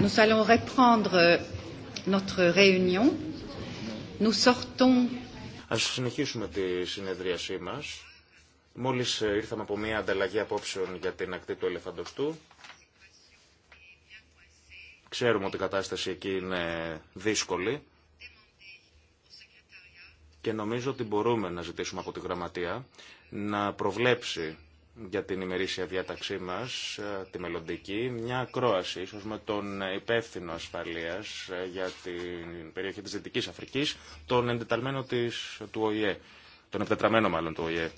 Nous allons reprendre notre réunion. Nous sortons... Ας συνεχίσουμε τη συνεδρίασή μας. Μόλις ε, ήρθαμε από μια ανταλλαγή απόψεων για την ακτή του ελεφαντοστού. Ξέρουμε ότι η κατάσταση εκεί είναι δύσκολη. Και νομίζω ότι μπορούμε να ζητήσουμε από τη Γραμματεία να προβλέψει για την ημερήσια διάταξή μας, ε, τη μελλοντική, μια ακρόαση ίσως με τον υπεύθυνο ασφαλείας ε, για την περιοχή της Δυτικής Αφρικής, τον εντεταλμένο της, του ΟΗΕ, τον επιτετραμένο μάλλον του ΟΗΕ,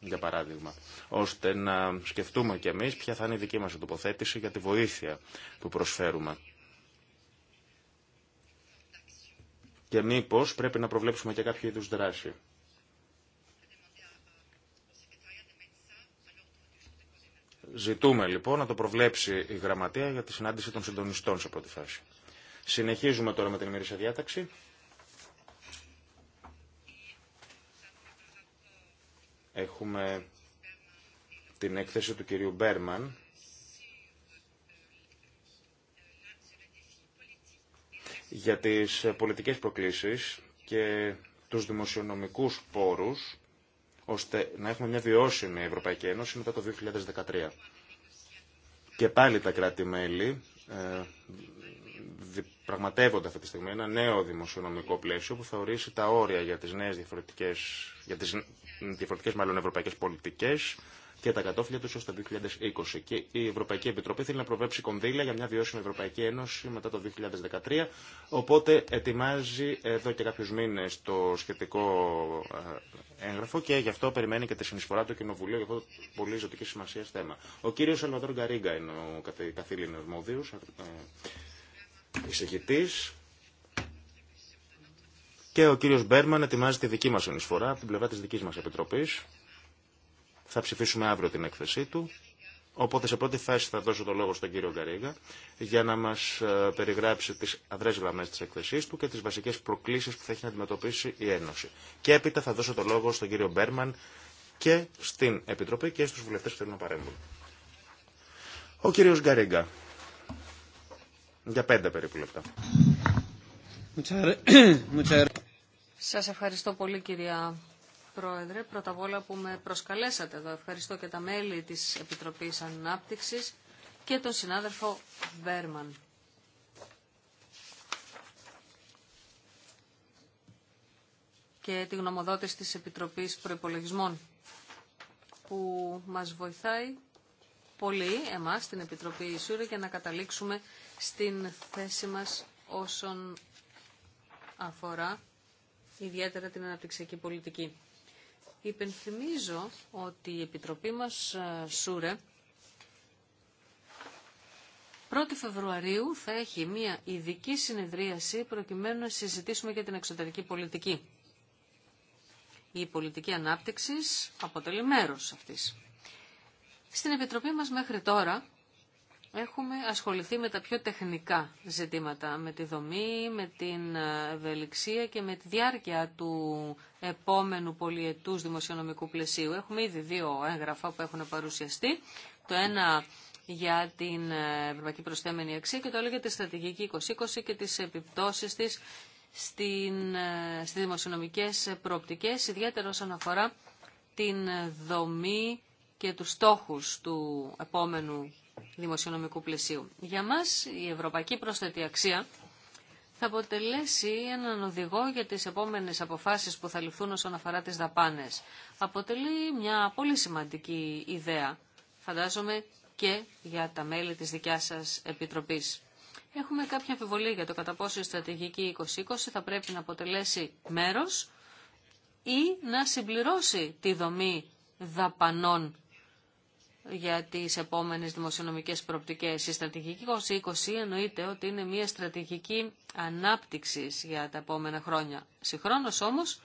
για παράδειγμα, ώστε να σκεφτούμε κι εμείς ποια θα είναι η δική μας τοποθέτηση για τη βοήθεια που προσφέρουμε. Και μήπω πρέπει να προβλέψουμε και κάποιο είδους δράση. Ζητούμε λοιπόν να το προβλέψει η Γραμματεία για τη συνάντηση των συντονιστών σε πρώτη φάση. Συνεχίζουμε τώρα με την ημερήσια διάταξη. Έχουμε την έκθεση του κυρίου Μπέρμαν για τις πολιτικές προκλήσεις και τους δημοσιονομικούς πόρους ώστε να έχουμε μια βιώσιμη Ευρωπαϊκή Ένωση μετά το 2013. Και πάλι τα κράτη-μέλη ε, πραγματεύονται αυτή τη στιγμή ένα νέο δημοσιονομικό πλαίσιο που θα ορίσει τα όρια για τις νέες διαφορετικές, για τις διαφορετικές μάλλον ευρωπαϊκές πολιτικές, και τα κατόφλια του έως το 2020. Και η Ευρωπαϊκή Επιτροπή θέλει να προβέψει κονδύλια για μια βιώσιμη Ευρωπαϊκή Ένωση μετά το 2013. Οπότε ετοιμάζει εδώ και κάποιου μήνε το σχετικό ε, έγγραφο και γι' αυτό περιμένει και τη συνεισφορά του Κοινοβουλίου για αυτό το πολύ ζωτική σημασία θέμα. Ο κύριο Σαλβαδόρ Γκαρίγκα είναι ο καθήλυνο αρμόδιο ε, εισηγητή. Και ο κύριος Μπέρμαν ετοιμάζει τη δική μας ενισφορά, από την πλευρά της δικής μας επιτροπής. Θα ψηφίσουμε αύριο την έκθεσή του. Οπότε σε πρώτη φάση θα δώσω το λόγο στον κύριο Γκαρίγα για να μας ε, περιγράψει τις αδρές γραμμές της εκθεσής του και τις βασικές προκλήσεις που θα έχει να αντιμετωπίσει η Ένωση. Και έπειτα θα δώσω το λόγο στον κύριο Μπέρμαν και στην Επιτροπή και στους βουλευτές που θέλουν να παρέμβουν. Ο κύριος Γκαρίγκα. Για πέντε περίπου λεπτά. Σας ευχαριστώ πολύ κυρία Πρόεδρε, πρώτα απ' όλα που με προσκαλέσατε εδώ. Ευχαριστώ και τα μέλη της Επιτροπής Ανάπτυξης και τον συνάδελφο Βέρμαν και τη γνωμοδότηση της Επιτροπής Προϋπολογισμών που μας βοηθάει πολύ εμάς στην Επιτροπή Ισούρη για να καταλήξουμε στην θέση μας όσον αφορά ιδιαίτερα την αναπτυξιακή πολιτική. Υπενθυμίζω ότι η Επιτροπή μας ε, ΣΟΥΡΕ 1 Φεβρουαρίου θα έχει μια ειδική συνεδρίαση προκειμένου να συζητήσουμε για την εξωτερική πολιτική. Η πολιτική ανάπτυξης αποτελεί μέρος αυτής. Στην Επιτροπή μας μέχρι τώρα έχουμε ασχοληθεί με τα πιο τεχνικά ζητήματα, με τη δομή, με την ευελιξία και με τη διάρκεια του επόμενου πολιετούς δημοσιονομικού πλαισίου. Έχουμε ήδη δύο έγγραφα που έχουν παρουσιαστεί. Το ένα για την ευρωπαϊκή προσθέμενη αξία και το άλλο για τη στρατηγική 2020 και τις επιπτώσεις της στην, στις δημοσιονομικές προοπτικές, ιδιαίτερα όσον αφορά την δομή και τους στόχους του επόμενου δημοσιονομικού πλαισίου. Για μας η ευρωπαϊκή προσθετή αξία θα αποτελέσει έναν οδηγό για τις επόμενες αποφάσεις που θα ληφθούν όσον αφορά τις δαπάνες. Αποτελεί μια πολύ σημαντική ιδέα, φαντάζομαι και για τα μέλη της δικιάς σας Επιτροπής. Έχουμε κάποια αμφιβολία για το κατά πόσο η στρατηγική 2020 θα πρέπει να αποτελέσει μέρος ή να συμπληρώσει τη δομή δαπανών για τις επόμενες δημοσιονομικές προοπτικές. Η στρατηγική 2020 εννοείται ότι είναι μια στρατηγική ανάπτυξης για τα επόμενα χρόνια. Συγχρόνως όμως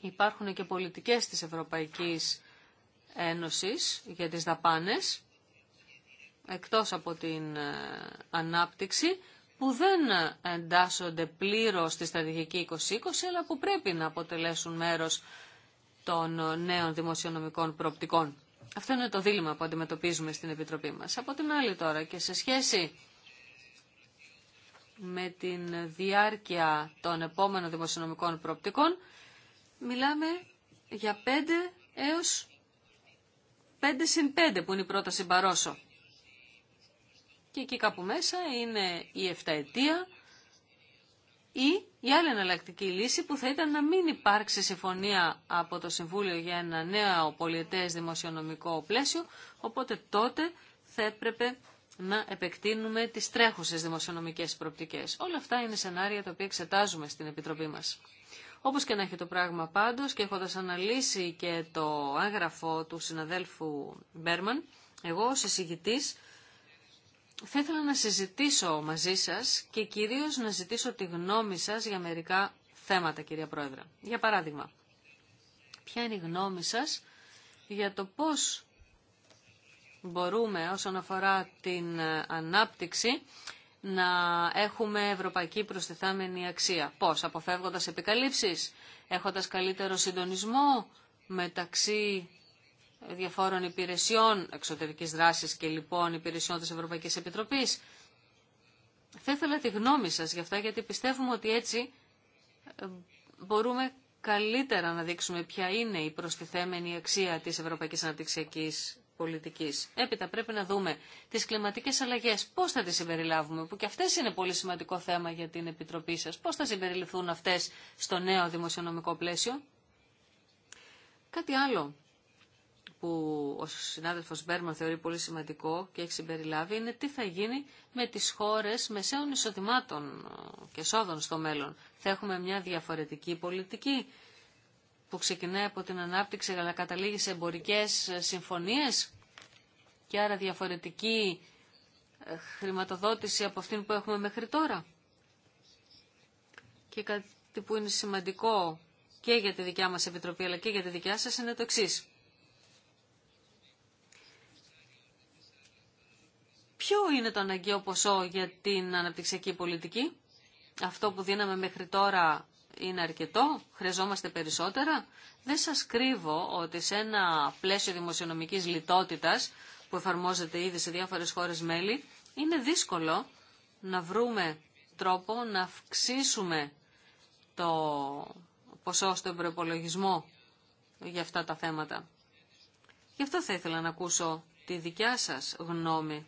υπάρχουν και πολιτικές της Ευρωπαϊκής Ένωσης για τις δαπάνες, εκτός από την ε, ανάπτυξη, που δεν εντάσσονται πλήρως στη στρατηγική 2020, αλλά που πρέπει να αποτελέσουν μέρος των ε, νέων δημοσιονομικών προοπτικών. Αυτό είναι το δίλημα που αντιμετωπίζουμε στην Επιτροπή μας. Από την άλλη τώρα και σε σχέση με την διάρκεια των επόμενων δημοσιονομικών προοπτικών, μιλάμε για 5 έως 5 συν 5 που είναι η πρόταση Μπαρόσο. Και εκεί κάπου μέσα είναι η 7 ετία. Ή η άλλη εναλλακτική λύση που θα ήταν να μην υπάρξει συμφωνία από το Συμβούλιο για ένα νέο πολιετές δημοσιονομικό πλαίσιο, οπότε τότε θα έπρεπε να επεκτείνουμε τις τρέχουσες δημοσιονομικές προπτικές. Όλα αυτά είναι σενάρια τα οποία εξετάζουμε στην Επιτροπή μας. Όπως και να έχει το πράγμα πάντως και έχοντας αναλύσει και το άγγραφο του συναδέλφου Μπέρμαν, εγώ ως εισηγητής θα ήθελα να συζητήσω μαζί σας και κυρίως να ζητήσω τη γνώμη σας για μερικά θέματα, κυρία Πρόεδρε. Για παράδειγμα, ποια είναι η γνώμη σας για το πώς μπορούμε όσον αφορά την ανάπτυξη να έχουμε ευρωπαϊκή προστιθάμενη αξία. Πώς, αποφεύγοντας επικαλύψεις, έχοντας καλύτερο συντονισμό μεταξύ διαφόρων υπηρεσιών εξωτερικής δράσης και λοιπόν υπηρεσιών της Ευρωπαϊκής Επιτροπής. Θα ήθελα τη γνώμη σας για αυτά γιατί πιστεύουμε ότι έτσι ε, μπορούμε καλύτερα να δείξουμε ποια είναι η προστιθέμενη αξία της Ευρωπαϊκής Αναπτυξιακής Πολιτικής. Έπειτα πρέπει να δούμε τις κλιματικές αλλαγές, πώς θα τις συμπεριλάβουμε, που και αυτές είναι πολύ σημαντικό θέμα για την Επιτροπή σας. Πώς θα συμπεριληφθούν αυτές στο νέο δημοσιονομικό πλαίσιο. Κάτι άλλο που ο συνάδελφος Μπέρμαν θεωρεί πολύ σημαντικό και έχει συμπεριλάβει είναι τι θα γίνει με τις χώρες μεσαίων εισοδημάτων ε, και εσόδων στο μέλλον. Θα έχουμε μια διαφορετική πολιτική που ξεκινάει από την ανάπτυξη αλλά καταλήγει σε εμπορικές ε, συμφωνίες και άρα διαφορετική ε, χρηματοδότηση από αυτήν που έχουμε μέχρι τώρα. Και κάτι που είναι σημαντικό και για τη δικιά μας Επιτροπή αλλά και για τη δικιά σας είναι το εξής. Ποιο είναι το αναγκαίο ποσό για την αναπτυξιακή πολιτική? Αυτό που δίναμε μέχρι τώρα είναι αρκετό, χρειαζόμαστε περισσότερα. Δεν σας κρύβω ότι σε ένα πλαίσιο δημοσιονομικής λιτότητας που εφαρμόζεται ήδη σε διάφορες χώρες μέλη, είναι δύσκολο να βρούμε τρόπο να αυξήσουμε το ποσό στον προπολογισμό για αυτά τα θέματα. Γι' αυτό θα ήθελα να ακούσω τη δικιά σας γνώμη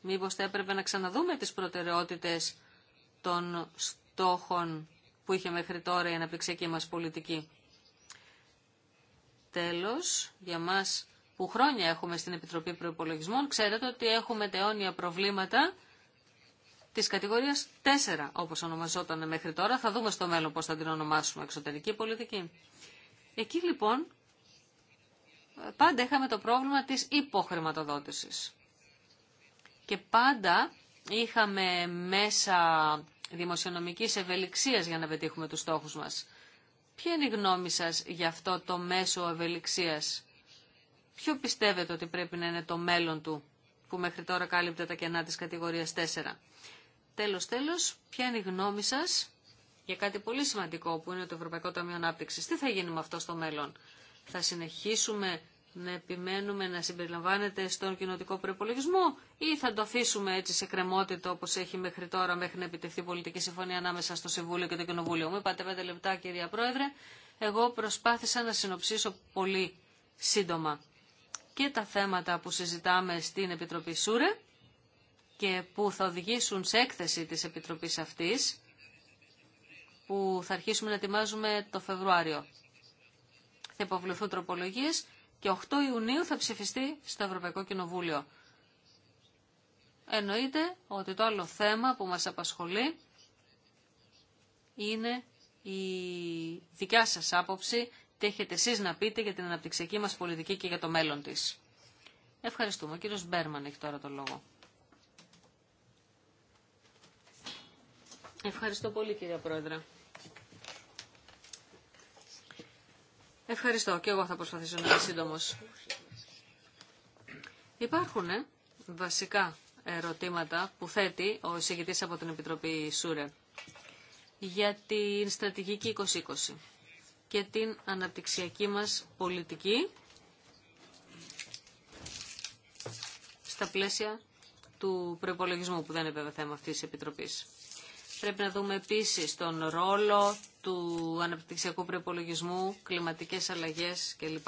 Μήπως θα έπρεπε να ξαναδούμε τις προτεραιότητες των στόχων που είχε μέχρι τώρα η αναπτυξιακή μας πολιτική. Τέλος, για μας που χρόνια έχουμε στην Επιτροπή Προϋπολογισμών, ξέρετε ότι έχουμε τεόνια προβλήματα της κατηγορίας 4, όπως ονομαζόταν μέχρι τώρα. Θα δούμε στο μέλλον πώς θα την ονομάσουμε εξωτερική πολιτική. Εκεί λοιπόν πάντα είχαμε το πρόβλημα της υποχρηματοδότησης. Και πάντα είχαμε μέσα δημοσιονομικής ευελιξίας για να πετύχουμε τους στόχους μας. Ποια είναι η γνώμη σας για αυτό το μέσο ευελιξίας. Ποιο πιστεύετε ότι πρέπει να είναι το μέλλον του που μέχρι τώρα κάλυπτε τα κενά της κατηγορίας 4. Τέλος, τέλος, ποια είναι η γνώμη σας για κάτι πολύ σημαντικό που είναι το Ευρωπαϊκό Ταμείο Ανάπτυξης. Τι θα γίνει με αυτό στο μέλλον. Θα συνεχίσουμε να επιμένουμε να συμπεριλαμβάνεται στον κοινοτικό προπολογισμό ή θα το αφήσουμε έτσι σε κρεμότητα όπως έχει μέχρι τώρα μέχρι να επιτευχθεί πολιτική συμφωνία ανάμεσα στο Συμβούλιο και το Κοινοβούλιο. Μου είπατε πέντε λεπτά κυρία Πρόεδρε. Εγώ προσπάθησα να συνοψίσω πολύ σύντομα και τα θέματα που συζητάμε στην Επιτροπή Σούρε και που θα οδηγήσουν σε έκθεση της Επιτροπής αυτής που θα αρχίσουμε να ετοιμάζουμε το Φεβρουάριο. Θα υποβληθούν τροπολογίες και 8 Ιουνίου θα ψηφιστεί στο Ευρωπαϊκό Κοινοβούλιο. Εννοείται ότι το άλλο θέμα που μας απασχολεί είναι η δικιά σας άποψη, τι έχετε εσείς να πείτε για την αναπτυξιακή μας πολιτική και για το μέλλον της. Ευχαριστούμε. Ο κύριος Μπέρμαν έχει τώρα το λόγο. Ευχαριστώ πολύ κύριε Πρόεδρε. Ευχαριστώ και εγώ θα προσπαθήσω να είμαι σύντομο. Υπάρχουν ε, βασικά ερωτήματα που θέτει ο εισηγητή από την Επιτροπή ΣΟΥΡΕ για την στρατηγική 2020 και την αναπτυξιακή μας πολιτική στα πλαίσια του προπολογισμού που δεν είναι βέβαια θέμα αυτής της Επιτροπής. Πρέπει να δούμε επίσης τον ρόλο του αναπτυξιακού προπολογισμού, κλιματικές αλλαγές κλπ.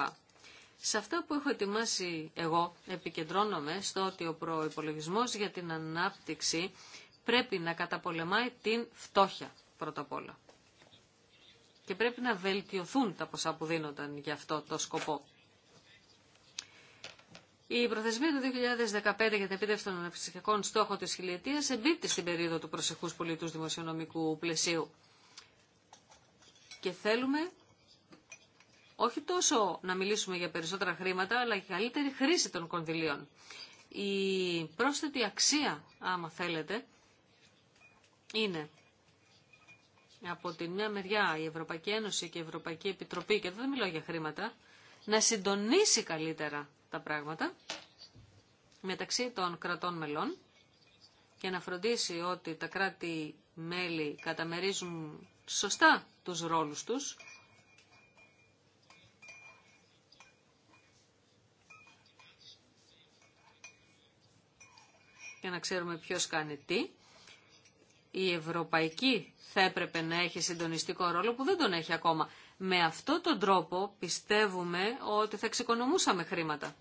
Σε αυτό που έχω ετοιμάσει εγώ επικεντρώνομαι στο ότι ο προπολογισμό για την ανάπτυξη πρέπει να καταπολεμάει την φτώχεια πρώτα απ' όλα. Και πρέπει να βελτιωθούν τα ποσά που δίνονταν για αυτό το σκοπό. Η προθεσμία του 2015 για την επίτευξη των αναπτυξιακών στόχων τη χιλιετία εμπίπτει στην περίοδο του προσεχούς πολιτού δημοσιονομικού πλαισίου. Και θέλουμε όχι τόσο να μιλήσουμε για περισσότερα χρήματα, αλλά για καλύτερη χρήση των κονδυλίων. Η πρόσθετη αξία, άμα θέλετε, είναι από τη μια μεριά η Ευρωπαϊκή Ένωση και η Ευρωπαϊκή Επιτροπή, και δεν μιλώ για χρήματα, να συντονίσει καλύτερα τα πράγματα μεταξύ των κρατών μελών και να φροντίσει ότι τα κράτη-μέλη καταμερίζουν σωστά τους ρόλους τους για να ξέρουμε ποιος κάνει τι. Η Ευρωπαϊκή θα έπρεπε να έχει συντονιστικό ρόλο που δεν τον έχει ακόμα. Με αυτόν τον τρόπο πιστεύουμε ότι θα εξοικονομούσαμε χρήματα.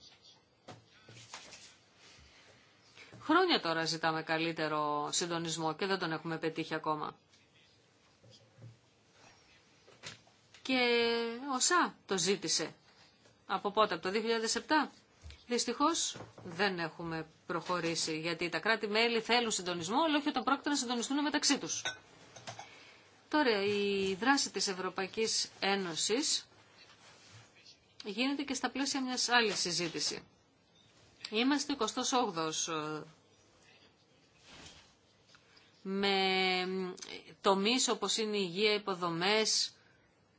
Χρόνια τώρα ζητάμε καλύτερο συντονισμό και δεν τον έχουμε πετύχει ακόμα. Και ο ΣΑ το ζήτησε. Από πότε, από το 2007. Δυστυχώς δεν έχουμε προχωρήσει, γιατί τα κράτη-μέλη θέλουν συντονισμό, αλλά όχι όταν πρόκειται να συντονιστούν μεταξύ τους. Τώρα, η δράση της Ευρωπαϊκής Ένωσης γίνεται και στα πλαίσια μιας άλλης συζήτηση. Είμαστε 28ος ε, με τομείς όπως είναι η υγεία, υποδομές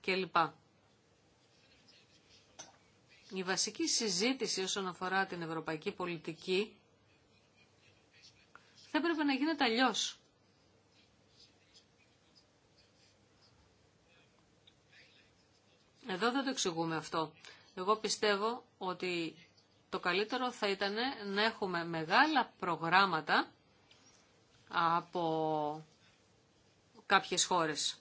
κλπ. Η βασική συζήτηση όσον αφορά την ευρωπαϊκή πολιτική θα έπρεπε να γίνεται αλλιώς. Εδώ δεν το εξηγούμε αυτό. Εγώ πιστεύω ότι το καλύτερο θα ήταν να έχουμε μεγάλα προγράμματα από κάποιες χώρες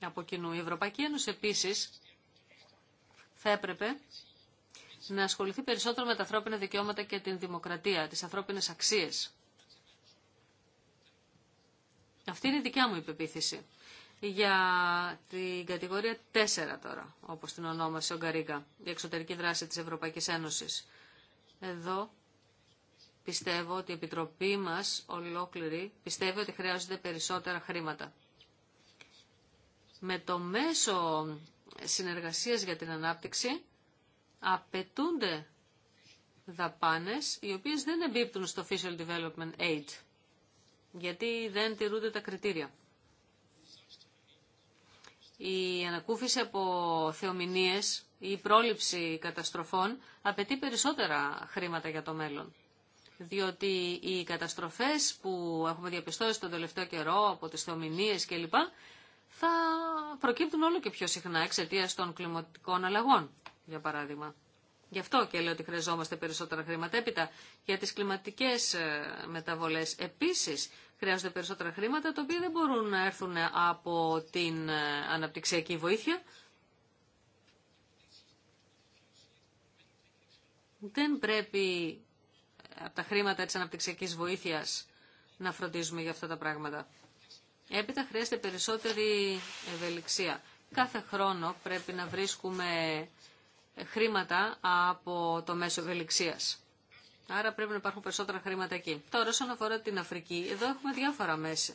από κοινού. Η Ευρωπαϊκή Ένωση επίσης θα έπρεπε να ασχοληθεί περισσότερο με τα ανθρώπινα δικαιώματα και την δημοκρατία, τις ανθρώπινες αξίες. Αυτή είναι η δικιά μου υπεποίθηση για την κατηγορία 4 τώρα, όπως την ονόμασε ο Γκαρίγκα, η εξωτερική δράση της Ευρωπαϊκής Ένωσης. Εδώ πιστεύω ότι η Επιτροπή μας ολόκληρη πιστεύει ότι χρειάζονται περισσότερα χρήματα. Με το μέσο συνεργασίας για την ανάπτυξη απαιτούνται δαπάνες οι οποίες δεν εμπίπτουν στο Official Development Aid γιατί δεν τηρούνται τα κριτήρια η ανακούφιση από θεομηνίες, η πρόληψη καταστροφών απαιτεί περισσότερα χρήματα για το μέλλον. Διότι οι καταστροφές που έχουμε διαπιστώσει τον τελευταίο καιρό από τις θεομηνίες κλπ. θα προκύπτουν όλο και πιο συχνά εξαιτία των κλιματικών αλλαγών, για παράδειγμα. Γι' αυτό και λέω ότι χρειαζόμαστε περισσότερα χρήματα έπειτα για τις κλιματικές ε, μεταβολές. Επίσης, χρειάζονται περισσότερα χρήματα, τα οποία δεν μπορούν να έρθουν από την ε, αναπτυξιακή βοήθεια. Δεν πρέπει από τα χρήματα της αναπτυξιακής βοήθειας να φροντίζουμε για αυτά τα πράγματα. Έπειτα χρειάζεται περισσότερη ευελιξία. Κάθε χρόνο πρέπει να βρίσκουμε χρήματα από το μέσο ευελιξίας. Άρα πρέπει να υπάρχουν περισσότερα χρήματα εκεί. Τώρα, όσον αφορά την Αφρική, εδώ έχουμε διάφορα μέσα.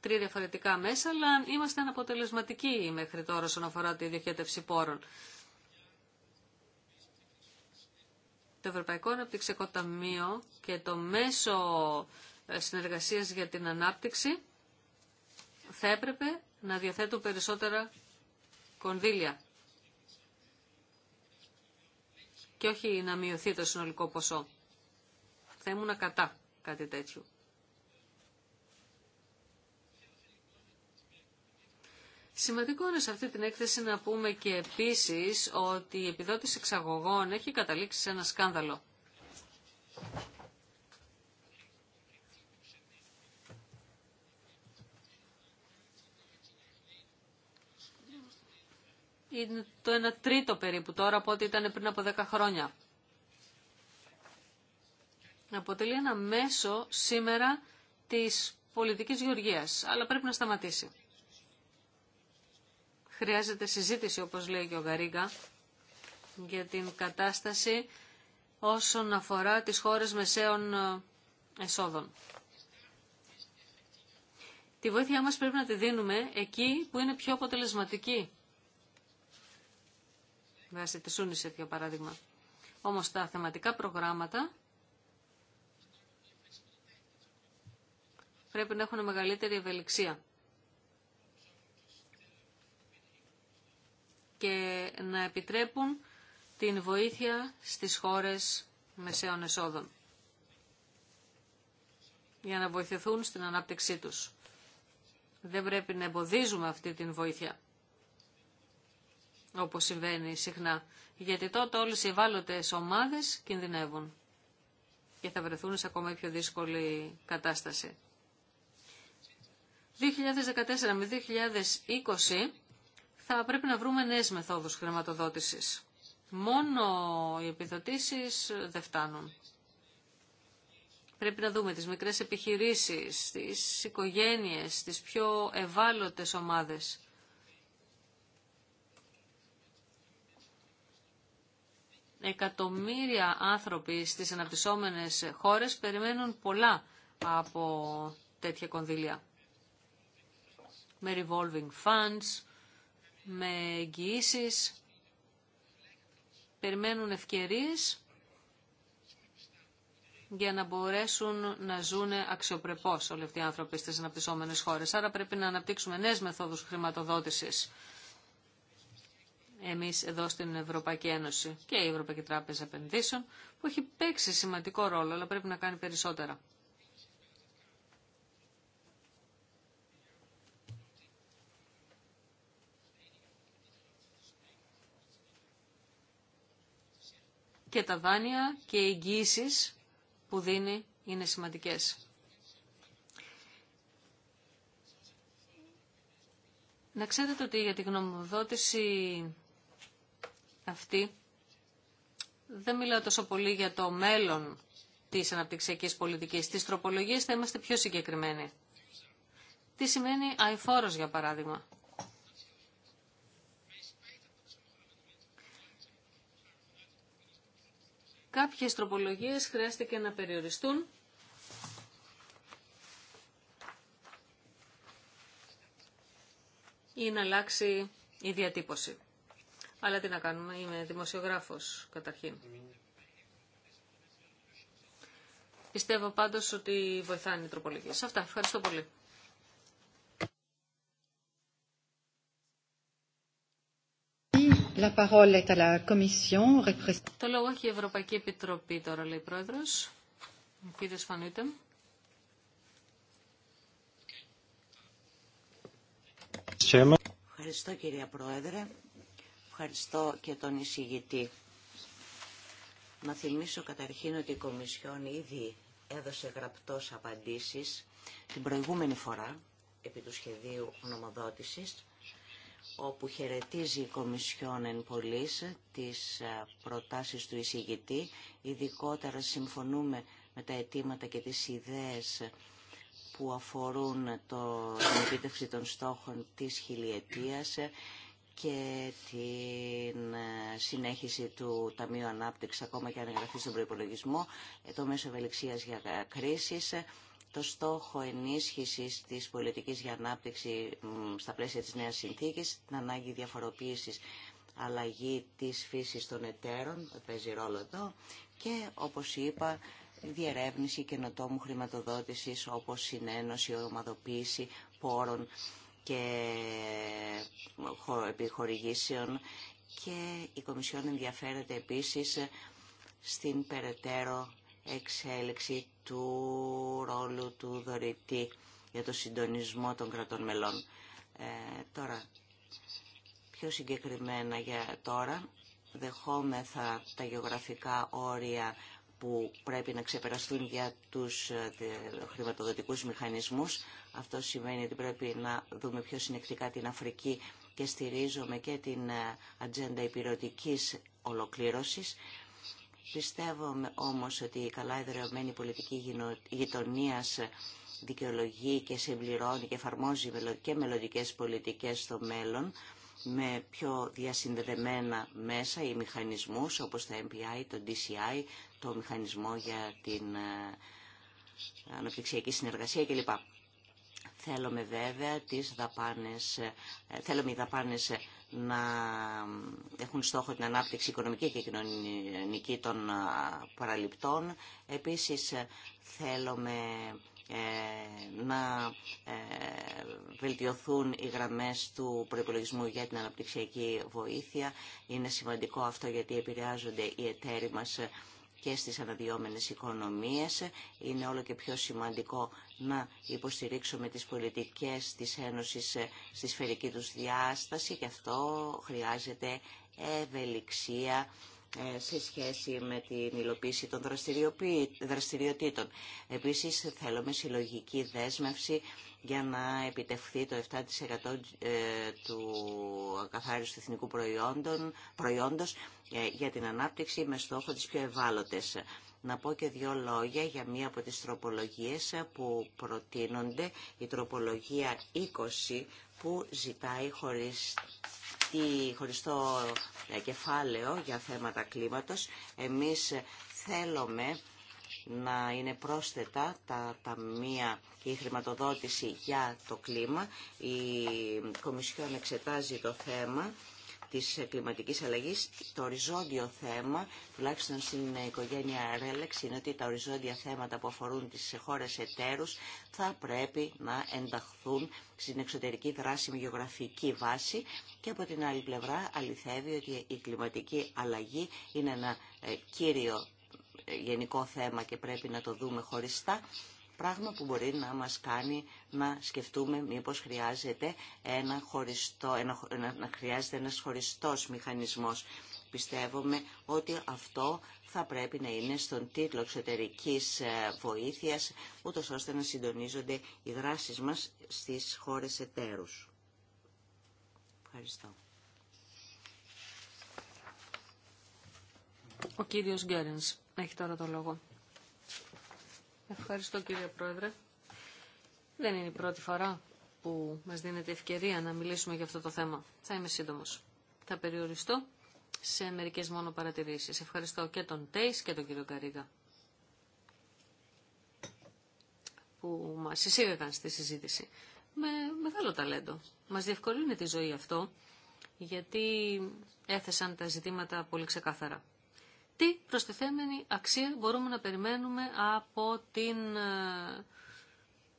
Τρία διαφορετικά μέσα, αλλά είμαστε αναποτελεσματικοί μέχρι τώρα όσον αφορά τη διοχέτευση πόρων. Το Ευρωπαϊκό Αναπτυξιακό Ταμείο και το Μέσο ε, Συνεργασίας για την Ανάπτυξη θα έπρεπε να διαθέτουν περισσότερα κονδύλια και όχι να μειωθεί το συνολικό ποσό θα ήμουν κατά κάτι τέτοιο. Σημαντικό είναι σε αυτή την έκθεση να πούμε και επίσης ότι η επιδότηση εξαγωγών έχει καταλήξει σε ένα σκάνδαλο. Είναι το ένα τρίτο περίπου τώρα από ό,τι ήταν πριν από 10 χρόνια αποτελεί ένα μέσο σήμερα της πολιτικής γεωργίας, αλλά πρέπει να σταματήσει. Χρειάζεται συζήτηση, όπως λέει και ο Γαρίγκα, για την κατάσταση όσον αφορά τις χώρες μεσαίων ε, εσόδων. Τη βοήθειά μας πρέπει να τη δίνουμε εκεί που είναι πιο αποτελεσματική. Βάσει τη Σούνισετ, για παράδειγμα. Όμως τα θεματικά προγράμματα πρέπει να έχουν μεγαλύτερη ευελιξία. και να επιτρέπουν την βοήθεια στις χώρες μεσαίων εσόδων για να βοηθηθούν στην ανάπτυξή τους. Δεν πρέπει να εμποδίζουμε αυτή την βοήθεια, όπως συμβαίνει συχνά, γιατί τότε όλες οι ευάλωτες ομάδες κινδυνεύουν και θα βρεθούν σε ακόμα πιο δύσκολη κατάσταση. 2014 με 2020 θα πρέπει να βρούμε νέες μεθόδους χρηματοδότησης. Μόνο οι επιδοτήσεις δεν φτάνουν. Πρέπει να δούμε τις μικρές επιχειρήσεις, τις οικογένειες, τις πιο ευάλωτες ομάδες. Εκατομμύρια άνθρωποι στις αναπτυσσόμενες χώρες περιμένουν πολλά από τέτοια κονδύλια με revolving funds, με εγγυήσει. Περιμένουν ευκαιρίες για να μπορέσουν να ζουν αξιοπρεπώς όλοι αυτοί οι άνθρωποι στις αναπτυσσόμενες χώρες. Άρα πρέπει να αναπτύξουμε νέες μεθόδους χρηματοδότησης εμείς εδώ στην Ευρωπαϊκή Ένωση και η Ευρωπαϊκή Τράπεζα Επενδύσεων που έχει παίξει σημαντικό ρόλο αλλά πρέπει να κάνει περισσότερα. και τα δάνεια και οι εγγύησει που δίνει είναι σημαντικές. Να ξέρετε ότι για τη γνωμοδότηση αυτή δεν μιλάω τόσο πολύ για το μέλλον της αναπτυξιακής πολιτικής. Στις τροπολογίες θα είμαστε πιο συγκεκριμένοι. Τι σημαίνει αϊφόρος, για παράδειγμα. Κάποιες τροπολογίες χρειάστηκε να περιοριστούν ή να αλλάξει η διατύπωση. Αλλά τι να κάνουμε, είμαι δημοσιογράφος καταρχήν. Πιστεύω πάντως ότι βοηθάνε οι τροπολογίες. Αυτά, ευχαριστώ πολύ. Το λόγο έχει η Ευρωπαϊκή Επιτροπή τώρα, λέει η Πρόεδρος. Ο Σφανίτε. Ευχαριστώ κυρία Πρόεδρε. Ευχαριστώ και τον εισηγητή. Να θυμίσω καταρχήν ότι η Κομισιόν ήδη έδωσε γραπτός απαντήσεις την προηγούμενη φορά επί του σχεδίου νομοδότησης όπου χαιρετίζει η Κομισιόν εν πωλής τις ε, προτάσεις του εισηγητή. Ειδικότερα συμφωνούμε με τα αιτήματα και τις ιδέες που αφορούν το, την επίτευξη των στόχων της χιλιετίας και την ε, συνέχιση του Ταμείου Ανάπτυξης ακόμα και αν εγγραφεί στον προϋπολογισμό, ε, το μέσο ευελιξίας για κρίσεις, το στόχο ενίσχυσης της πολιτικής για ανάπτυξη στα πλαίσια της νέας συνθήκης, την ανάγκη διαφοροποίησης αλλαγή της φύσης των εταίρων, παίζει ρόλο εδώ, και όπως είπα, διερεύνηση καινοτόμου χρηματοδότησης όπως συνένωση, ομαδοποίηση πόρων και επιχορηγήσεων και η Κομισιόν ενδιαφέρεται επίσης στην περαιτέρω εξέλιξη του ρόλου του δωρητή για το συντονισμό των κρατών μελών. Ε, τώρα, πιο συγκεκριμένα για τώρα, δεχόμεθα τα γεωγραφικά όρια που πρέπει να ξεπεραστούν για τους ε, χρηματοδοτικούς μηχανισμούς. Αυτό σημαίνει ότι πρέπει να δούμε πιο συνεκτικά την Αφρική και στηρίζομαι και την ε, ατζέντα υπηρετικής ολοκλήρωσης. Πιστεύω όμως ότι η καλά εδρεωμένη πολιτική γειτονία δικαιολογεί και συμπληρώνει και εφαρμόζει και μελλοντικές πολιτικές στο μέλλον με πιο διασυνδεδεμένα μέσα ή μηχανισμούς όπως το MPI, το DCI, το μηχανισμό για την ε, αναπτυξιακή συνεργασία κλπ. Θέλουμε βέβαια τις δαπάνες, ε, θέλουμε οι δαπάνες ε, να έχουν στόχο την ανάπτυξη οικονομική και κοινωνική των παραληπτών. Επίσης ε, θέλουμε ε, να ε, βελτιωθούν οι γραμμές του προϋπολογισμού για την αναπτυξιακή βοήθεια. Είναι σημαντικό αυτό γιατί επηρεάζονται οι εταίροι μας και στις αναδυόμενες οικονομίες. Είναι όλο και πιο σημαντικό να υποστηρίξουμε τις πολιτικές της Ένωσης στη σφαιρική τους διάσταση και αυτό χρειάζεται ευελιξία ε, σε σχέση με την υλοποίηση των δραστηριοτήτων. Επίσης θέλουμε συλλογική δέσμευση για να επιτευχθεί το 7% ε, του καθάριστου εθνικού προϊόντος ε, για την ανάπτυξη με στόχο τις πιο ευάλωτες. Να πω και δύο λόγια για μία από τις τροπολογίες που προτείνονται, η τροπολογία 20 που ζητάει χωρίς τη, χωριστό ε, κεφάλαιο για θέματα κλίματος. Εμείς θέλουμε να είναι πρόσθετα τα ταμεία και η χρηματοδότηση για το κλίμα. Η Κομισιόν εξετάζει το θέμα της κλιματικής αλλαγής, το οριζόντιο θέμα, τουλάχιστον στην οικογένεια Ρέλεξ, είναι ότι τα οριζόντια θέματα που αφορούν τις χώρες εταίρους θα πρέπει να ενταχθούν στην εξωτερική δράση με γεωγραφική βάση και από την άλλη πλευρά αληθεύει ότι η κλιματική αλλαγή είναι ένα ε, κύριο ε, γενικό θέμα και πρέπει να το δούμε χωριστά Πράγμα που μπορεί να μας κάνει να σκεφτούμε μήπως χρειάζεται ένα χωριστό, ένα, να χρειάζεται ένας χωριστός μηχανισμός. Πιστεύουμε ότι αυτό θα πρέπει να είναι στον τίτλο εξωτερική ε, βοήθειας, ούτω ώστε να συντονίζονται οι δράσεις μας στις χώρες εταίρους. Ευχαριστώ. Ο κύριος Γκέρινς έχει τώρα το λόγο. Ευχαριστώ κύριε Πρόεδρε. Δεν είναι η πρώτη φορά που μας δίνεται ευκαιρία να μιλήσουμε για αυτό το θέμα. Θα είμαι σύντομος. Θα περιοριστώ σε μερικές μόνο παρατηρήσεις. Ευχαριστώ και τον Τέις και τον κύριο Καρίγα που μας εισήγαγαν στη συζήτηση. Με μεγάλο ταλέντο. Μας διευκολύνει τη ζωή αυτό γιατί έθεσαν τα ζητήματα πολύ ξεκάθαρα τι προστιθέμενη αξία μπορούμε να περιμένουμε από την ε,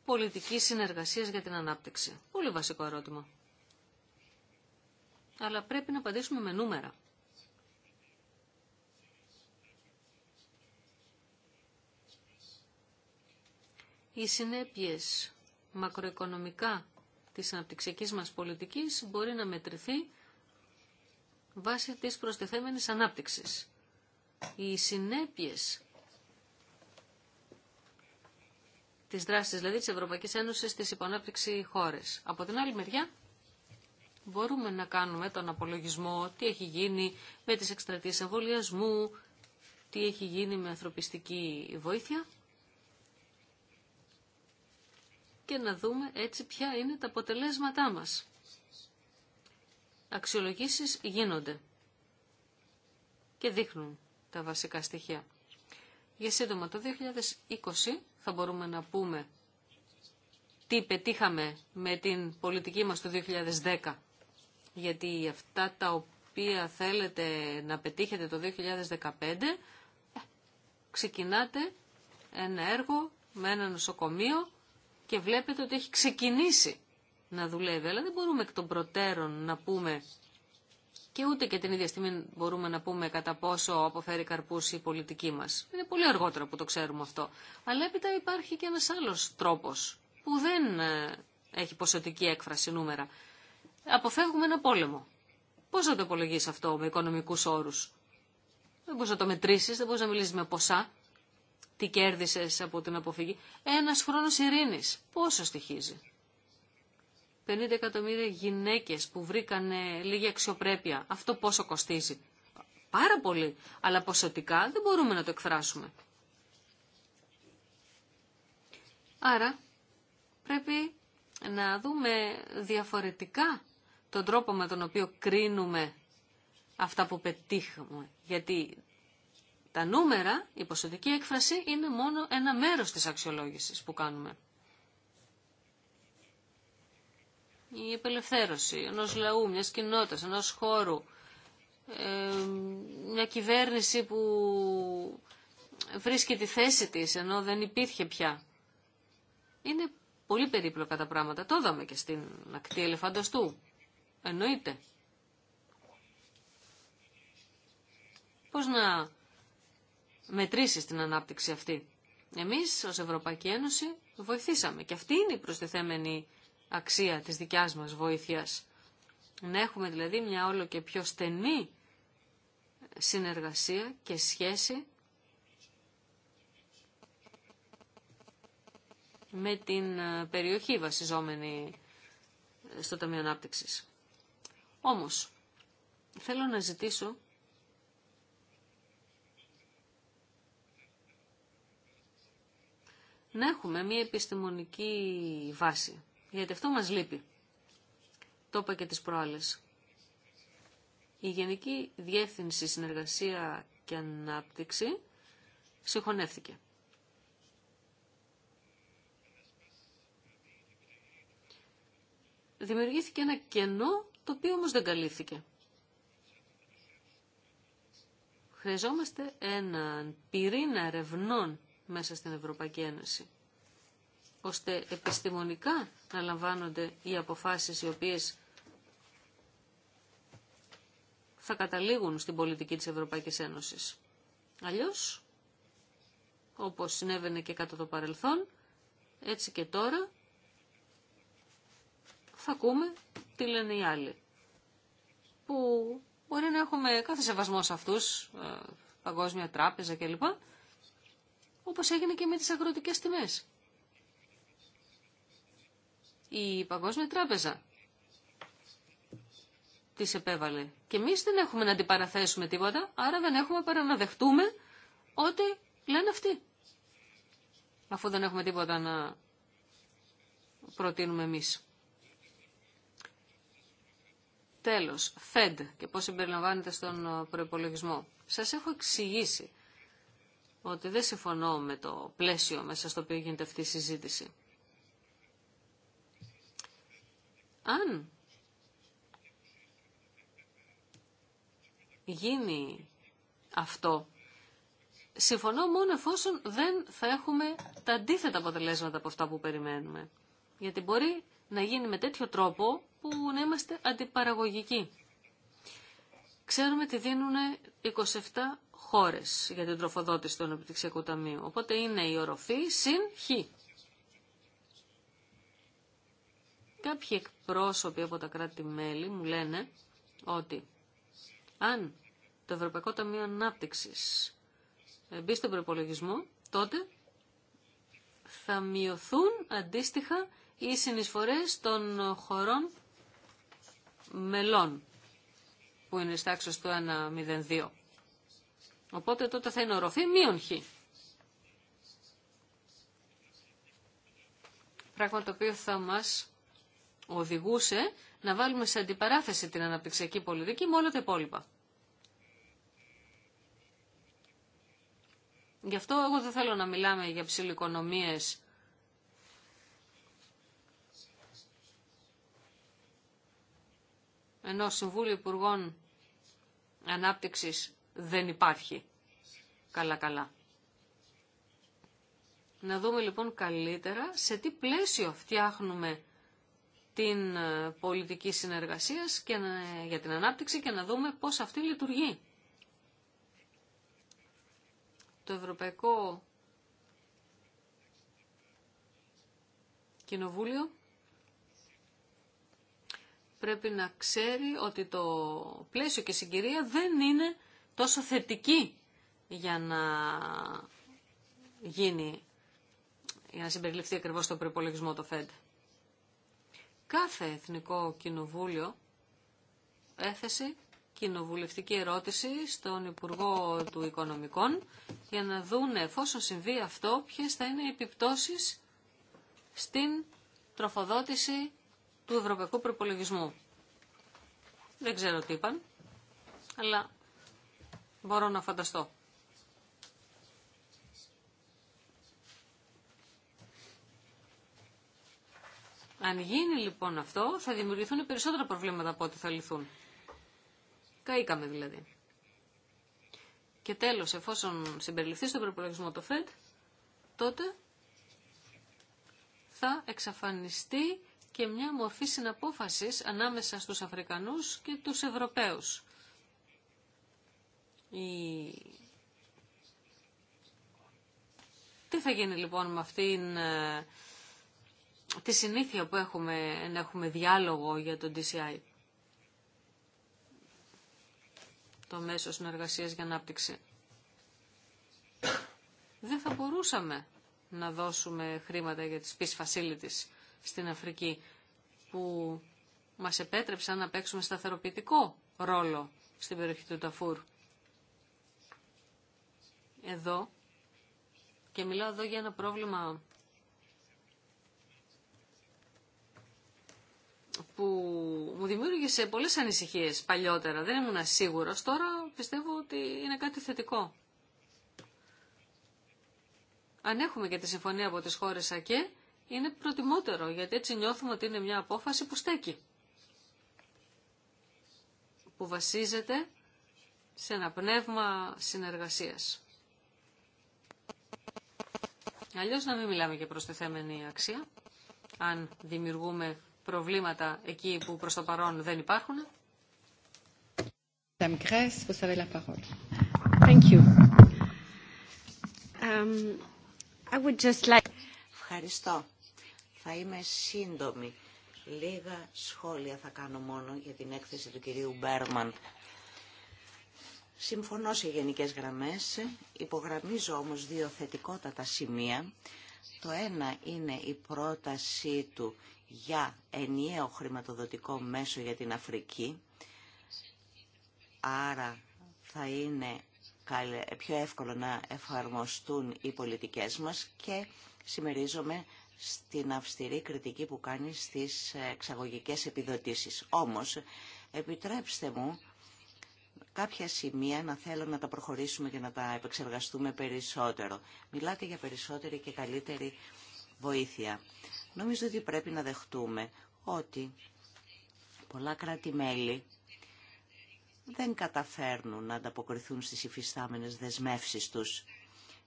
πολιτική συνεργασία για την ανάπτυξη. Πολύ βασικό ερώτημα. Αλλά πρέπει να απαντήσουμε με νούμερα. Οι συνέπειες μακροοικονομικά της αναπτυξιακής μας πολιτικής μπορεί να μετρηθεί βάσει της προστιθέμενης ανάπτυξης οι συνέπειες της δράσης δηλαδή της Ευρωπαϊκής Ένωσης στις υπονάπτυξη χώρες. Από την άλλη μεριά μπορούμε να κάνουμε τον απολογισμό τι έχει γίνει με τις εκστρατείες εμβολιασμού, τι έχει γίνει με ανθρωπιστική βοήθεια και να δούμε έτσι ποια είναι τα αποτελέσματά μας. Αξιολογήσεις γίνονται και δείχνουν τα βασικά στοιχεία. Για σύντομα, το 2020 θα μπορούμε να πούμε τι πετύχαμε με την πολιτική μας το 2010. Γιατί αυτά τα οποία θέλετε να πετύχετε το 2015, ε, ξεκινάτε ένα έργο με ένα νοσοκομείο και βλέπετε ότι έχει ξεκινήσει να δουλεύει. Αλλά δεν μπορούμε εκ των προτέρων να πούμε και ούτε και την ίδια στιγμή μπορούμε να πούμε κατά πόσο αποφέρει καρπού η πολιτική μα. Είναι πολύ αργότερα που το ξέρουμε αυτό. Αλλά έπειτα υπάρχει και ένα άλλο τρόπο που δεν ε, έχει ποσοτική έκφραση νούμερα. Αποφεύγουμε ένα πόλεμο. Πώ θα το υπολογίσει αυτό με οικονομικού όρου, Δεν μπορεί να το μετρήσει, δεν μπορεί να μιλήσει με ποσά. Τι κέρδισε από την αποφυγή. Ένα χρόνο ειρήνη. Πόσο στοιχίζει. 50 εκατομμύρια γυναίκες που βρήκαν λίγη αξιοπρέπεια. Αυτό πόσο κοστίζει. Πάρα πολύ. Αλλά ποσοτικά δεν μπορούμε να το εκφράσουμε. Άρα πρέπει να δούμε διαφορετικά τον τρόπο με τον οποίο κρίνουμε αυτά που πετύχουμε. Γιατί τα νούμερα, η ποσοτική έκφραση είναι μόνο ένα μέρος της αξιολόγησης που κάνουμε. η απελευθέρωση ενός λαού, μιας κοινότητας, ενός χώρου, μια κυβέρνηση που βρίσκει τη θέση της ενώ δεν υπήρχε πια. Είναι πολύ περίπλοκα τα πράγματα. Το είδαμε και στην ακτή ελεφαντοστού. Εννοείται. Πώς να μετρήσεις την ανάπτυξη αυτή. Εμείς ως Ευρωπαϊκή Ένωση βοηθήσαμε και αυτή είναι η προστιθέμενη αξία της δικιάς μας βοήθειας. Να έχουμε δηλαδή μια όλο και πιο στενή συνεργασία και σχέση με την ε, περιοχή βασιζόμενη ε, στο Ταμείο Ανάπτυξης. Όμως, θέλω να ζητήσω να έχουμε μια επιστημονική βάση γιατί αυτό μας λείπει. Το είπα και τις προάλλες. Η Γενική Διεύθυνση Συνεργασία και Ανάπτυξη συγχωνεύτηκε. Δημιουργήθηκε ένα κενό το οποίο όμως δεν καλύφθηκε. Χρειαζόμαστε έναν πυρήνα ερευνών μέσα στην Ευρωπαϊκή Ένωση ώστε επιστημονικά να λαμβάνονται οι αποφάσεις οι οποίες θα καταλήγουν στην πολιτική της Ευρωπαϊκής Ένωσης. Αλλιώς, όπως συνέβαινε και κατά το παρελθόν, έτσι και τώρα θα ακούμε τι λένε οι άλλοι. Που μπορεί να έχουμε κάθε σεβασμό σε αυτούς, ε, παγκόσμια τράπεζα κλπ. Όπως έγινε και με τις αγροτικές τιμές η Παγκόσμια Τράπεζα τι επέβαλε. Και εμεί δεν έχουμε να αντιπαραθέσουμε τίποτα, άρα δεν έχουμε παρά να δεχτούμε ό,τι λένε αυτοί. Αφού δεν έχουμε τίποτα να προτείνουμε εμεί. Τέλος, ΦΕΔ και πώς συμπεριλαμβάνεται στον προπολογισμό. Σας έχω εξηγήσει ότι δεν συμφωνώ με το πλαίσιο μέσα στο οποίο γίνεται αυτή η συζήτηση. Αν γίνει αυτό, συμφωνώ μόνο εφόσον δεν θα έχουμε τα αντίθετα αποτελέσματα από αυτά που περιμένουμε. Γιατί μπορεί να γίνει με τέτοιο τρόπο που να είμαστε αντιπαραγωγικοί. Ξέρουμε ότι δίνουν 27 χώρες για την τροφοδότηση του Αναπτυξιακού Ταμείου. Οπότε είναι η οροφή συν χ. Κάποιοι εκπρόσωποι από τα κράτη-μέλη μου λένε ότι αν το Ευρωπαϊκό Ταμείο ανάπτυξη μπει στον προπολογισμό, τότε θα μειωθούν αντίστοιχα οι συνεισφορές των χωρών μελών που είναι στάξος του 1.02. Οπότε τότε θα είναι οροφή μείον χ. Πράγμα το οποίο θα μας οδηγούσε να βάλουμε σε αντιπαράθεση την αναπτυξιακή πολιτική με όλα τα υπόλοιπα. Γι' αυτό εγώ δεν θέλω να μιλάμε για ψηλοοικονομίες ενώ Συμβούλιο Υπουργών Ανάπτυξης δεν υπάρχει. Καλά καλά. Να δούμε λοιπόν καλύτερα σε τι πλαίσιο φτιάχνουμε την ε, πολιτική συνεργασία και για την ανάπτυξη και να δούμε πώς αυτή λειτουργεί. Το Ευρωπαϊκό Κοινοβούλιο πρέπει να ξέρει ότι το πλαίσιο και συγκυρία δεν είναι τόσο θετική για να γίνει για να συμπεριληφθεί ακριβώς στον προπολογισμό το ΦΕΔ κάθε Εθνικό Κοινοβούλιο έθεσε κοινοβουλευτική ερώτηση στον Υπουργό του Οικονομικών για να δούνε εφόσον συμβεί αυτό ποιες θα είναι οι επιπτώσεις στην τροφοδότηση του Ευρωπαϊκού Προπολογισμού. Δεν ξέρω τι είπαν, αλλά μπορώ να φανταστώ. Αν γίνει λοιπόν αυτό, θα δημιουργηθούν περισσότερα προβλήματα από ό,τι θα λυθούν. Καήκαμε δηλαδή. Και τέλος, εφόσον συμπεριληφθεί στον προπολογισμό το ΦΕΤ, τότε θα εξαφανιστεί και μια μορφή συναπόφασης ανάμεσα στους Αφρικανούς και τους Ευρωπαίους. Η... Τι θα γίνει λοιπόν με αυτήν ε, τη συνήθεια που έχουμε να έχουμε διάλογο για το DCI. Το μέσο συνεργασίας για ανάπτυξη. Δεν θα μπορούσαμε να δώσουμε χρήματα για τις peace facilities στην Αφρική που μας επέτρεψαν να παίξουμε σταθεροποιητικό ρόλο στην περιοχή του Ταφούρ. Εδώ, και μιλάω εδώ για ένα πρόβλημα που μου δημιούργησε πολλές ανησυχίες παλιότερα. Δεν ήμουν σίγουρος. Τώρα πιστεύω ότι είναι κάτι θετικό. Αν έχουμε και τη συμφωνία από τις χώρες ΑΚΕ, είναι προτιμότερο, γιατί έτσι νιώθουμε ότι είναι μια απόφαση που στέκει. Που βασίζεται σε ένα πνεύμα συνεργασίας. Αλλιώς να μην μιλάμε για προστιθέμενη αξία, αν δημιουργούμε προβλήματα εκεί που προς το παρόν δεν υπάρχουν. Ευχαριστώ. Θα είμαι σύντομη. Λίγα σχόλια θα κάνω μόνο για την έκθεση του κυρίου Μπέρμαν. Συμφωνώ σε γενικές γραμμές, υπογραμμίζω όμως δύο θετικότατα σημεία. Το ένα είναι η πρότασή του για ενιαίο χρηματοδοτικό μέσο για την Αφρική. Άρα θα είναι πιο εύκολο να εφαρμοστούν οι πολιτικές μας και συμμερίζομαι στην αυστηρή κριτική που κάνει στις εξαγωγικές επιδοτήσεις. Όμως, επιτρέψτε μου κάποια σημεία να θέλω να τα προχωρήσουμε και να τα επεξεργαστούμε περισσότερο. Μιλάτε για περισσότερη και καλύτερη βοήθεια. Νομίζω ότι πρέπει να δεχτούμε ότι πολλά κράτη-μέλη δεν καταφέρνουν να ανταποκριθούν στις υφιστάμενες δεσμεύσεις τους.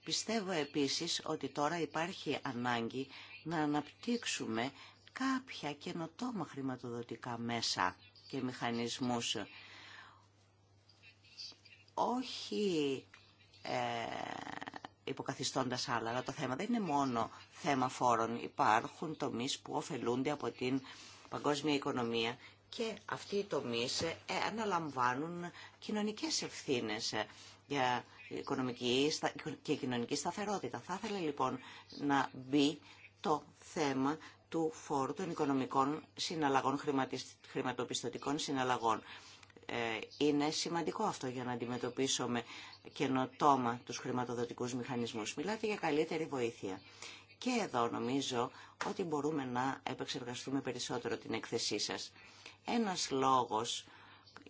Πιστεύω επίσης ότι τώρα υπάρχει ανάγκη να αναπτύξουμε κάποια καινοτόμα χρηματοδοτικά μέσα και μηχανισμούς. Όχι ε, υποκαθιστώντα άλλα. Αλλά το θέμα δεν είναι μόνο θέμα φόρων. Υπάρχουν τομεί που ωφελούνται από την παγκόσμια οικονομία και αυτοί οι τομείς ε, αναλαμβάνουν κοινωνικές ευθύνες ε, για οικονομική και κοινωνική σταθερότητα. Θα ήθελα λοιπόν να μπει το θέμα του φόρου των οικονομικών συναλλαγών, χρηματοπιστωτικών συναλλαγών. Ε, είναι σημαντικό αυτό για να αντιμετωπίσουμε καινοτόμα τους χρηματοδοτικούς μηχανισμούς. Μιλάτε για καλύτερη βοήθεια. Και εδώ νομίζω ότι μπορούμε να επεξεργαστούμε περισσότερο την έκθεσή σας. Ένας λόγος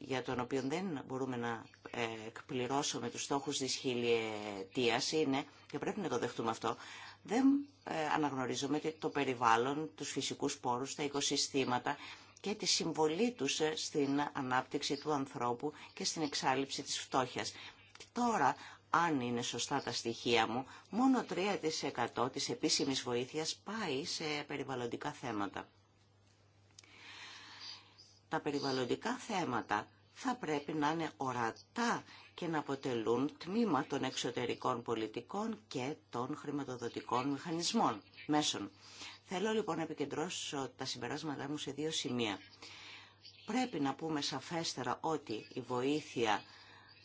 για τον οποίο δεν μπορούμε να ε, εκπληρώσουμε τους στόχους της χιλιετίας είναι, και πρέπει να το δεχτούμε αυτό, δεν ε, αναγνωρίζουμε το περιβάλλον, τους φυσικούς πόρους, τα οικοσυστήματα και τη συμβολή τους ε, στην ανάπτυξη του ανθρώπου και στην εξάλληψη της φτώχειας. Τώρα, αν είναι σωστά τα στοιχεία μου, μόνο 3% της επίσημης βοήθειας πάει σε περιβαλλοντικά θέματα. Τα περιβαλλοντικά θέματα θα πρέπει να είναι ορατά και να αποτελούν τμήμα των εξωτερικών πολιτικών και των χρηματοδοτικών μηχανισμών μέσων. Θέλω λοιπόν να επικεντρώσω τα συμπεράσματά μου σε δύο σημεία. Πρέπει να πούμε σαφέστερα ότι η βοήθεια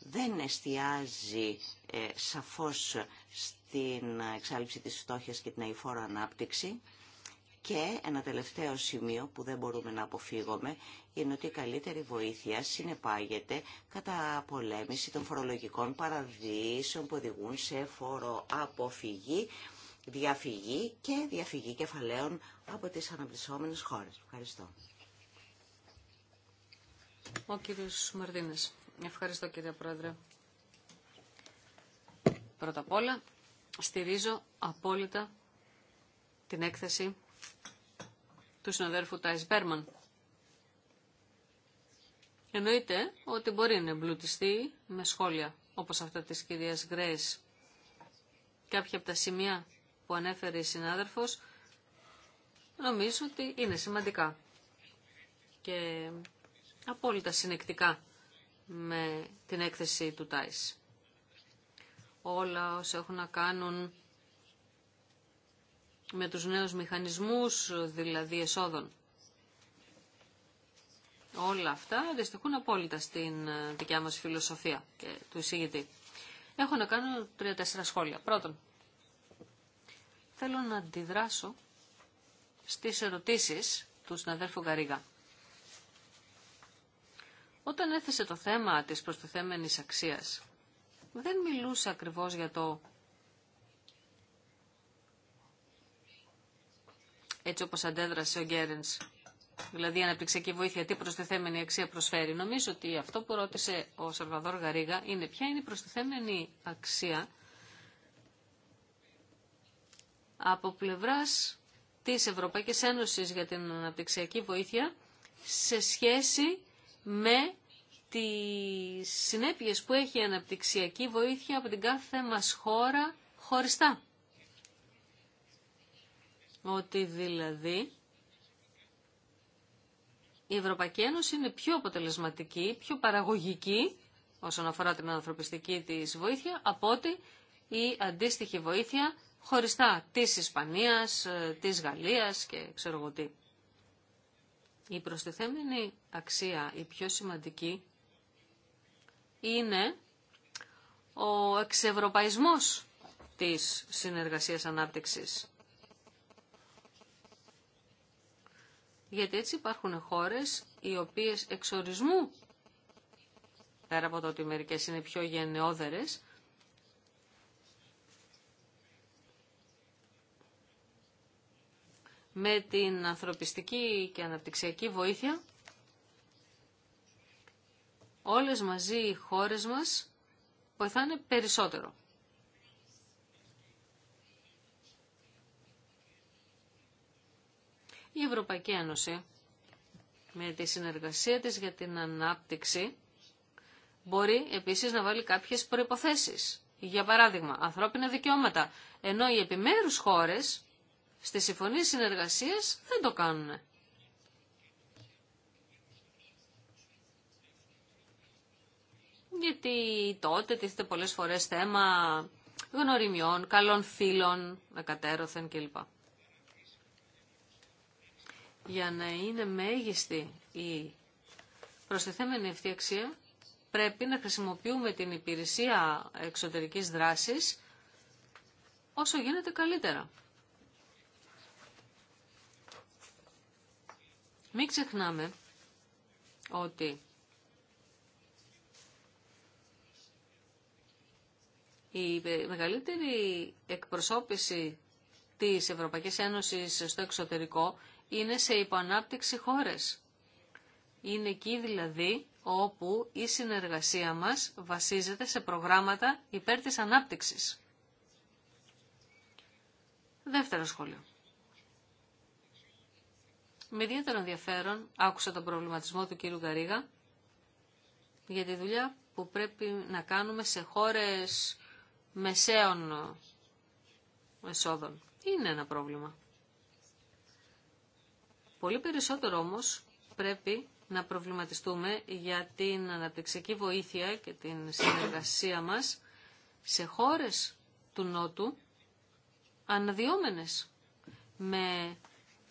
δεν εστιάζει ε, σαφώς στην εξάλληψη της φτώχειας και την αηφόρο ανάπτυξη. Και ένα τελευταίο σημείο που δεν μπορούμε να αποφύγουμε είναι ότι η καλύτερη βοήθεια συνεπάγεται κατά πολέμηση των φορολογικών παραδείσεων που οδηγούν σε φοροαποφυγή, διαφυγή και διαφυγή κεφαλαίων από τις αναπτυσσόμενες χώρες. Ευχαριστώ. Ο κύριος Ευχαριστώ κύριε Πρόεδρε. Πρώτα απ' όλα, στηρίζω απόλυτα την έκθεση του συναδέρφου Τάις Μπέρμαν. Εννοείται ότι μπορεί να εμπλουτιστεί με σχόλια, όπως αυτά της κυρίας Γκρέης. Κάποια από τα σημεία που ανέφερε η συνάδελφος, νομίζω ότι είναι σημαντικά και απόλυτα συνεκτικά με την έκθεση του ΤΑΙΣ. Όλα όσα έχουν να κάνουν με τους νέους μηχανισμούς, δηλαδή εσόδων. Όλα αυτά αντιστοιχούν απόλυτα στην ε, δικιά μας φιλοσοφία και του εισηγητή. Έχω να κάνω τρία-τέσσερα σχόλια. Πρώτον, θέλω να αντιδράσω στις ερωτήσεις του συναδέλφου Γαρίγα. Όταν έθεσε το θέμα της προστιθέμενης αξίας, δεν μιλούσε ακριβώς για το έτσι όπως αντέδρασε ο Γκέρενς. Δηλαδή η αναπτυξιακή βοήθεια, τι προστιθέμενη αξία προσφέρει. Νομίζω ότι αυτό που ρώτησε ο Σαλβαδόρ Γαρίγα είναι ποια είναι η προστιθέμενη αξία από πλευράς της Ευρωπαϊκής Ένωσης για την αναπτυξιακή βοήθεια σε σχέση με τις συνέπειες που έχει η αναπτυξιακή βοήθεια από την κάθε μας χώρα χωριστά. Ότι δηλαδή η Ευρωπαϊκή Ένωση είναι πιο αποτελεσματική, πιο παραγωγική όσον αφορά την ανθρωπιστική της βοήθεια από ότι η αντίστοιχη βοήθεια χωριστά της Ισπανίας, ε, της Γαλλίας και ξέρω εγώ τι. Η προστιθέμενη αξία, η πιο σημαντική, είναι ο εξευρωπαϊσμός της συνεργασίας ανάπτυξης. Γιατί έτσι υπάρχουν χώρες οι οποίες εξορισμού, πέρα από το ότι μερικές είναι πιο γενναιόδερες, με την ανθρωπιστική και αναπτυξιακή βοήθεια όλες μαζί οι χώρες μας βοηθάνε περισσότερο. Η Ευρωπαϊκή Ένωση με τη συνεργασία της για την ανάπτυξη μπορεί επίσης να βάλει κάποιες προϋποθέσεις. Για παράδειγμα, ανθρώπινα δικαιώματα, ενώ οι επιμέρους χώρες στις συμφωνίες συνεργασίας δεν το κάνουν. Γιατί τότε τίθεται πολλές φορές θέμα γνωριμιών, καλών φίλων, εκατέρωθεν κλπ. Για να είναι μέγιστη η προσθεθέμενη αυτή αξία, πρέπει να χρησιμοποιούμε την υπηρεσία εξωτερικής δράσης όσο γίνεται καλύτερα. Μην ξεχνάμε ότι η μεγαλύτερη εκπροσώπηση της Ευρωπαϊκής Ένωσης στο εξωτερικό είναι σε υποανάπτυξη χώρες. Είναι εκεί δηλαδή όπου η συνεργασία μας βασίζεται σε προγράμματα υπέρ της ανάπτυξης. Δεύτερο σχόλιο. Με ιδιαίτερο ενδιαφέρον άκουσα τον προβληματισμό του κύριου Γαρίγα για τη δουλειά που πρέπει να κάνουμε σε χώρες μεσαίων εσόδων. Είναι ένα πρόβλημα. Πολύ περισσότερο όμως πρέπει να προβληματιστούμε για την αναπτυξιακή βοήθεια και την συνεργασία μας σε χώρες του Νότου αναδυόμενες με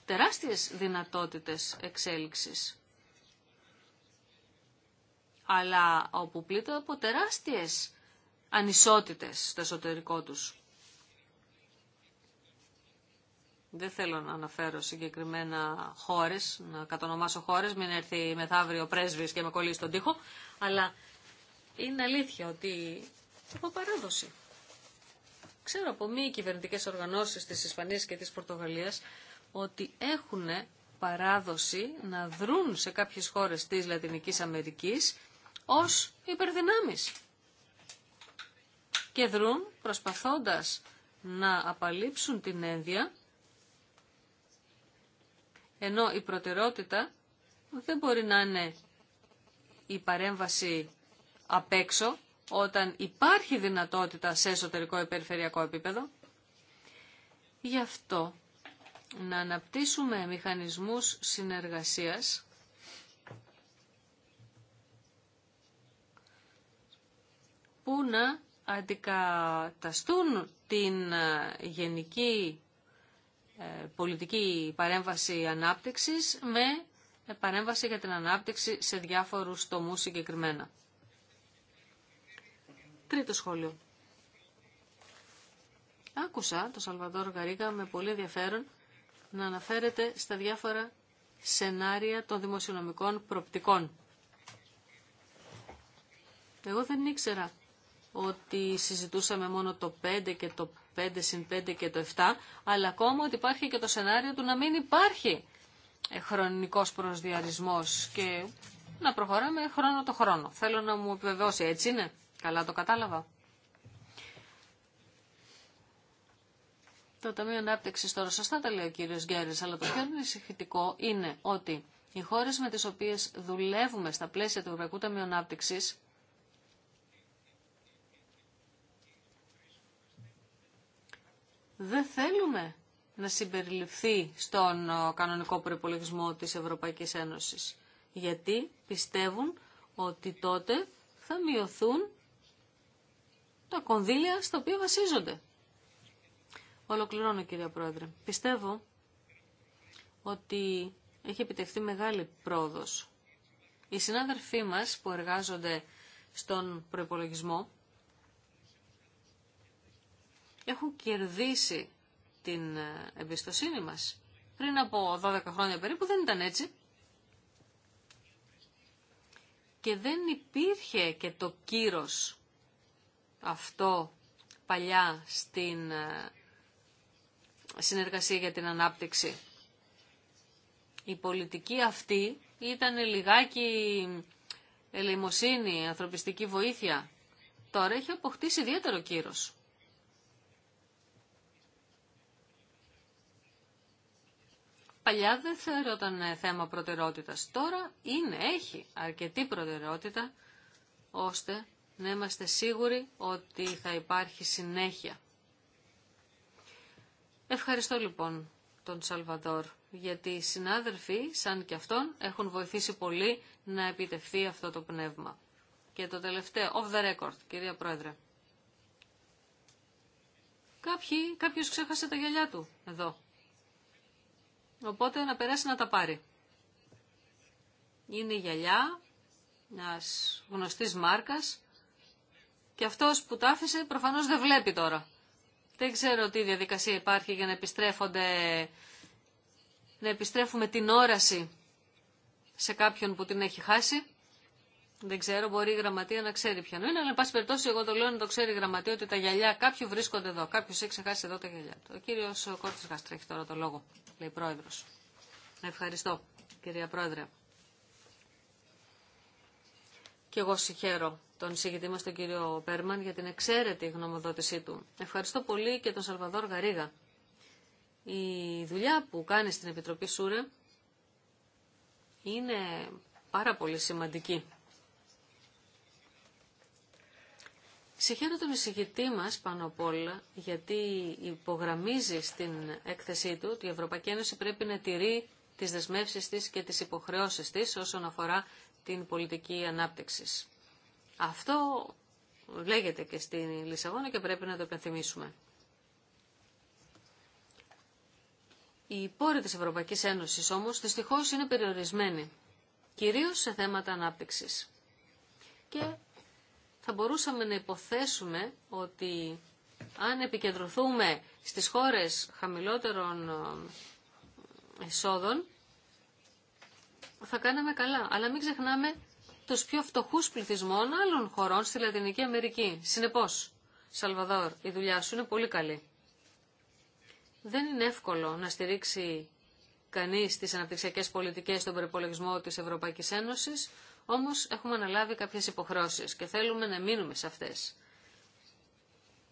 τεράστιες δυνατότητες εξέλιξης. Αλλά όπου πλήττω από τεράστιες ανισότητες στο εσωτερικό τους. Δεν θέλω να αναφέρω συγκεκριμένα χώρες, να κατονομάσω χώρες, μην έρθει μεθαύριο πρέσβης και με κολλήσει στον τοίχο, αλλά είναι αλήθεια ότι έχω παράδοση. Ξέρω από μη κυβερνητικές οργανώσεις της Ισπανίας και της Πορτογαλίας ότι έχουν παράδοση να δρούν σε κάποιες χώρες της Λατινικής Αμερικής ως υπερδυνάμεις. Και δρούν προσπαθώντας να απαλείψουν την ένδια, ενώ η προτερότητα δεν μπορεί να είναι η παρέμβαση απ' έξω, όταν υπάρχει δυνατότητα σε εσωτερικό ή περιφερειακό επίπεδο. Γι' αυτό να αναπτύσσουμε μηχανισμούς συνεργασίας που να αντικαταστούν την ε, γενική ε, πολιτική παρέμβαση ανάπτυξης με ε, παρέμβαση για την ανάπτυξη σε διάφορους τομούς συγκεκριμένα. Τρίτο σχόλιο. Άκουσα τον Σαλβαδόρ Γαρίγα με πολύ ενδιαφέρον να αναφέρεται στα διάφορα σενάρια των δημοσιονομικών προπτικών. Εγώ δεν ήξερα ότι συζητούσαμε μόνο το 5 και το 5 συν 5 και το 7, αλλά ακόμα ότι υπάρχει και το σενάριο του να μην υπάρχει χρονικός προσδιαρισμός και να προχωράμε χρόνο το χρόνο. Θέλω να μου επιβεβαιώσει, έτσι είναι. Καλά το κατάλαβα. το Ταμείο Ανάπτυξη τώρα. Σωστά τα λέει ο κύριο Γκέρι, αλλά το πιο ανησυχητικό είναι ότι οι χώρε με τι οποίε δουλεύουμε στα πλαίσια του Ευρωπαϊκού Ταμείου Ανάπτυξη δεν θέλουμε να συμπεριληφθεί στον ε, κανονικό προπολογισμό της Ευρωπαϊκής Ένωσης. Γιατί πιστεύουν ότι τότε θα μειωθούν τα κονδύλια στα οποία βασίζονται. Ολοκληρώνω κυρία Πρόεδρε. Πιστεύω ότι έχει επιτευχθεί μεγάλη πρόοδος. Οι συνάδελφοί μας που εργάζονται στον προϋπολογισμό έχουν κερδίσει την ε, εμπιστοσύνη μας. Πριν από 12 χρόνια περίπου δεν ήταν έτσι. Και δεν υπήρχε και το κύρος αυτό παλιά στην ε, συνεργασία για την ανάπτυξη. Η πολιτική αυτή ήταν λιγάκι ελεημοσύνη, ανθρωπιστική βοήθεια. Τώρα έχει αποκτήσει ιδιαίτερο κύρος. Παλιά δεν θεωρώταν θέμα προτεραιότητας. Τώρα είναι, έχει αρκετή προτεραιότητα, ώστε να είμαστε σίγουροι ότι θα υπάρχει συνέχεια. Ευχαριστώ λοιπόν τον Σαλβαδόρ, γιατί οι συνάδελφοι, σαν και αυτόν, έχουν βοηθήσει πολύ να επιτευχθεί αυτό το πνεύμα. Και το τελευταίο, off the record, κυρία Πρόεδρε. Κάποιοι, κάποιος ξέχασε τα γυαλιά του εδώ. Οπότε να περάσει να τα πάρει. Είναι γυαλιά μια γνωστής μάρκας και αυτός που τα άφησε προφανώς δεν βλέπει τώρα. Δεν ξέρω τι διαδικασία υπάρχει για να επιστρέφονται, να επιστρέφουμε την όραση σε κάποιον που την έχει χάσει. Δεν ξέρω, μπορεί η γραμματεία να ξέρει ποιον είναι, αλλά εν πάση περιπτώσει εγώ το λέω να το ξέρει η γραμματεία ότι τα γυαλιά κάποιου βρίσκονται εδώ. Κάποιο έχει ξεχάσει εδώ τα γυαλιά Ο κύριο Κόρτη Γάστρα έχει τώρα το λόγο, λέει πρόεδρο. Ευχαριστώ, κυρία Πρόεδρε. Και εγώ συγχαίρω τον εισηγητή μας τον κύριο Πέρμαν για την εξαίρετη γνωμοδότησή του. Ευχαριστώ πολύ και τον Σαλβαδόρ Γαρίγα. Η δουλειά που κάνει στην Επιτροπή Σούρε είναι πάρα πολύ σημαντική. Συγχαίρω τον εισηγητή μας πάνω απ' όλα γιατί υπογραμμίζει στην έκθεσή του ότι η Ευρωπαϊκή Ένωση πρέπει να τηρεί τις δεσμεύσεις της και τις υποχρεώσεις της όσον αφορά την πολιτική ανάπτυξης. Αυτό λέγεται και στην Λισαβόνα και πρέπει να το επενθυμίσουμε. Οι πόροι της Ευρωπαϊκής Ένωσης όμως δυστυχώς είναι περιορισμένοι, κυρίως σε θέματα ανάπτυξης. Και θα μπορούσαμε να υποθέσουμε ότι αν επικεντρωθούμε στις χώρες χαμηλότερων εισόδων, θα κάναμε καλά. Αλλά μην ξεχνάμε τους πιο φτωχούς πληθυσμών άλλων χωρών στη Λατινική Αμερική. Συνεπώς, Σαλβαδόρ, η δουλειά σου είναι πολύ καλή. Δεν είναι εύκολο να στηρίξει κανείς τις αναπτυξιακές πολιτικές στον προπολογισμό της Ευρωπαϊκής Ένωσης, όμως έχουμε αναλάβει κάποιες υποχρώσεις και θέλουμε να μείνουμε σε αυτές.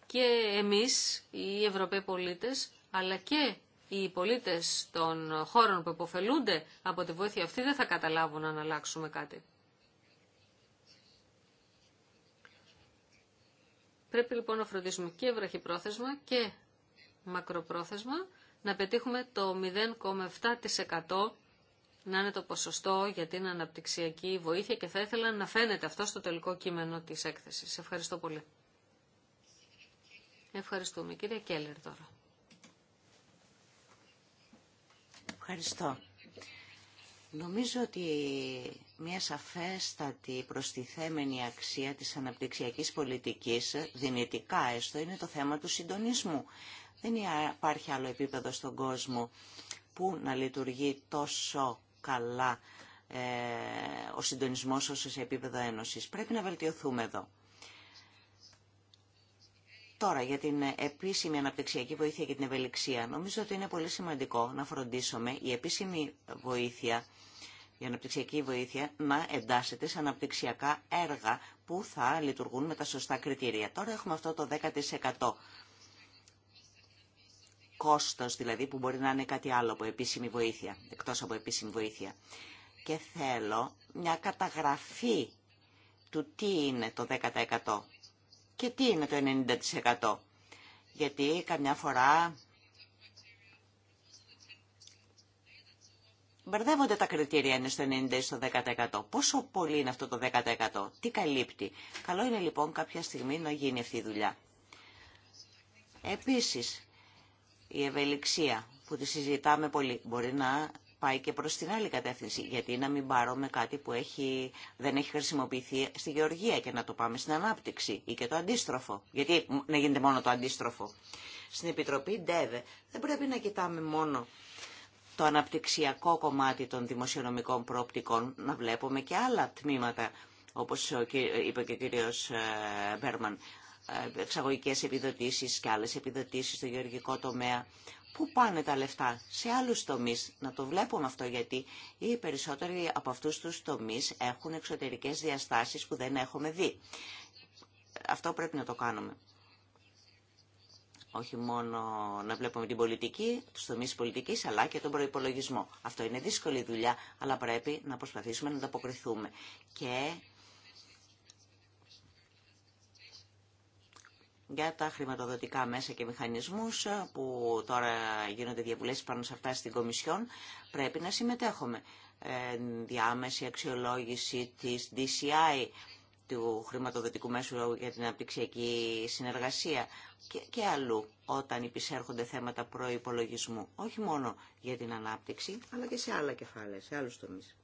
Και εμείς, οι Ευρωπαίοι πολίτες, αλλά και οι πολίτες των χώρων που υποφελούνται από τη βοήθεια αυτή δεν θα καταλάβουν αν αλλάξουμε κάτι. Πρέπει λοιπόν να φροντίσουμε και βραχυπρόθεσμα και μακροπρόθεσμα να πετύχουμε το 0,7% να είναι το ποσοστό για την αναπτυξιακή βοήθεια και θα ήθελα να φαίνεται αυτό στο τελικό κείμενο της έκθεσης. Ευχαριστώ πολύ. Ευχαριστούμε. Κύριε Κέλλερ τώρα. Ευχαριστώ. Νομίζω ότι μια σαφέστατη προστιθέμενη αξία της αναπτυξιακής πολιτικής, δυνητικά έστω, είναι το θέμα του συντονισμού. Δεν υπάρχει άλλο επίπεδο στον κόσμο που να λειτουργεί τόσο καλά ε, ο συντονισμός όσο σε επίπεδο ένωσης. Πρέπει να βελτιωθούμε εδώ. Τώρα για την επίσημη αναπτυξιακή βοήθεια και την ευελιξία. Νομίζω ότι είναι πολύ σημαντικό να φροντίσουμε η επίσημη βοήθεια, η αναπτυξιακή βοήθεια, να εντάσσεται σε αναπτυξιακά έργα που θα λειτουργούν με τα σωστά κριτήρια. Τώρα έχουμε αυτό το 10% κόστος δηλαδή που μπορεί να είναι κάτι άλλο από επίσημη βοήθεια, εκτός από επίσημη βοήθεια. Και θέλω μια καταγραφή του τι είναι το 10% και τι είναι το 90%. Γιατί καμιά φορά Μπερδεύονται τα κριτήρια είναι στο 90% ή στο 10%. Πόσο πολύ είναι αυτό το 10%, τι καλύπτει. Καλό είναι λοιπόν κάποια στιγμή να γίνει αυτή η δουλειά. Επίσης, η ευελιξία που τη συζητάμε πολύ μπορεί να πάει και προς την άλλη κατεύθυνση. Γιατί να μην πάρουμε κάτι που δεν έχει χρησιμοποιηθεί στη γεωργία και να το πάμε στην ανάπτυξη ή και το αντίστροφο. Γιατί να γίνεται μόνο το αντίστροφο. Στην Επιτροπή ΝΤΕΒΕ δεν πρέπει να κοιτάμε μόνο το αναπτυξιακό κομμάτι των δημοσιονομικών προοπτικών, να βλέπουμε και άλλα τμήματα, όπως είπε και ο κύριος ε, Μπέρμαν, ε, εξαγωγικές επιδοτήσεις και άλλες επιδοτήσεις στο γεωργικό τομέα. Πού πάνε τα λεφτά, σε άλλους τομείς. Να το βλέπουμε αυτό γιατί οι περισσότεροι από αυτούς τους τομείς έχουν εξωτερικές διαστάσεις που δεν έχουμε δει. Αυτό πρέπει να το κάνουμε. Όχι μόνο να βλέπουμε την πολιτική, τους τομείς της πολιτικής, αλλά και τον προϋπολογισμό. Αυτό είναι δύσκολη δουλειά, αλλά πρέπει να προσπαθήσουμε να ανταποκριθούμε. Και για τα χρηματοδοτικά μέσα και μηχανισμούς ε, που τώρα γίνονται διαβουλέσεις πάνω σε αυτά στην Κομισιόν πρέπει να συμμετέχουμε. Ε, διάμεση αξιολόγηση της DCI του χρηματοδοτικού μέσου για την αναπτυξιακή συνεργασία και, και αλλού όταν υπησέρχονται θέματα προϋπολογισμού όχι μόνο για την ανάπτυξη αλλά και σε άλλα κεφάλαια, σε άλλους τομείς.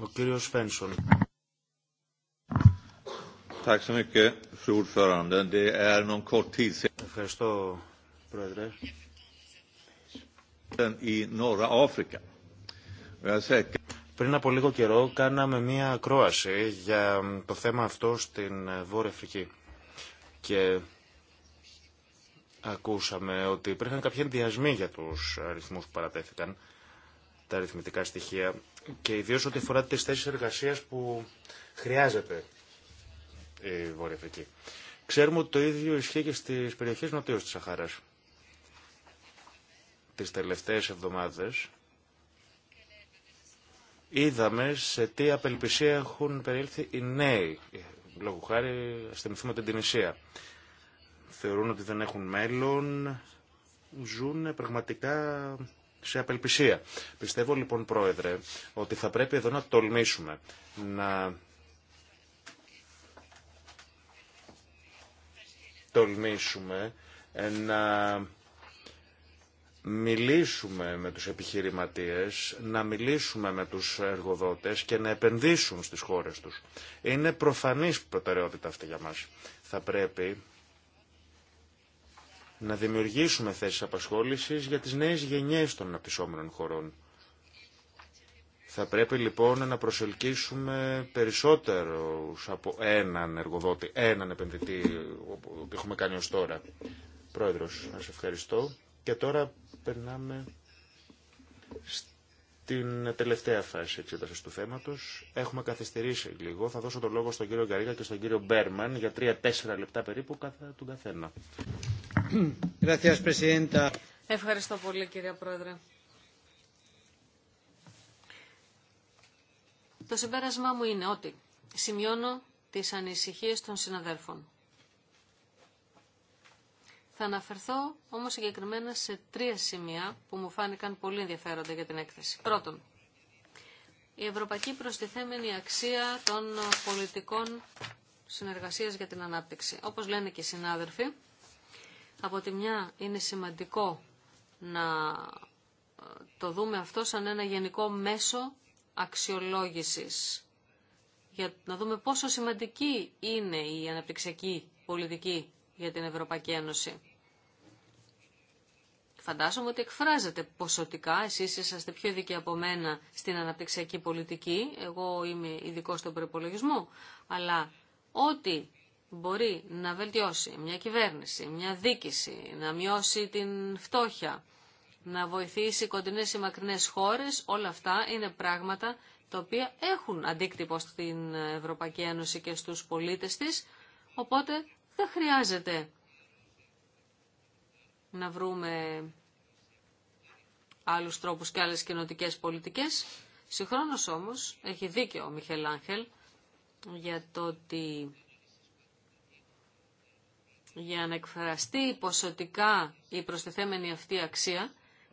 Ο κύριος Φένσον. Ευχαριστώ, Πρόεδρε. Πριν από λίγο καιρό κάναμε μία ακρόαση για το θέμα αυτό στην ε, Βόρεια Αφρική. Και ακούσαμε ότι υπήρχαν κάποιοι ενδιασμοί για τους αριθμούς που παρατέθηκαν, τα αριθμητικά στοιχεία, και ιδίως ό,τι αφορά τις θέσεις εργασίας που χρειάζεται Ξέρουμε ότι το ίδιο ισχύει και στι περιοχέ νοτίω τη Σαχάρα τι τελευταίε εβδομάδε. είδαμε σε τι απελπισία έχουν περιέλθει οι νέοι. Λόγω χάρη, α θυμηθούμε την Τινησία. Θεωρούν ότι δεν έχουν μέλλον, ζουν πραγματικά σε απελπισία. Πιστεύω λοιπόν, Πρόεδρε, ότι θα πρέπει εδώ να τολμήσουμε να τολμήσουμε να μιλήσουμε με τους επιχειρηματίες, να μιλήσουμε με τους εργοδότες και να επενδύσουν στις χώρες τους. Είναι προφανής προτεραιότητα αυτή για μας. Θα πρέπει να δημιουργήσουμε θέσεις απασχόλησης για τις νέες γενιές των αναπτυσσόμενων χωρών. Θα πρέπει λοιπόν να προσελκύσουμε περισσότερους από έναν εργοδότη, έναν επενδυτή που έχουμε κάνει ως τώρα. Πρόεδρος, σας ευχαριστώ. Και τώρα περνάμε στην τελευταία φάση εξέταση του θέματο. Έχουμε καθυστερήσει λίγο. Θα δώσω το λόγο στον κύριο Γκαρίγα και στον κύριο Μπέρμαν για τρία-τέσσερα λεπτά περίπου κατά τον καθένα. Ευχαριστώ πολύ κύριε Πρόεδρε. Το συμπέρασμά μου είναι ότι σημειώνω τις ανησυχίες των συναδέλφων. Θα αναφερθώ όμως συγκεκριμένα σε τρία σημεία που μου φάνηκαν πολύ ενδιαφέροντα για την έκθεση. Πρώτον, η ευρωπαϊκή προστιθέμενη αξία των πολιτικών συνεργασίας για την ανάπτυξη. Όπως λένε και οι συνάδελφοι, από τη μια είναι σημαντικό να το δούμε αυτό σαν ένα γενικό μέσο αξιολόγησης για να δούμε πόσο σημαντική είναι η αναπτυξιακή πολιτική για την Ευρωπαϊκή Ένωση. Φαντάζομαι ότι εκφράζεται ποσοτικά, εσείς είσαστε πιο ειδικοί από μένα στην αναπτυξιακή πολιτική, εγώ είμαι ειδικό στον προπολογισμό, αλλά ό,τι μπορεί να βελτιώσει μια κυβέρνηση, μια δίκηση, να μειώσει την φτώχεια, να βοηθήσει κοντινές ή μακρινές χώρες, όλα αυτά είναι πράγματα τα οποία έχουν αντίκτυπο στην Ευρωπαϊκή Ένωση και στους πολίτες της, οπότε δεν χρειάζεται να βρούμε άλλους τρόπους και άλλες κοινοτικές πολιτικές. Συγχρόνως όμως έχει δίκιο ο Μιχελ Άγχελ για το ότι για να εκφραστεί ποσοτικά η προστιθέμενη αυτή αξία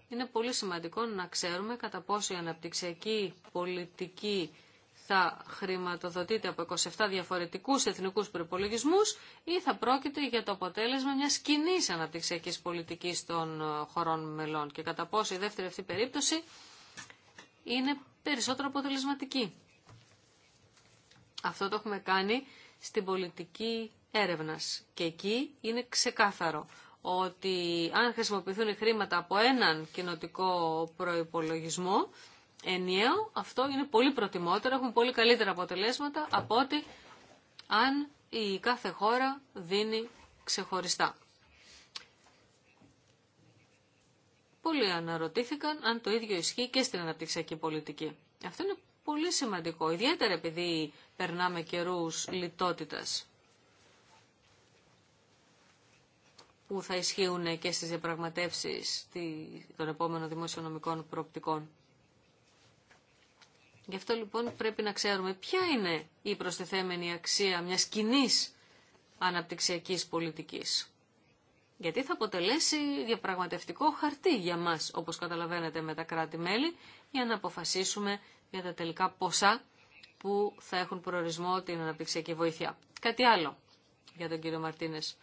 είναι πολύ σημαντικό να ξέρουμε κατά πόσο η αναπτυξιακή πολιτική θα χρηματοδοτείται από 27 διαφορετικούς εθνικούς προπολογισμού ή θα πρόκειται για το αποτέλεσμα μιας κοινή αναπτυξιακής πολιτικής των ε, χωρών μελών και κατά πόσο η δεύτερη αυτή περίπτωση είναι περισσότερο αποτελεσματική. Αυτό το έχουμε κάνει στην πολιτική έρευνας και εκεί είναι ξεκάθαρο ότι αν χρησιμοποιηθούν χρήματα από έναν κοινοτικό προϋπολογισμό ενιαίο, αυτό είναι πολύ προτιμότερο, έχουν πολύ καλύτερα αποτελέσματα από ότι αν η κάθε χώρα δίνει ξεχωριστά. Πολλοί αναρωτήθηκαν αν το ίδιο ισχύει και στην αναπτυξιακή πολιτική. Αυτό είναι πολύ σημαντικό, ιδιαίτερα επειδή περνάμε καιρούς λιτότητας. που θα ισχύουν και στις διαπραγματεύσεις των επόμενων δημοσιονομικών προοπτικών. Γι' αυτό λοιπόν πρέπει να ξέρουμε ποια είναι η προστιθέμενη αξία μιας κοινή αναπτυξιακής πολιτικής. Γιατί θα αποτελέσει διαπραγματευτικό χαρτί για μας, όπως καταλαβαίνετε με τα κράτη-μέλη, για να αποφασίσουμε για τα τελικά ποσά που θα έχουν προορισμό την αναπτυξιακή βοήθεια. Κάτι άλλο για τον κύριο Μαρτίνες.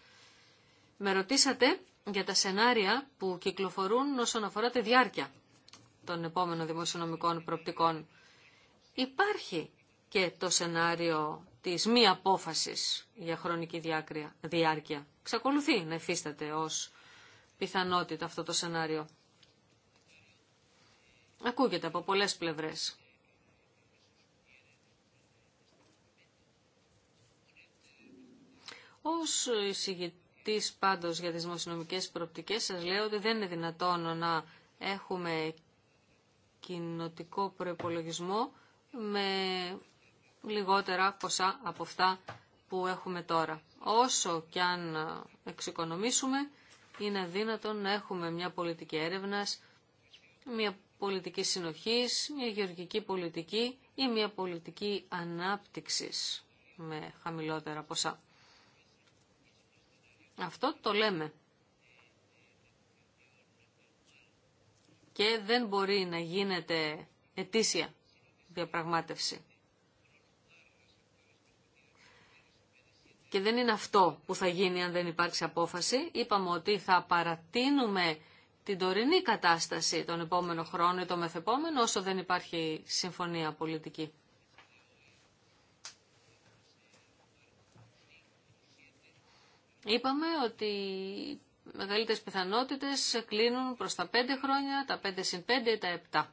Με ρωτήσατε για τα σενάρια που κυκλοφορούν όσον αφορά τη διάρκεια των επόμενων δημοσιονομικών προπτικών. Υπάρχει και το σενάριο της μη απόφασης για χρονική διάκρια, διάρκεια. Ξακολουθεί να εφίσταται ως πιθανότητα αυτό το σενάριο. Ακούγεται από πολλές πλευρές. Ως εισηγητή Τη πάντω για τι δημοσιονομικέ προοπτικές σα λέω ότι δεν είναι δυνατόν να έχουμε κοινοτικό προπολογισμό με λιγότερα ποσά από αυτά που έχουμε τώρα. Όσο κι αν εξοικονομήσουμε, είναι δύνατον να έχουμε μια πολιτική έρευνας, μια πολιτική συνοχής, μια γεωργική πολιτική ή μια πολιτική ανάπτυξης με χαμηλότερα ποσά. Αυτό το λέμε. Και δεν μπορεί να γίνεται ετήσια διαπραγμάτευση. Και δεν είναι αυτό που θα γίνει αν δεν υπάρξει απόφαση. Είπαμε ότι θα παρατείνουμε την τωρινή κατάσταση τον επόμενο χρόνο ή το μεθεπόμενο όσο δεν υπάρχει συμφωνία πολιτική. είπαμε ότι μεγαλύτερες πιθανότητες κλείνουν προς τα 5 χρόνια, τα 5 συν 5 ή τα 7.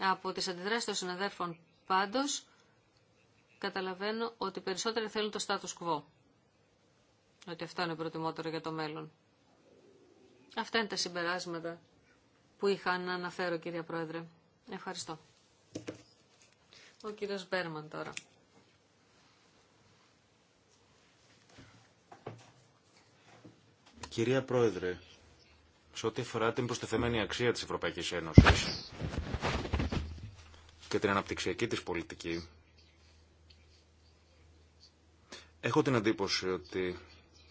Από τις αντιδράσεις των συναδέρφων πάντως, καταλαβαίνω ότι περισσότεροι θέλουν το status quo. Ότι αυτό είναι προτιμότερο για το μέλλον. Αυτά είναι τα συμπεράσματα που είχα να αναφέρω, κυρία Πρόεδρε. Ευχαριστώ. Ο κύριος Μπέρμαν τώρα. Κυρία Πρόεδρε, σε ό,τι αφορά την προστεθεμένη αξία της Ευρωπαϊκής Ένωσης και την αναπτυξιακή της πολιτική, έχω την εντύπωση ότι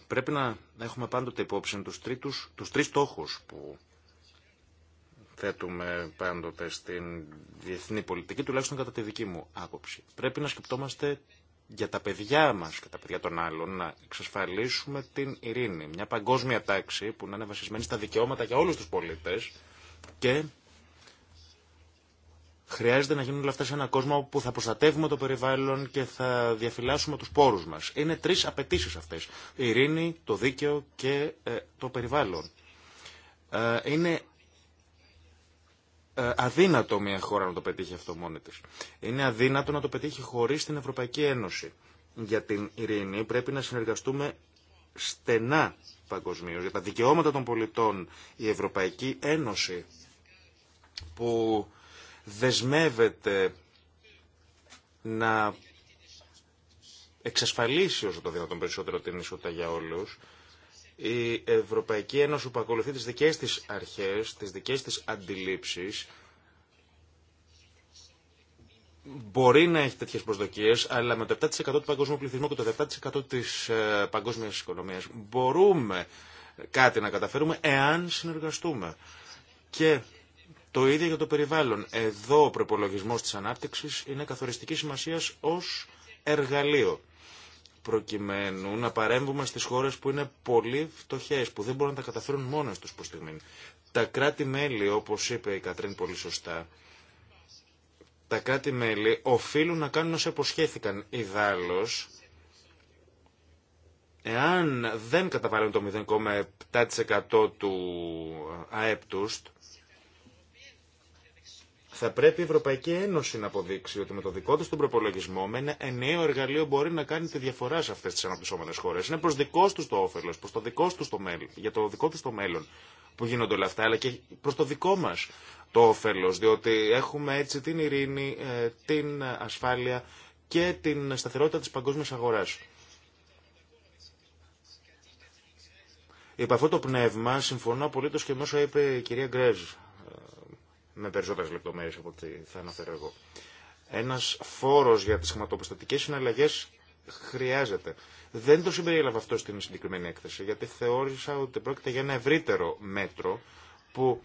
πρέπει να έχουμε πάντοτε υπόψη τους, τρίτους, τους τρεις στόχους που θέτουμε πάντοτε στην διεθνή πολιτική, τουλάχιστον κατά τη δική μου άποψη. Πρέπει να σκεπτόμαστε για τα παιδιά μας και τα παιδιά των άλλων να εξασφαλίσουμε την ειρήνη. Μια παγκόσμια τάξη που να είναι βασισμένη στα δικαιώματα για όλους τους πολίτες και χρειάζεται να γίνουν όλα αυτά σε έναν κόσμο που θα προστατεύουμε το περιβάλλον και θα διαφυλάσσουμε τους πόρους μας. Είναι τρεις απαιτήσει αυτές. Η ειρήνη, το δίκαιο και ε, το περιβάλλον. Ε, είναι ε, αδύνατο μια χώρα να το πετύχει αυτό μόνη της. Είναι αδύνατο να το πετύχει χωρίς την Ευρωπαϊκή Ένωση. Για την ειρήνη πρέπει να συνεργαστούμε στενά παγκοσμίως. Για τα δικαιώματα των πολιτών η Ευρωπαϊκή Ένωση που δεσμεύεται να εξασφαλίσει όσο το δυνατόν περισσότερο την ισότητα για όλους η Ευρωπαϊκή Ένωση που ακολουθεί τις δικές της αρχές, τις δικές της αντιλήψεις, μπορεί να έχει τέτοιες προσδοκίες, αλλά με το 7% του παγκόσμιου πληθυσμού και το 7% της ε, παγκόσμιας οικονομίας μπορούμε κάτι να καταφέρουμε εάν συνεργαστούμε. Και το ίδιο για το περιβάλλον. Εδώ ο προπολογισμό της ανάπτυξης είναι καθοριστική σημασίας ως εργαλείο προκειμένου να παρέμβουμε στις χώρες που είναι πολύ φτωχές, που δεν μπορούν να τα καταφέρουν μόνοι τους προς στιγμή. Τα κράτη-μέλη, όπως είπε η Κατρίν πολύ σωστά, τα κράτη-μέλη οφείλουν να κάνουν όσα υποσχέθηκαν. Ιδάλλως, εάν δεν καταβάλουν το 0,7% του ΑΕΠ τους, θα πρέπει η Ευρωπαϊκή Ένωση να αποδείξει ότι με το δικό τη τον προπολογισμό, με ένα ενιαίο εργαλείο μπορεί να κάνει τη διαφορά σε αυτέ τι αναπτυσσόμενε χώρε. Είναι προ δικό του το όφελο, προ το δικό του το μέλλον, για το δικό του το μέλλον που γίνονται όλα αυτά, αλλά και προ το δικό μα το όφελο, διότι έχουμε έτσι την ειρήνη, ε, την ασφάλεια και την σταθερότητα τη παγκόσμια αγορά. Υπ' αυτό το πνεύμα συμφωνώ απολύτω και με όσα είπε η κυρία Γκρέζ με περισσότερες λεπτομέρειες από ό,τι θα αναφέρω εγώ. Ένας φόρος για τις χρηματοπιστωτικές συναλλαγές χρειάζεται. Δεν το συμπεριέλαβα αυτό στην συγκεκριμένη έκθεση, γιατί θεώρησα ότι πρόκειται για ένα ευρύτερο μέτρο που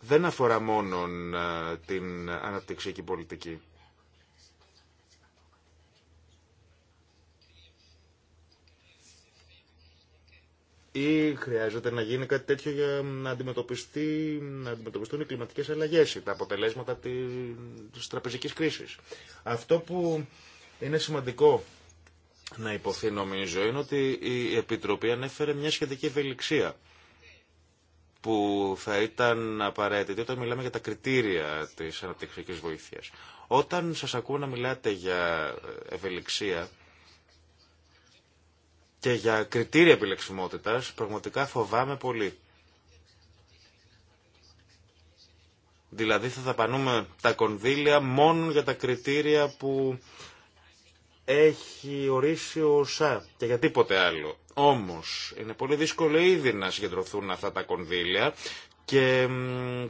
δεν αφορά μόνο ε, την αναπτυξιακή πολιτική. ή χρειάζεται να γίνει κάτι τέτοιο για να, να αντιμετωπιστούν οι κλιματικές αλλαγές ή τα αποτελέσματα της τραπεζικής κρίσης. Αυτό που είναι σημαντικό να υποθεί νομίζω είναι ότι Επιτροπή ανέφερε μια σχετική ευελιξία που θα ήταν απαραίτητη όταν μιλάμε για τα κριτήρια της αναπτυξιακής βοήθειας. Όταν σας ακούω να μιλάτε για ευελιξία, και για κριτήρια επιλεξιμότητας πραγματικά φοβάμαι πολύ. Δηλαδή θα δαπανούμε τα κονδύλια μόνο για τα κριτήρια που έχει ορίσει ο ΣΑ και για τίποτε άλλο. Όμως είναι πολύ δύσκολο ήδη να συγκεντρωθούν αυτά τα κονδύλια και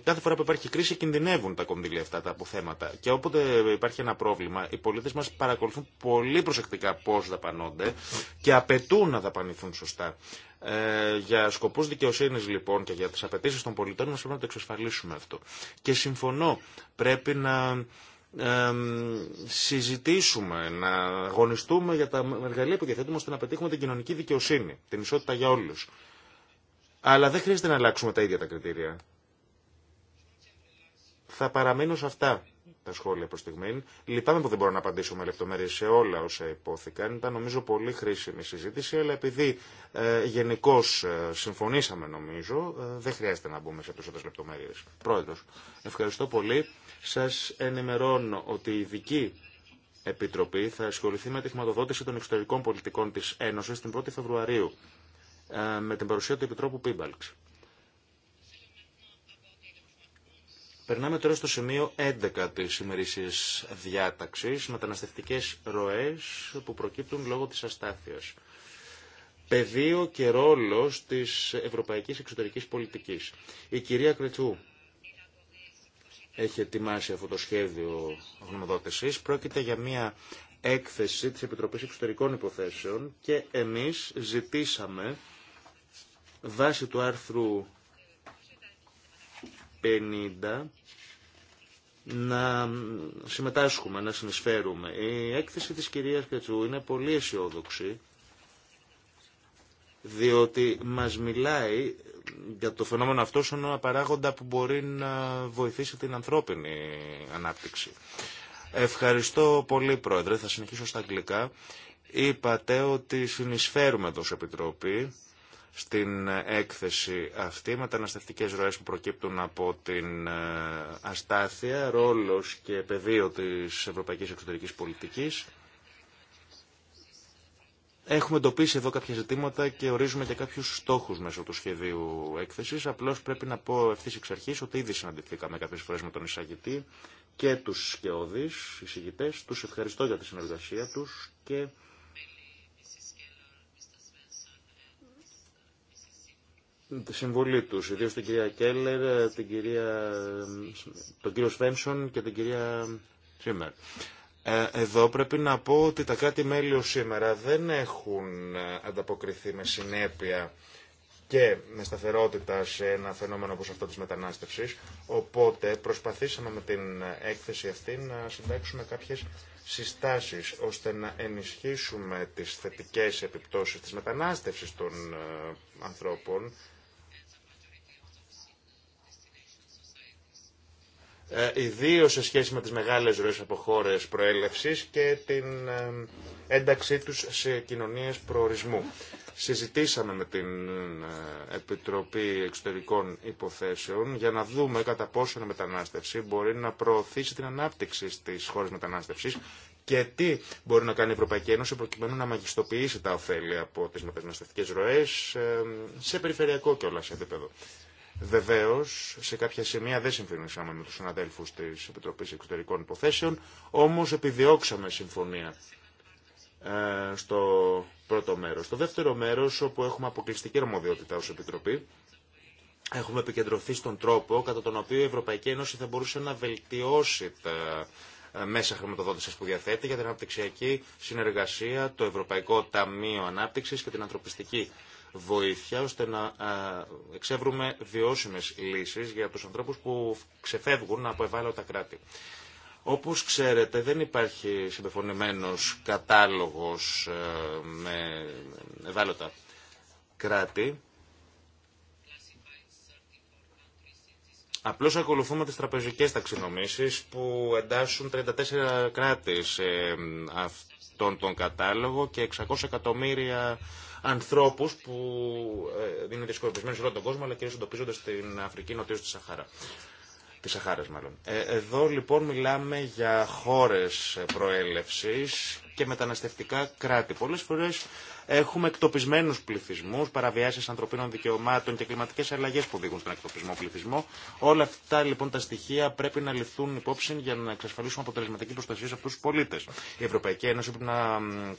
κάθε φορά που υπάρχει κρίση κινδυνεύουν τα κονδύλια αυτά τα αποθέματα. Και όποτε υπάρχει ένα πρόβλημα, οι πολίτε μα παρακολουθούν πολύ προσεκτικά πώ δαπανώνται και απαιτούν να δαπανηθούν σωστά. Ε, για σκοπούς δικαιοσύνης λοιπόν και για τις απαιτήσει των πολιτών μας πρέπει να το εξασφαλίσουμε αυτό. Και συμφωνώ, πρέπει να ε, συζητήσουμε, να αγωνιστούμε για τα εργαλεία που διαθέτουμε ώστε να πετύχουμε την κοινωνική δικαιοσύνη, την ισότητα για όλους. Αλλά δεν χρειάζεται να αλλάξουμε τα ίδια τα κριτήρια. Θα παραμείνω σε αυτά τα σχόλια προ στιγμή. Λυπάμαι που δεν μπορώ να απαντήσω με λεπτομέρειε σε όλα όσα υπόθηκαν. Ήταν νομίζω πολύ χρήσιμη συζήτηση, αλλά επειδή ε, γενικώ ε, συμφωνήσαμε νομίζω, ε, δεν χρειάζεται να μπούμε σε περισσότερε λεπτομέρειε. Πρόεδρο, ευχαριστώ πολύ. Σα ενημερώνω ότι η ειδική επιτροπή θα ασχοληθεί με τη χρηματοδότηση των εξωτερικών πολιτικών τη Ένωση την 1η Φεβρουαρίου με την παρουσία του Επιτρόπου Πίμπαλξ. Περνάμε τώρα στο σημείο 11 της ημερήσιας διάταξης, μεταναστευτικές ροές που προκύπτουν λόγω της αστάθειας. Πεδίο και ρόλος της ευρωπαϊκής εξωτερικής πολιτικής. Η κυρία Κρετσού έχει ετοιμάσει αυτό το σχέδιο γνωμοδότησης. Πρόκειται για μια έκθεση της Επιτροπής Εξωτερικών Υποθέσεων και εμείς ζητήσαμε Βάσει του άρθρου 50 να συμμετάσχουμε, να συνεισφέρουμε. Η έκθεση της κυρίας Κατσού είναι πολύ αισιόδοξη διότι μας μιλάει για το φαινόμενο αυτό σαν ένα παράγοντα που μπορεί να βοηθήσει την ανθρώπινη ανάπτυξη. Ευχαριστώ πολύ Πρόεδρε, θα συνεχίσω στα αγγλικά. Είπατε ότι συνεισφέρουμε σε Επιτροπή στην έκθεση αυτή, Μεταναστευτικέ ροέ που προκύπτουν από την ε, αστάθεια, ρόλο και πεδίο τη Ευρωπαϊκή Εξωτερική πολιτική. Έχουμε εντοπίσει εδώ κάποια ζητήματα και ορίζουμε και κάποιου στόχου μέσω του σχεδίου έκθεση. Απλώ πρέπει να πω ευθύ εξ αρχή ότι ήδη συναντηθήκαμε κάποιε φορέ με τον εισαγητή και του σκεώδει εισηγητέ. Του ευχαριστώ για τη συνεργασία του και τη συμβολή τους, ιδίω την κυρία Κέλλερ, την κυρία, τον κύριο Σφένσον και την κυρία Τσίμερ. Ε, εδώ πρέπει να πω ότι τα κράτη-μέλη σήμερα δεν έχουν ανταποκριθεί με συνέπεια και με σταθερότητα σε ένα φαινόμενο όπως αυτό της μετανάστευσης. Οπότε προσπαθήσαμε με την έκθεση αυτή να συντάξουμε κάποιες συστάσεις ώστε να ενισχύσουμε τις θετικές επιπτώσεις της μετανάστευσης των ε, ανθρώπων Ε, ιδίω σε σχέση με τις μεγάλες ροές από χώρε προέλευσης και την ένταξή τους σε κοινωνίες προορισμού. Συζητήσαμε με την ε, Επιτροπή Εξωτερικών Υποθέσεων για να δούμε κατά πόσο η μετανάστευση μπορεί να προωθήσει την ανάπτυξη στις χώρες μετανάστευσης και τι μπορεί να κάνει η Ευρωπαϊκή Ένωση προκειμένου να μαγιστοποιήσει τα ωφέλη από τις μεταναστευτικές ροές σε περιφερειακό και όλα σε επίπεδο. Βεβαίω, σε κάποια σημεία δεν συμφωνήσαμε με του συναδέλφου τη Επιτροπή Εξωτερικών Υποθέσεων, όμω επιδιώξαμε συμφωνία ε, στο πρώτο μέρο. Στο δεύτερο μέρο, όπου έχουμε αποκλειστική αρμοδιότητα ω Επιτροπή, έχουμε επικεντρωθεί στον τρόπο κατά τον οποίο η Ευρωπαϊκή Ένωση θα μπορούσε να βελτιώσει τα ε, μέσα χρηματοδότηση που διαθέτει για την αναπτυξιακή συνεργασία, το Ευρωπαϊκό Ταμείο Ανάπτυξη και την ανθρωπιστική βοήθεια ώστε να εξεύρουμε βιώσιμε λύσεις για τους ανθρώπους που ξεφεύγουν από ευάλωτα κράτη. Όπως ξέρετε δεν υπάρχει συμπεφωνημένος κατάλογος ε, με ευάλωτα κράτη. Απλώς ακολουθούμε τις τραπεζικές ταξινομήσεις που εντάσσουν 34 κράτη σε αυτόν τον κατάλογο και 600 εκατομμύρια ανθρώπου που είναι διασκορπισμένοι σε όλο τον κόσμο, αλλά κυρίω εντοπίζονται στην Αφρική νοτίω τη Σαχάρα. τη Σαχάρας, μάλλον. Ε, εδώ λοιπόν μιλάμε για χώρε προέλευση και μεταναστευτικά κράτη. Πολλέ φορέ. Έχουμε εκτοπισμένου πληθυσμού, παραβιάσει ανθρωπίνων δικαιωμάτων και κλιματικέ αλλαγέ που οδηγούν στον εκτοπισμό πληθυσμό. Όλα αυτά λοιπόν τα στοιχεία πρέπει να ληφθούν υπόψη για να εξασφαλίσουμε αποτελεσματική προστασία σε αυτού του πολίτε. Η Ευρωπαϊκή Ένωση πρέπει να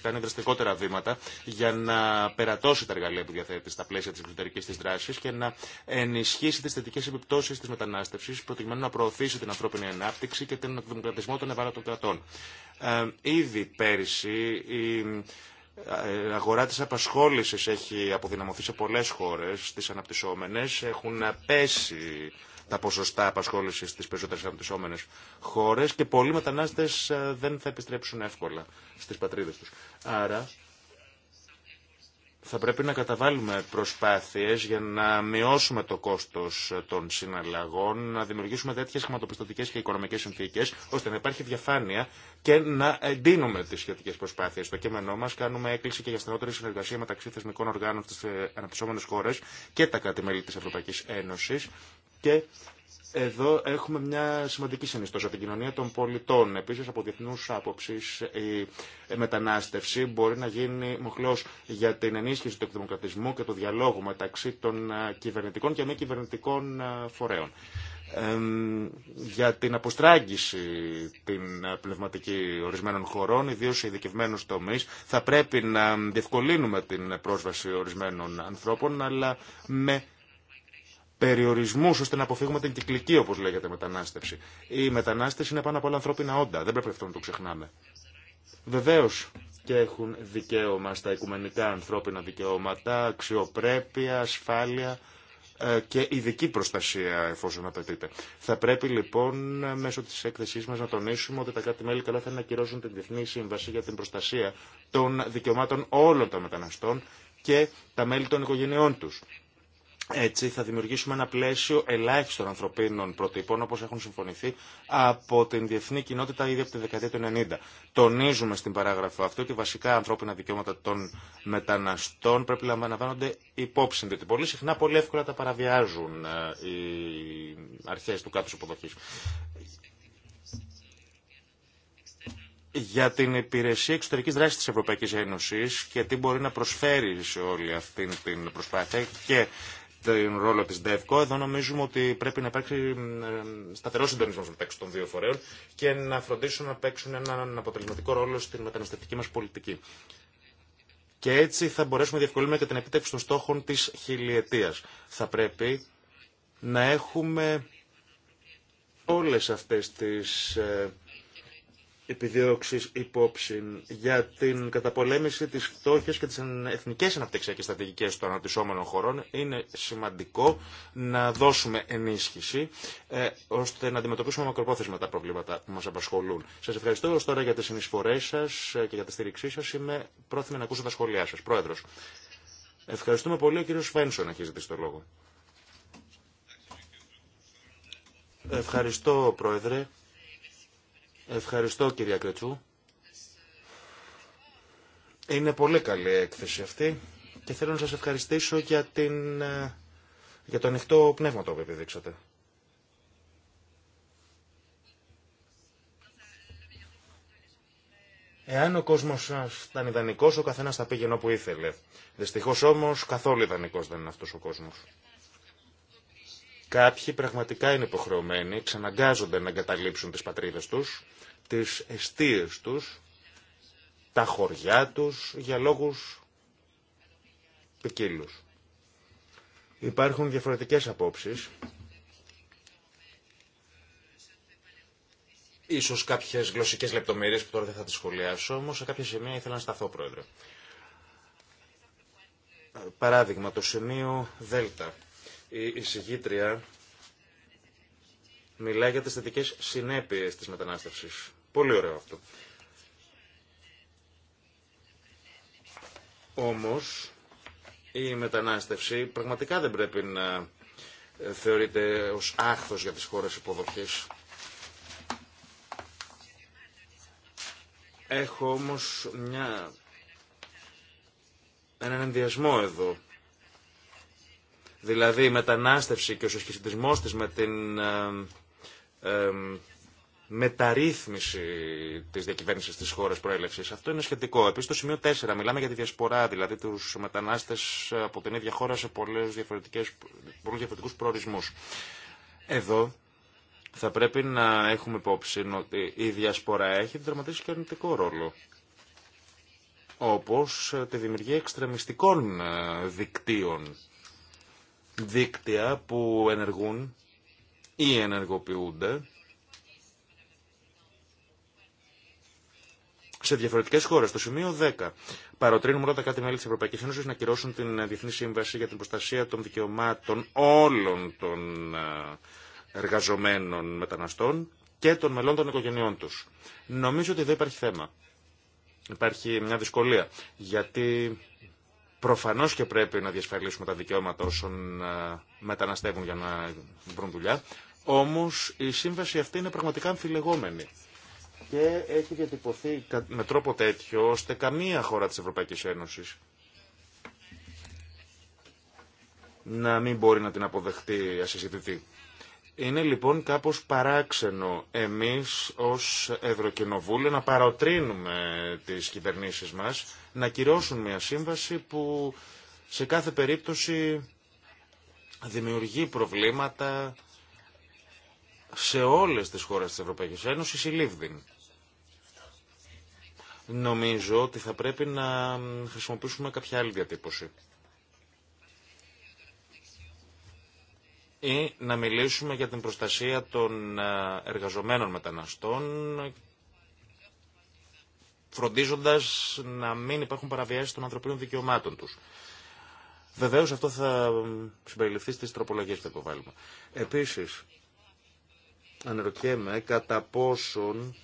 κάνει δραστικότερα βήματα για να περατώσει τα εργαλεία που διαθέτει στα πλαίσια τη εξωτερική τη δράση και να ενισχύσει τι θετικέ επιπτώσει τη μετανάστευση, προκειμένου να προωθήσει την ανθρώπινη ανάπτυξη και τον εκδημοκρατισμό των ευάλωτων κρατών. Ε, ήδη πέρυσι αγορά της απασχόλησης έχει αποδυναμωθεί σε πολλές χώρες, τις αναπτυσσόμενες, έχουν πέσει τα ποσοστά απασχόλησης στις περισσότερες αναπτυσσόμενες χώρες και πολλοί μετανάστες ε, δεν θα επιστρέψουν εύκολα στις πατρίδες τους. Άρα θα πρέπει να καταβάλουμε προσπάθειες για να μειώσουμε το κόστος των συναλλαγών, να δημιουργήσουμε τέτοιες χρηματοπιστωτικές και οικονομικές συνθήκες, ώστε να υπάρχει διαφάνεια και να εντείνουμε τις σχετικές προσπάθειες. Στο κείμενό μας κάνουμε έκκληση και για στενότερη συνεργασία μεταξύ θεσμικών οργάνων στις αναπτυσσόμενες χώρες και τα κράτη-μέλη της Ευρωπαϊκής Ένωσης και εδώ έχουμε μια σημαντική συνιστόσα την κοινωνία των πολιτών. Επίσης από διεθνούς άποψη, η μετανάστευση μπορεί να γίνει μοχλός για την ενίσχυση του εκδημοκρατισμού και του διαλόγου μεταξύ των ε, κυβερνητικών και μη κυβερνητικών ε, φορέων για την αποστράγγιση την ε, πνευματική ορισμένων χωρών, ιδίω σε ειδικευμένου τομεί. Θα πρέπει να διευκολύνουμε την πρόσβαση ορισμένων ανθρώπων, αλλά με ώστε να αποφύγουμε την κυκλική όπω λέγεται μετανάστευση. Η μετανάστευση είναι πάνω από όλα ανθρώπινα όντα, δεν πρέπει αυτό να το ξεχνάμε. Βεβαίω και έχουν δικαίωμα στα οικουμενικά ανθρώπινα δικαιώματα, αξιοπρέπεια, ασφάλεια ε, και ειδική προστασία εφόσον απαιτείται. Θα πρέπει λοιπόν ε, μέσω της έκθεσής μας να τονίσουμε ότι τα κράτη-μέλη καλά θα κυρώσουν την Διεθνή Σύμβαση για την προστασία των δικαιωμάτων όλων των μεταναστών και τα μέλη των οικογενειών τους. Έτσι θα δημιουργήσουμε ένα πλαίσιο ελάχιστων ανθρωπίνων προτύπων όπως έχουν συμφωνηθεί από την διεθνή κοινότητα ήδη από τη δεκαετία του 1990. Τονίζουμε στην παράγραφο αυτή ότι βασικά ανθρώπινα δικαιώματα των μεταναστών πρέπει να λαμβάνονται υπόψη, διότι πολύ συχνά πολύ εύκολα τα παραβιάζουν ε, οι αρχές του κάτω υποδοχής. για την υπηρεσία εξωτερική δράση τη Ευρωπαϊκή Ένωση και τι μπορεί να προσφέρει σε όλη αυτή την προσπάθεια και τον ρόλο τη ΔΕΦΚΟ. Εδώ νομίζουμε ότι πρέπει να υπάρξει ε, σταθερό συντονισμό μεταξύ των δύο φορέων και να φροντίσουν να παίξουν έναν αποτελεσματικό ρόλο στην μεταναστευτική μα πολιτική. Και έτσι θα μπορέσουμε να διευκολύνουμε και την επίτευξη των στόχων τη χιλιετία. Θα πρέπει να έχουμε όλες αυτές τις ε, επιδιώξεις υπόψη για την καταπολέμηση της φτώχειας και τις εθνικές αναπτυξιακές στρατηγικές των αναπτυσσόμενων χωρών είναι σημαντικό να δώσουμε ενίσχυση ε, ώστε να αντιμετωπίσουμε μακροπρόθεσμα τα προβλήματα που μας απασχολούν. Σας ευχαριστώ ως τώρα για τις συνεισφορές σας ε, και για τη στήριξή σας. Είμαι πρόθυμη να ακούσω τα σχόλιά σας. Πρόεδρος, ευχαριστούμε πολύ. Ο κύριος Φένσον έχει ζητήσει το λόγο. Ευχαριστώ, Πρόεδρε. Ευχαριστώ κυρία Κρετσού. Είναι πολύ καλή η έκθεση αυτή και θέλω να σας ευχαριστήσω για, την, ε, για το ανοιχτό πνεύμα το οποίο επιδείξατε. Εάν ο κόσμο ήταν ιδανικό, ο καθένα θα πήγαινε όπου ήθελε. Δυστυχώ όμως, καθόλου ιδανικό δεν είναι αυτός ο κόσμος. Κάποιοι πραγματικά είναι υποχρεωμένοι, ξαναγκάζονται να εγκαταλείψουν τις πατρίδες τους, τις εστίες τους, τα χωριά τους για λόγους ποικίλου. Υπάρχουν διαφορετικές απόψεις. Ίσως κάποιες γλωσσικές λεπτομέρειες που τώρα δεν θα τις σχολιάσω, όμως σε κάποια σημεία ήθελα να σταθώ, Πρόεδρε. Παράδειγμα, το σημείο Δέλτα η εισηγήτρια μιλάει για τις θετικές συνέπειες της μετανάστευσης. Πολύ ωραίο αυτό. Όμως, η μετανάστευση πραγματικά δεν πρέπει να θεωρείται ως άχθος για τις χώρες υποδοχής. Έχω όμως μια... έναν ενδιασμό εδώ Δηλαδή η μετανάστευση και ο συσχετισμός της με την ε, ε, μεταρρύθμιση της διακυβέρνηση της χώρας προέλευση. Αυτό είναι σχετικό. Επίση, το σημείο 4. Μιλάμε για τη διασπορά, δηλαδή τους μετανάστες από την ίδια χώρα σε πολλού διαφορετικούς προορισμούς. Εδώ θα πρέπει να έχουμε υπόψη ότι η διασπορά έχει δραματίσει και αρνητικό ρόλο. Όπως τη δημιουργία εξτρεμιστικών ε, δικτύων δίκτυα που ενεργούν ή ενεργοποιούνται σε διαφορετικέ χώρε. Το σημείο 10. Παροτρύνουμε όλα τα κάτι μελη τη Ευρωπαϊκή Ένωση να κυρώσουν την ε, Διεθνή Σύμβαση για την Προστασία των Δικαιωμάτων όλων των ε, εργαζομένων μεταναστών και των μελών των οικογενειών του. Νομίζω ότι δεν υπάρχει θέμα. Υπάρχει μια δυσκολία. Γιατί Προφανώς και πρέπει να διασφαλίσουμε τα δικαιώματα όσων ε, μεταναστεύουν για να βρουν δουλειά. Όμως η σύμβαση αυτή είναι πραγματικά αμφιλεγόμενη. Και έχει διατυπωθεί με τρόπο τέτοιο ώστε καμία χώρα της Ευρωπαϊκής Ένωσης να μην μπορεί να την αποδεχτεί ασυζητητή. Είναι λοιπόν κάπως παράξενο εμείς ως Ευρωκοινοβούλιο να παροτρύνουμε τις κυβερνήσεις μας να κυρώσουν μια σύμβαση που σε κάθε περίπτωση δημιουργεί προβλήματα σε όλες τις χώρες της Ευρωπαϊκής Ένωσης η Λίβδιν. Νομίζω ότι θα πρέπει να χρησιμοποιήσουμε κάποια άλλη διατύπωση. ή να μιλήσουμε για την προστασία των ε, εργαζομένων μεταναστών φροντίζοντας να μην υπάρχουν παραβιάσεις των ανθρωπίνων δικαιωμάτων τους. Βεβαίως αυτό θα συμπεριληφθεί στις τροπολογίες που θα υποβάλουμε. Επίσης, αναρωτιέμαι κατά πόσον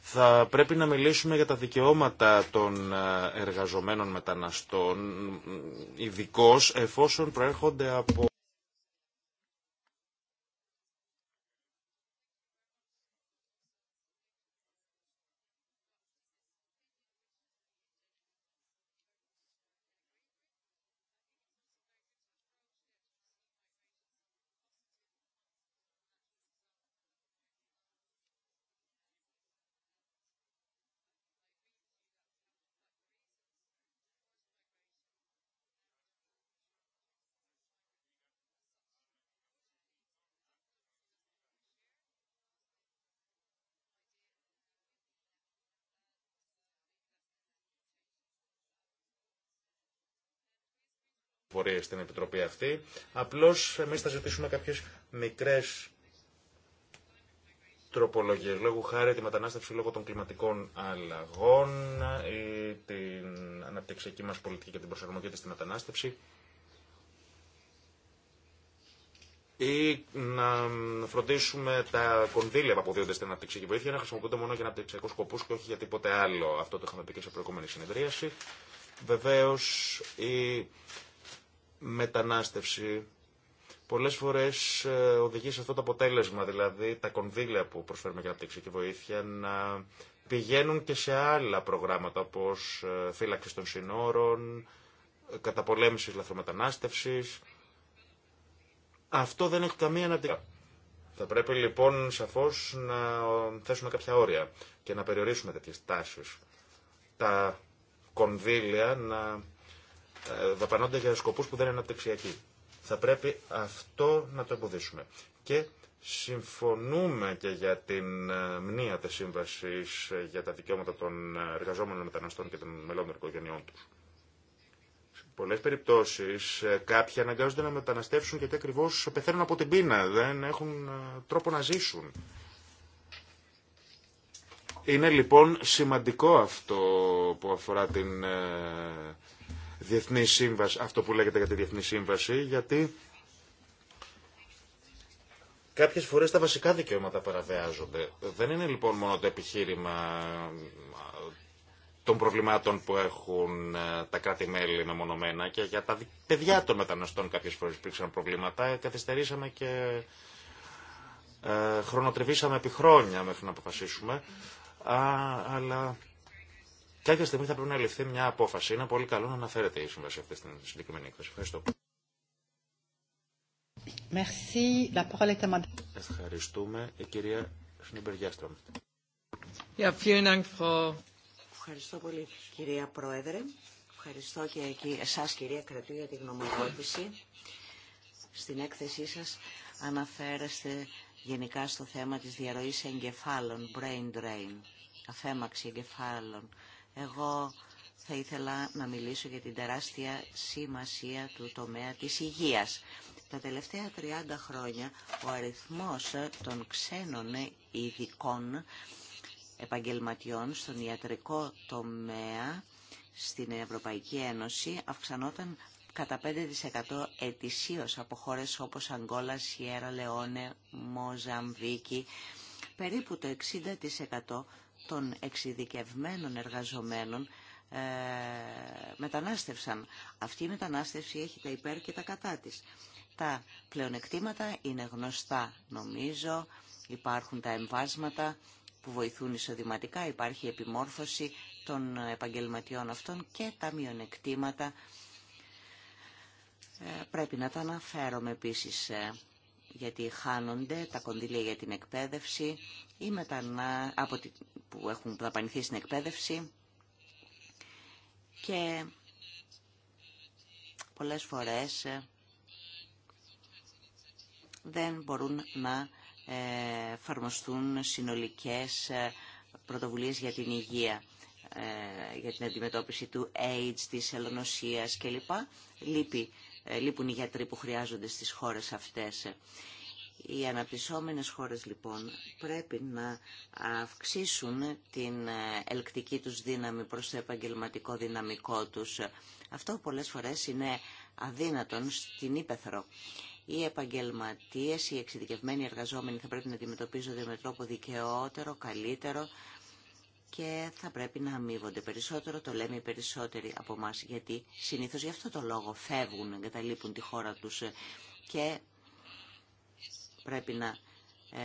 θα πρέπει να μιλήσουμε για τα δικαιώματα των ε, εργαζομένων μεταναστών, ειδικώ εφόσον προέρχονται από πορείες στην Επιτροπή αυτή. Απλώ εμεί θα ζητήσουμε κάποιε μικρέ τροπολογίε. λόγω χάρη τη μετανάστευση λόγω των κλιματικών αλλαγών ή την αναπτυξιακή μα πολιτική και την προσαρμογή τη στη μετανάστευση ή να φροντίσουμε τα κονδύλια που αποδίδονται στην αναπτυξιακή βοήθεια να χρησιμοποιούνται μόνο για αναπτυξιακού σκοπού και όχι για τίποτε άλλο. Αυτό το είχαμε πει και σε προηγούμενη συνεδρίαση. Βεβαίω, η μετανάστευση πολλές φορές ε, οδηγεί σε αυτό το αποτέλεσμα, δηλαδή τα κονδύλια που προσφέρουμε για και βοήθεια να πηγαίνουν και σε άλλα προγράμματα όπως ε, φύλαξη των συνόρων, ε, καταπολέμηση λαθρομετανάστευσης. Αυτό δεν έχει καμία αναπτύξη. Θα πρέπει λοιπόν σαφώς να θέσουμε κάποια όρια και να περιορίσουμε τέτοιες τάσεις. Τα κονδύλια να ε, δαπανώνται για σκοπούς που δεν είναι αναπτυξιακοί. Θα πρέπει αυτό να το εμποδίσουμε. Και συμφωνούμε και για την ε, μνήα της σύμβασης ε, για τα δικαιώματα των εργαζόμενων μεταναστών και των μελών των οικογενειών τους. Σε πολλές περιπτώσεις κάποιοι αναγκάζονται να μεταναστεύσουν γιατί ακριβώς πεθαίνουν από την πείνα, δεν έχουν τρόπο να ζήσουν. Είναι λοιπόν σημαντικό αυτό που αφορά την διεθνή σύμβαση, αυτό που λέγεται για τη διεθνή σύμβαση, γιατί Κάποιες φορές τα βασικά δικαιώματα παραβιάζονται. Δεν είναι λοιπόν μόνο το επιχείρημα των προβλημάτων που έχουν ε, τα κράτη-μέλη μεμονωμένα και για τα παιδιά των μεταναστών κάποιες φορές υπήρξαν προβλήματα. Ε, καθυστερήσαμε και ε, χρονοτριβήσαμε επί χρόνια μέχρι να αποφασίσουμε. αλλά Κάποια στιγμή θα πρέπει να ληφθεί μια απόφαση. Είναι πολύ καλό να αναφέρεται η σύμβαση αυτή στην συγκεκριμένη έκθεση. Ευχαριστώ. Ευχαριστούμε. Η κυρία Σνιμπεργιάστρομ. Ευχαριστώ πολύ κυρία Πρόεδρε. Ευχαριστώ και εσάς κυρία Κρατού για τη γνωμοδότηση. Στην έκθεσή σας αναφέρεστε γενικά στο θέμα της διαρροής εγκεφάλων, brain drain, αφέμαξη εγκεφάλων. Εγώ θα ήθελα να μιλήσω για την τεράστια σημασία του τομέα της υγείας. Τα τελευταία 30 χρόνια ο αριθμός των ξένων ειδικών επαγγελματιών στον ιατρικό τομέα στην Ευρωπαϊκή Ένωση αυξανόταν κατά 5% ετησίως από χώρες όπως Αγγόλα, Σιέρα, Λεόνε, Μοζαμβίκη. Περίπου το 60% των εξειδικευμένων εργαζομένων ε, μετανάστευσαν. Αυτή η μετανάστευση έχει τα υπέρ και τα κατά της. Τα πλεονεκτήματα είναι γνωστά, νομίζω. Υπάρχουν τα εμβάσματα που βοηθούν εισοδηματικά, υπάρχει επιμόρφωση των επαγγελματιών αυτών και τα μειονεκτήματα. Ε, πρέπει να τα αναφέρομαι επίσης. Ε γιατί χάνονται τα κονδύλια για την εκπαίδευση ή μετανα... από τη... που έχουν δαπανηθεί στην εκπαίδευση και πολλές φορές ε, δεν μπορούν να ε, εφαρμοστούν συνολικές ε, πρωτοβουλίες για την υγεία, για την αντιμετώπιση του AIDS, της ελονοσίας κλπ. Λείπει ε, λείπουν οι γιατροί που χρειάζονται στις χώρες αυτές. Οι αναπτυσσόμενες χώρες λοιπόν πρέπει να αυξήσουν την ε, ελκτική τους δύναμη προς το επαγγελματικό δυναμικό τους. Αυτό πολλές φορές είναι αδύνατον στην ύπεθρο. Οι επαγγελματίες, οι εξειδικευμένοι εργαζόμενοι θα πρέπει να αντιμετωπίζονται με τρόπο δικαιότερο, καλύτερο, και θα πρέπει να αμείβονται περισσότερο, το λέμε οι περισσότεροι από εμά, γιατί συνήθως γι' αυτό το λόγο φεύγουν, εγκαταλείπουν τη χώρα τους και πρέπει να ε,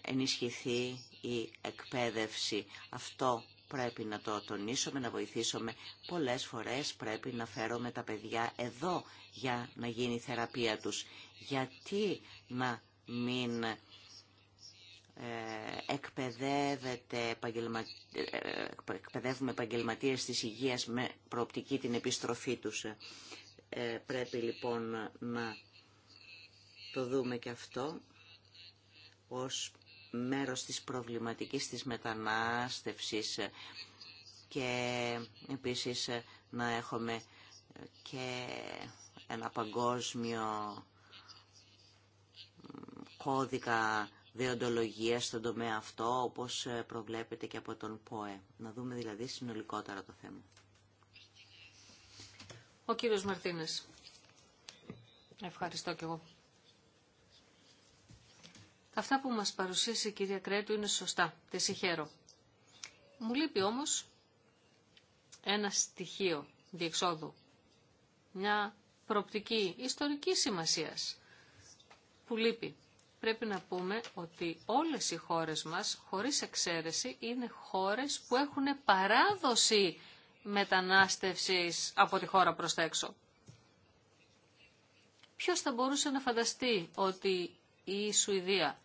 ενισχυθεί η εκπαίδευση. Αυτό πρέπει να το τονίσουμε, να βοηθήσουμε. Πολλές φορές πρέπει να φέρουμε τα παιδιά εδώ για να γίνει η θεραπεία τους. Γιατί να μην ε, εκπαιδεύεται, ε, εκπαιδεύουμε επαγγελματίες της υγείας με προοπτική την επιστροφή τους. Ε, πρέπει λοιπόν να το δούμε και αυτό ως μέρος της προβληματικής της μετανάστευσης και επίσης να έχουμε και ένα παγκόσμιο κώδικα δεοντολογία στον τομέα αυτό, όπως ε, προβλέπεται και από τον ΠΟΕ. Να δούμε δηλαδή συνολικότερα το θέμα. Ο κύριος Μαρτίνες. Ευχαριστώ κι εγώ. Αυτά που μας παρουσίασε η κυρία Κρέτου είναι σωστά. Τη συγχαίρω. Μου λείπει όμως ένα στοιχείο διεξόδου. Μια προοπτική ιστορική σημασίας που λείπει πρέπει να πούμε ότι όλες οι χώρες μας, χωρίς εξαίρεση, είναι χώρες που έχουν παράδοση μετανάστευσης από τη χώρα προς τα έξω. Ποιος θα μπορούσε να φανταστεί ότι η Σουηδία,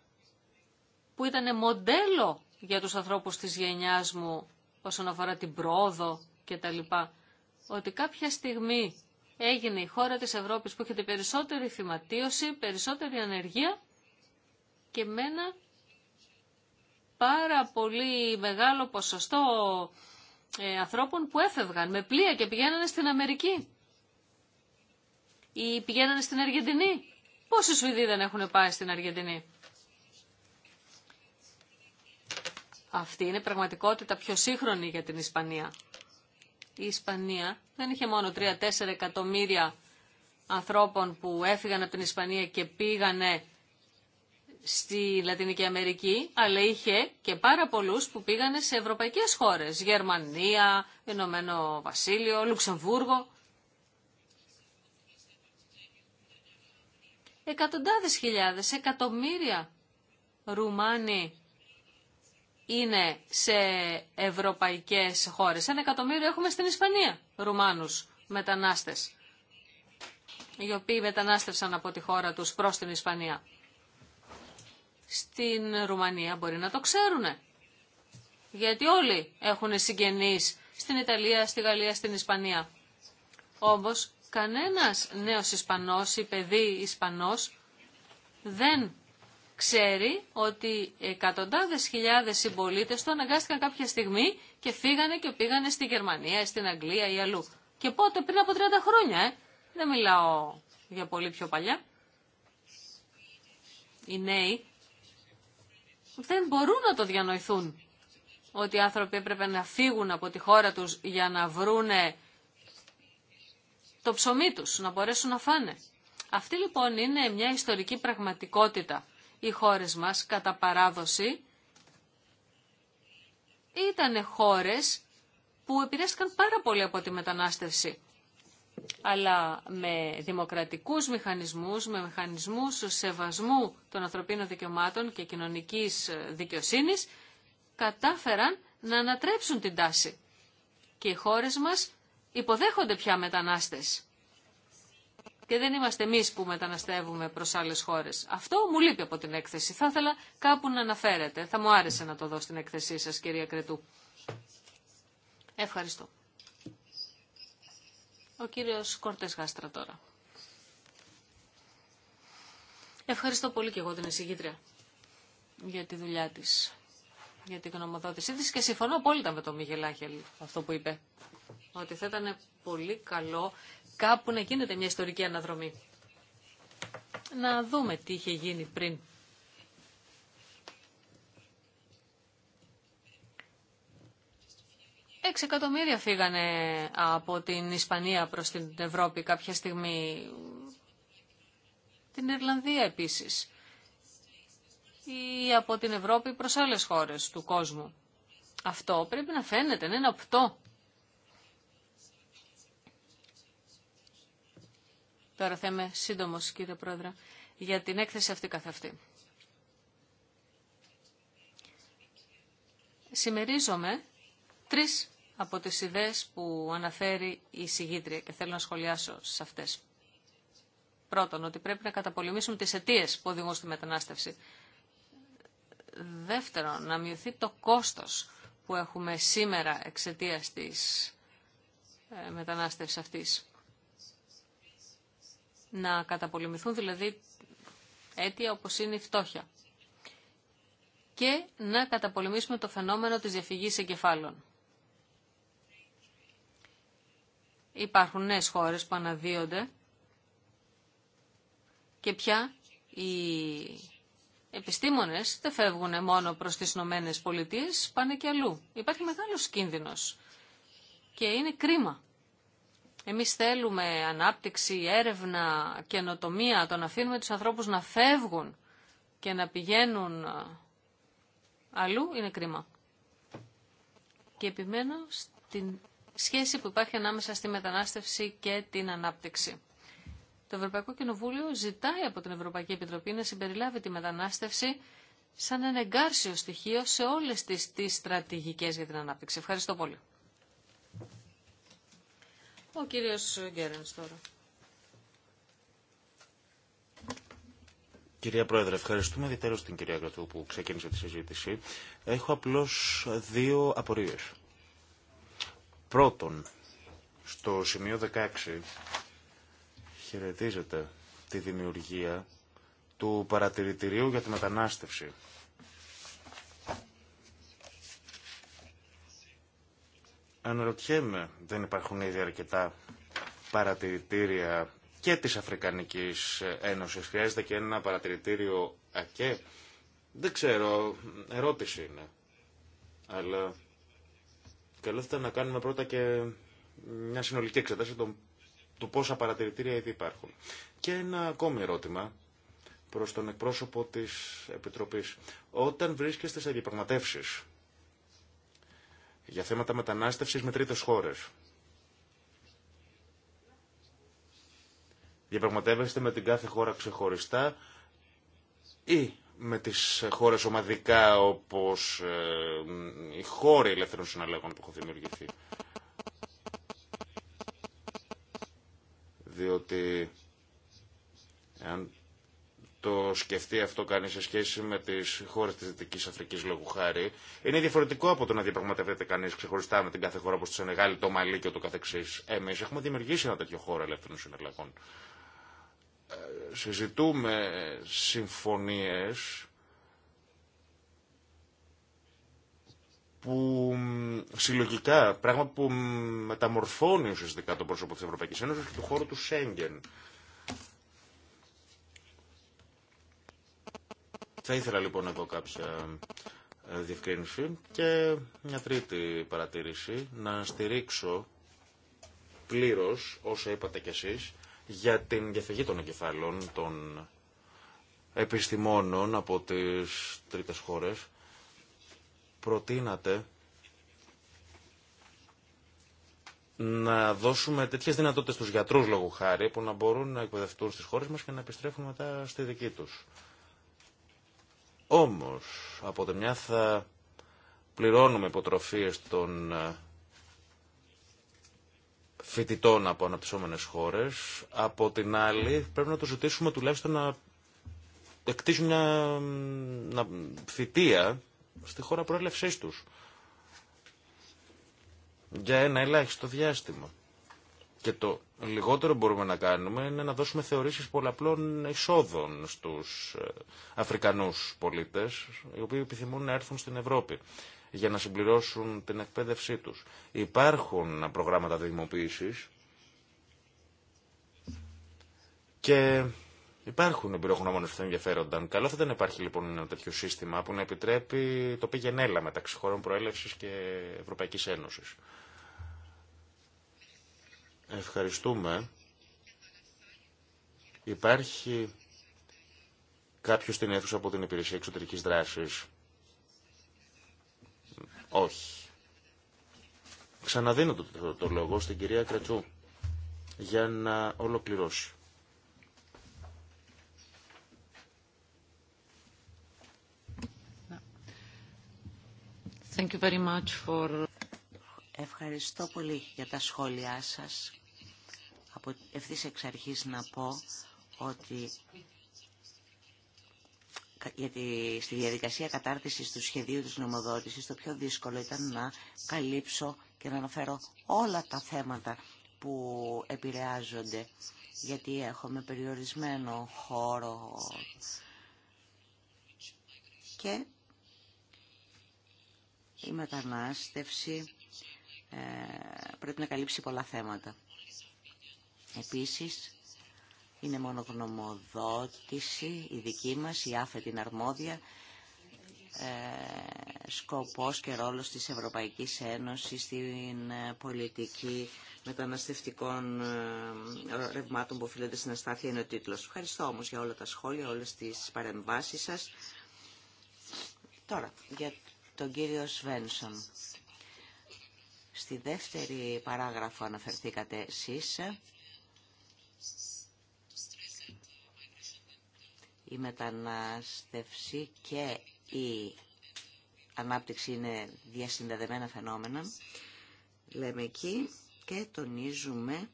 που ήταν μοντέλο για τους ανθρώπους της γενιάς μου όσον αφορά την πρόοδο και τα λοιπά, ότι κάποια στιγμή έγινε η χώρα της Ευρώπης που είχε περισσότερη θυματίωση, περισσότερη ανεργία και μένα πάρα πολύ μεγάλο ποσοστό ε, ανθρώπων που έφευγαν με πλοία και πηγαίνανε στην Αμερική ή πηγαίνανε στην Αργεντινή. Πόσοι Σουηδοί δεν έχουν πάει στην Αργεντινή. Αυτή είναι πραγματικότητα πιο σύγχρονη για την Ισπανία. Η Ισπανία δεν είχε μόνο 3-4 εκατομμύρια ανθρώπων που έφυγαν από την Ισπανία και πήγανε στη Λατινική Αμερική, αλλά είχε και πάρα πολλούς που πήγανε σε ευρωπαϊκές χώρες, Γερμανία, Ηνωμένο Βασίλειο, Λουξεμβούργο. Εκατοντάδες χιλιάδες, εκατομμύρια Ρουμάνοι είναι σε ευρωπαϊκές χώρες. Ένα εκατομμύριο έχουμε στην Ισπανία Ρουμάνους μετανάστες, οι οποίοι μετανάστευσαν από τη χώρα τους προς την Ισπανία στην Ρουμανία μπορεί να το ξέρουν. Γιατί όλοι έχουν συγγενείς στην Ιταλία, στη Γαλλία, στην Ισπανία. Όμως κανένας νέος Ισπανός ή παιδί Ισπανός δεν ξέρει ότι εκατοντάδες χιλιάδες συμπολίτε του αναγκάστηκαν κάποια στιγμή και φύγανε και πήγανε στη Γερμανία, στην Αγγλία ή αλλού. Και πότε, πριν από 30 χρόνια, ε. δεν μιλάω για πολύ πιο παλιά. Οι νέοι δεν μπορούν να το διανοηθούν ότι οι άνθρωποι έπρεπε να φύγουν από τη χώρα τους για να βρούνε το ψωμί τους, να μπορέσουν να φάνε. Αυτή λοιπόν είναι μια ιστορική πραγματικότητα. Οι χώρες μας κατά παράδοση ήταν χώρες που επηρέαστηκαν πάρα πολύ από τη μετανάστευση αλλά με δημοκρατικούς μηχανισμούς, με μηχανισμούς σεβασμού των ανθρωπίνων δικαιωμάτων και κοινωνικής δικαιοσύνης, κατάφεραν να ανατρέψουν την τάση. Και οι χώρες μας υποδέχονται πια μετανάστες. Και δεν είμαστε εμείς που μεταναστεύουμε προς άλλες χώρες. Αυτό μου λείπει από την έκθεση. Θα ήθελα κάπου να αναφέρετε. Θα μου άρεσε να το δω στην έκθεσή σας, κυρία Κρετού. Ευχαριστώ. Ο κύριος Κορτές Γάστρα τώρα. Ευχαριστώ πολύ και εγώ την εισηγήτρια για τη δουλειά της, για την γνωμοδότησή της και συμφωνώ απόλυτα με τον Μιγελάχελ αυτό που είπε. Ότι θα ήταν πολύ καλό κάπου να γίνεται μια ιστορική αναδρομή. Να δούμε τι είχε γίνει πριν εκατομμύρια φύγανε από την Ισπανία προς την Ευρώπη κάποια στιγμή. Την Ιρλανδία επίσης. Ή από την Ευρώπη προς άλλες χώρες του κόσμου. Αυτό πρέπει να φαίνεται, να είναι οπτό. Τώρα θα είμαι σύντομος, κύριε Πρόεδρε, για την έκθεση αυτή καθ' αυτή. Σημερίζομαι τρεις από τις ιδέες που αναφέρει η συγγήτρια και θέλω να σχολιάσω σε αυτές. Πρώτον, ότι πρέπει να καταπολεμήσουμε τις αιτίε που οδηγούν στη μετανάστευση. Δεύτερον, να μειωθεί το κόστος που έχουμε σήμερα εξαιτία της ε, μετανάστευσης αυτής. Να καταπολεμηθούν δηλαδή αίτια όπως είναι η φτώχεια. Και να καταπολεμήσουμε το φαινόμενο της διαφυγής εγκεφάλων. Υπάρχουν νέες χώρες που αναδύονται και πια οι επιστήμονες δεν φεύγουν μόνο προς τις Ηνωμένε Πολιτείες, πάνε και αλλού. Υπάρχει μεγάλος κίνδυνος και είναι κρίμα. Εμείς θέλουμε ανάπτυξη, έρευνα, καινοτομία, το να αφήνουμε τους ανθρώπους να φεύγουν και να πηγαίνουν ε, αλλού είναι κρίμα. Και επιμένω στην σχέση που υπάρχει ανάμεσα στη μετανάστευση και την ανάπτυξη. Το Ευρωπαϊκό Κοινοβούλιο ζητάει από την Ευρωπαϊκή Επιτροπή να συμπεριλάβει τη μετανάστευση σαν ένα εγκάρσιο στοιχείο σε όλες τις, τις στρατηγικές για την ανάπτυξη. Ευχαριστώ πολύ. Ο κύριος Γκέρενς τώρα. Κυρία Πρόεδρε, ευχαριστούμε ιδιαίτερα την κυρία Κρατού που ξεκίνησε τη συζήτηση. Έχω απλώς δύο απορίες. Πρώτον, στο σημείο 16 χαιρετίζεται τη δημιουργία του παρατηρητηρίου για τη μετανάστευση. Αναρωτιέμαι, δεν υπάρχουν ήδη αρκετά παρατηρητήρια και της Αφρικανικής Ένωσης. Χρειάζεται και ένα παρατηρητήριο ΑΚΕ. Δεν ξέρω, ερώτηση είναι. Αλλά Καλό θα ήταν να κάνουμε πρώτα και μια συνολική εξετάση των, του πόσα παρατηρητήρια ήδη υπάρχουν. Και ένα ακόμη ερώτημα προς τον εκπρόσωπο της Επιτροπής. Όταν βρίσκεστε σε διαπραγματεύσεις για θέματα μετανάστευσης με τρίτες χώρες, διαπραγματεύεστε με την κάθε χώρα ξεχωριστά ή με τις χώρες ομαδικά όπως ε, οι χώροι ελεύθερων συναλλαγών που έχουν δημιουργηθεί. Διότι αν το σκεφτεί αυτό κανεί σε σχέση με τι χώρε τη Δυτική Αφρική λόγου χάρη, είναι διαφορετικό από το να διαπραγματεύεται κανεί ξεχωριστά με την κάθε χώρα όπω τη Σενεγάλη, το Μαλί και το καθεξή. Εμεί έχουμε δημιουργήσει ένα τέτοιο χώρο ελεύθερων συναλλαγών συζητούμε συμφωνίες που συλλογικά, πράγμα που μεταμορφώνει ουσιαστικά το πρόσωπο της Ευρωπαϊκής Ένωσης και του χώρου του Σέγγεν. Θα ήθελα λοιπόν εδώ κάποια ε, διευκρίνηση και μια τρίτη παρατήρηση, να στηρίξω πλήρως όσα είπατε κι εσείς, για την διαφυγή των εγκεφάλων των επιστημόνων από τις τρίτες χώρες προτείνατε να δώσουμε τέτοιες δυνατότητες στους γιατρούς λόγου χάρη που να μπορούν να εκπαιδευτούν στις χώρες μας και να επιστρέφουν μετά στη δική τους. Όμως, από τη μια θα πληρώνουμε υποτροφίες των φοιτητών από αναπτυσσόμενε χώρες. Από την άλλη, πρέπει να του ζητήσουμε τουλάχιστον να εκτίσουν μια να, θητεία στη χώρα προέλευση του Για ένα ελάχιστο διάστημα. Και το λιγότερο μπορούμε να κάνουμε είναι να δώσουμε θεωρήσεις πολλαπλών εισόδων στους ε, Αφρικανούς πολίτες, οι οποίοι επιθυμούν να έρθουν στην Ευρώπη για να συμπληρώσουν την εκπαίδευσή τους. Υπάρχουν προγράμματα δημοποίησης και υπάρχουν εμπειρογνώμονες που θα ενδιαφέρονταν. Καλό θα ήταν να υπάρχει λοιπόν ένα τέτοιο σύστημα που να επιτρέπει το πηγενέλα μεταξύ χωρών προέλευσης και Ευρωπαϊκής Ένωση. Ευχαριστούμε. Υπάρχει κάποιος στην αίθουσα από την Υπηρεσία Εξωτερικής Δράσης. Όχι. Ξαναδίνω το, το, λόγο στην κυρία Κρατσού για να ολοκληρώσει. Thank you very much Ευχαριστώ πολύ για τα σχόλιά σας. Από ευθύς εξ αρχής να πω ότι γιατί στη διαδικασία κατάρτισης του σχεδίου της νομοδότησης το πιο δύσκολο ήταν να καλύψω και να αναφέρω όλα τα θέματα που επηρεάζονται γιατί έχουμε περιορισμένο χώρο και η μετανάστευση ε, πρέπει να καλύψει πολλά θέματα. Επίσης, είναι μόνο γνωμοδότηση η δική μας, η άφετη αρμόδια, ε, σκοπός και ρόλος της Ευρωπαϊκής Ένωσης στην ε, πολιτική μεταναστευτικών ε, ρευμάτων που οφείλονται στην αστάθεια είναι ο τίτλος. Ευχαριστώ όμως για όλα τα σχόλια, όλες τις παρεμβάσεις σας. Τώρα, για τον κύριο Σβένσον. Στη δεύτερη παράγραφο αναφερθήκατε εσείς ε, η μετανάστευση και η ανάπτυξη είναι διασυνδεδεμένα φαινόμενα. Λέμε εκεί και τονίζουμε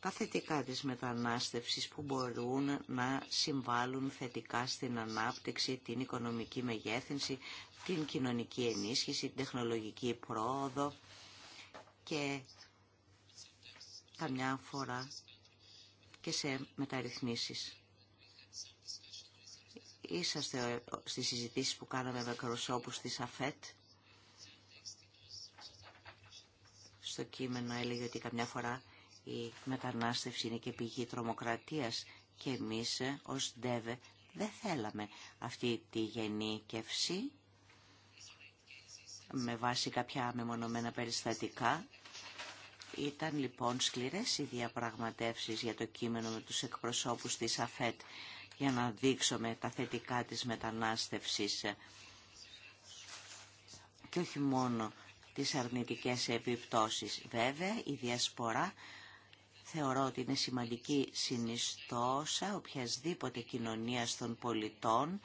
τα θετικά της μετανάστευσης που μπορούν να συμβάλλουν θετικά στην ανάπτυξη, την οικονομική μεγέθυνση, την κοινωνική ενίσχυση, την τεχνολογική πρόοδο και καμιά φορά και σε μεταρρυθμίσεις. Είσαστε στις συζητήσεις που κάναμε με προσώπους της ΑΦΕΤ. Στο κείμενο έλεγε ότι καμιά φορά η μετανάστευση είναι και πηγή τρομοκρατίας και εμείς ε, ως ΔΕΒΕ δεν θέλαμε αυτή τη γενίκευση με βάση κάποια μεμονωμένα περιστατικά ήταν λοιπόν σκληρές οι διαπραγματεύσεις για το κείμενο με τους εκπροσώπους της ΑΦΕΤ για να δείξουμε τα θετικά της μετανάστευσης και όχι μόνο τις αρνητικές επιπτώσεις. Βέβαια, η διασπορά θεωρώ ότι είναι σημαντική συνιστόσα οποιασδήποτε κοινωνία των πολιτών.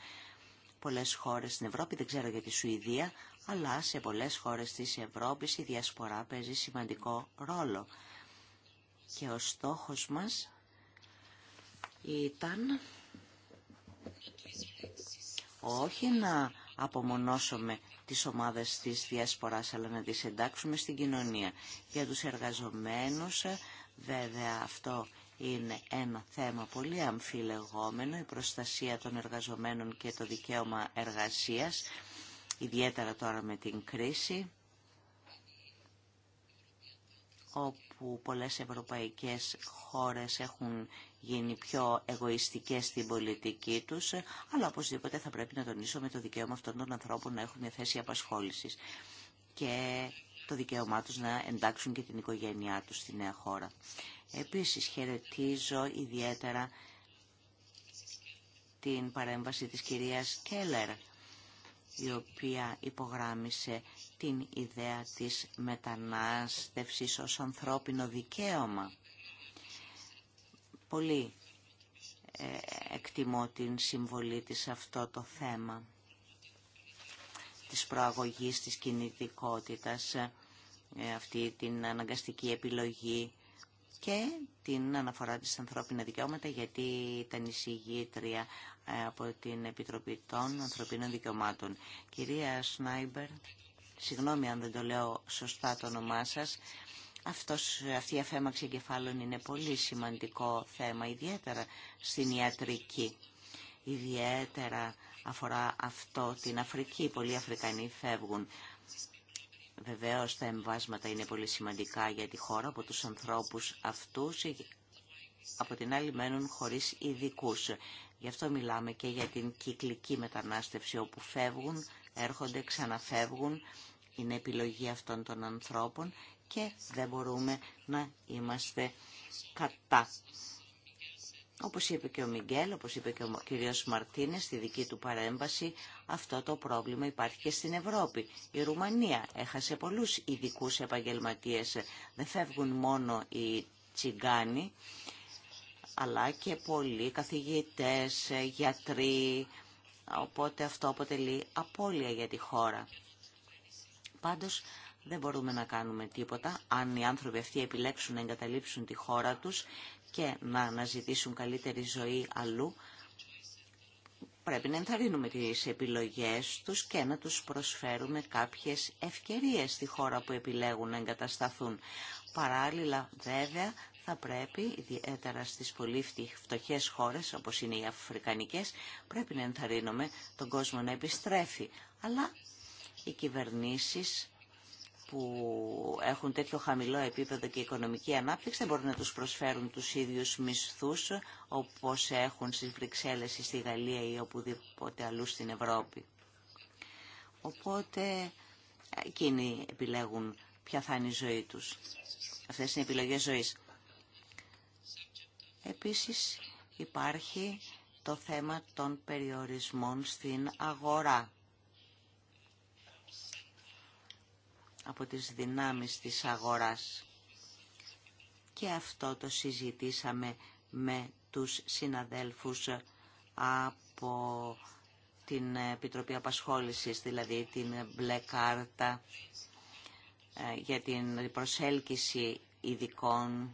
Πολλές χώρες στην Ευρώπη, δεν ξέρω για τη Σουηδία, αλλά σε πολλές χώρες της Ευρώπης η διασπορά παίζει σημαντικό ρόλο. Και ο στόχος μας ήταν όχι να απομονώσουμε τις ομάδες της διασποράς, αλλά να τις εντάξουμε στην κοινωνία. Για τους εργαζομένους, βέβαια αυτό είναι ένα θέμα πολύ αμφιλεγόμενο, η προστασία των εργαζομένων και το δικαίωμα εργασίας ιδιαίτερα τώρα με την κρίση όπου πολλές ευρωπαϊκές χώρες έχουν γίνει πιο εγωιστικές στην πολιτική τους, αλλά οπωσδήποτε θα πρέπει να τονίσω με το δικαίωμα αυτών των ανθρώπων να έχουν μια θέση απασχόλησης και το δικαίωμά τους να εντάξουν και την οικογένειά τους στη νέα χώρα. Επίσης χαιρετίζω ιδιαίτερα την παρέμβαση της κυρίας Κέλλερ η οποία υπογράμμισε την ιδέα της μετανάστευσης ως ανθρώπινο δικαίωμα. Πολύ ε, εκτιμώ την συμβολή της σε αυτό το θέμα της προαγωγής της κινητικότητας, ε, αυτή την αναγκαστική επιλογή και την αναφορά της ανθρώπινα δικαιώματα γιατί ήταν εισηγήτρια ε, από την Επιτροπή των Ανθρωπίνων Δικαιωμάτων. Κυρία Σνάιμπερ, συγγνώμη αν δεν το λέω σωστά το όνομά σας, αυτός, αυτή η αφέμαξη εγκεφάλων είναι πολύ σημαντικό θέμα, ιδιαίτερα στην ιατρική. Ιδιαίτερα αφορά αυτό την Αφρική. Πολλοί Αφρικανοί φεύγουν Βεβαίως τα εμβάσματα είναι πολύ σημαντικά για τη χώρα από τους ανθρώπους αυτούς, από την άλλη μένουν χωρίς ειδικού. Γι' αυτό μιλάμε και για την κυκλική μετανάστευση όπου φεύγουν, έρχονται, ξαναφεύγουν, είναι επιλογή αυτών των ανθρώπων και δεν μπορούμε να είμαστε κατά όπως είπε και ο Μιγγέλ, όπως είπε και ο κύριος Μαρτίνες στη δική του παρέμβαση, αυτό το πρόβλημα υπάρχει και στην Ευρώπη. Η Ρουμανία έχασε πολλούς ειδικού επαγγελματίες. Δεν φεύγουν μόνο οι τσιγκάνοι, αλλά και πολλοί καθηγητές, γιατροί, οπότε αυτό αποτελεί απώλεια για τη χώρα. Πάντως, δεν μπορούμε να κάνουμε τίποτα αν οι άνθρωποι αυτοί επιλέξουν να εγκαταλείψουν τη χώρα τους και να αναζητήσουν καλύτερη ζωή αλλού, πρέπει να ενθαρρύνουμε τις επιλογές τους και να τους προσφέρουμε κάποιες ευκαιρίες στη χώρα που επιλέγουν να εγκατασταθούν. Παράλληλα, βέβαια, θα πρέπει, ιδιαίτερα στις πολύ φτωχές χώρες, όπως είναι οι αφρικανικές, πρέπει να ενθαρρύνουμε τον κόσμο να επιστρέφει. Αλλά οι κυβερνήσεις που έχουν τέτοιο χαμηλό επίπεδο και οικονομική ανάπτυξη δεν μπορούν να τους προσφέρουν τους ίδιους μισθούς όπως έχουν στις Βρυξέλλες ή στη Γαλλία ή οπουδήποτε αλλού στην Ευρώπη. Οπότε εκείνοι επιλέγουν ποια θα είναι η ζωή τους. Αυτές είναι οι επιλογές ζωής. Επίσης υπάρχει το θέμα των περιορισμών στην αγορά. από τις δυνάμεις της αγοράς. Και αυτό το συζητήσαμε με τους συναδέλφους από την Επιτροπή Απασχόλησης, δηλαδή την μπλε κάρτα ε, για την προσέλκυση ειδικών,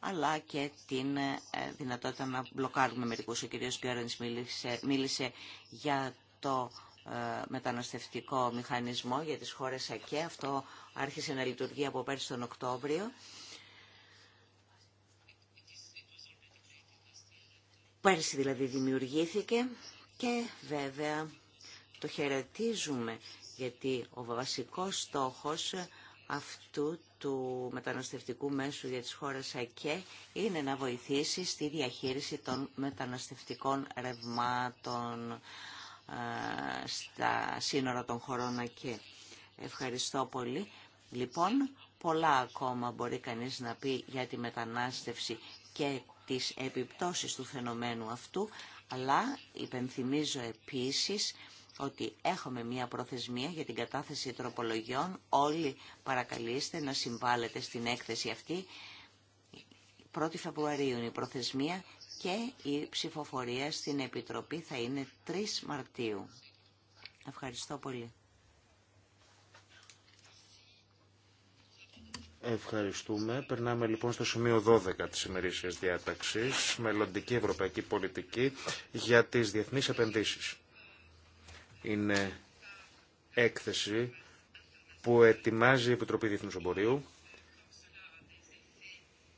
αλλά και την ε, δυνατότητα να μπλοκάρουμε μερικούς. Ο κ. Γκέρενς μίλησε για το ε, μεταναστευτικό μηχανισμό για τις χώρες ΑΚΕ. Αυτό άρχισε να λειτουργεί από πέρσι τον Οκτώβριο. Πέρσι δηλαδή δημιουργήθηκε και βέβαια το χαιρετίζουμε γιατί ο βασικός στόχος αυτού του μεταναστευτικού μέσου για τις χώρες ΑΚΕ είναι να βοηθήσει στη διαχείριση των μεταναστευτικών ρευμάτων στα σύνορα των χωρών και Ευχαριστώ πολύ. Λοιπόν, πολλά ακόμα μπορεί κανείς να πει για τη μετανάστευση και τις επιπτώσεις του φαινομένου αυτού, αλλά υπενθυμίζω επίσης ότι έχουμε μία προθεσμία για την κατάθεση τροπολογιών. Όλοι παρακαλείστε να συμβάλλετε στην έκθεση αυτή. 1η Φεβρουαρίου είναι η προθεσμία και η ψηφοφορία στην Επιτροπή θα είναι 3 Μαρτίου. Ευχαριστώ πολύ. Ευχαριστούμε. Περνάμε λοιπόν στο σημείο 12 της ημερήσιας διάταξης, μελλοντική ευρωπαϊκή πολιτική για τις διεθνείς επενδύσεις. Είναι έκθεση που ετοιμάζει η Επιτροπή Διεθνούς Εμπορίου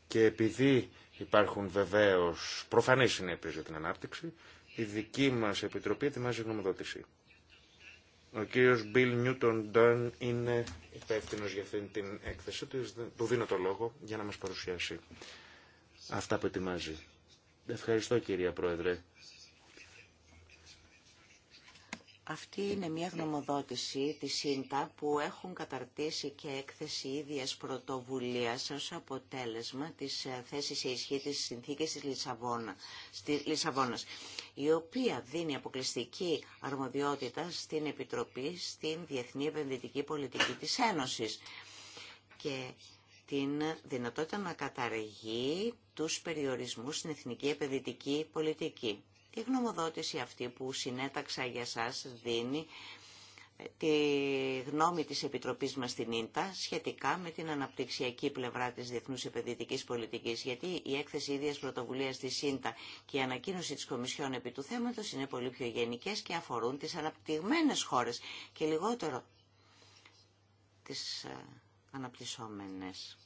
και επειδή Υπάρχουν βεβαίω, προφανείς συνέπειε για την ανάπτυξη. Η δική μα Επιτροπή ετοιμάζει γνωμοδότηση. Ο κύριος Μπιλ Νιούτον Ντάν είναι υπεύθυνο για αυτήν την έκθεση. Του δίνω το λόγο για να μα παρουσιάσει αυτά που ετοιμάζει. Ευχαριστώ κυρία Πρόεδρε. Αυτή είναι μια γνωμοδότηση της ΣΥΝΤΑ που έχουν καταρτήσει και έκθεση ίδιας πρωτοβουλίας ως αποτέλεσμα της ε, θέσης σε ισχύ της συνθήκης της Λισαβόνα, στη Λισαβόνας, η οποία δίνει αποκλειστική αρμοδιότητα στην Επιτροπή στην Διεθνή Επενδυτική Πολιτική της Ένωσης και την δυνατότητα να καταργεί τους περιορισμούς στην Εθνική Επενδυτική Πολιτική. Η γνωμοδότηση αυτή που συνέταξα για σας δίνει ε, τη γνώμη της Επιτροπής μας στην ΙΝΤΑ σχετικά με την αναπτυξιακή πλευρά της διεθνούς επενδυτικής πολιτικής, γιατί η έκθεση ίδιας πρωτοβουλίας της ΙΝΤΑ και η ανακοίνωση της Κομισιόν επί του θέματος είναι πολύ πιο γενικές και αφορούν τις αναπτυγμένες χώρες και λιγότερο τις ε, αναπτυσσόμενες.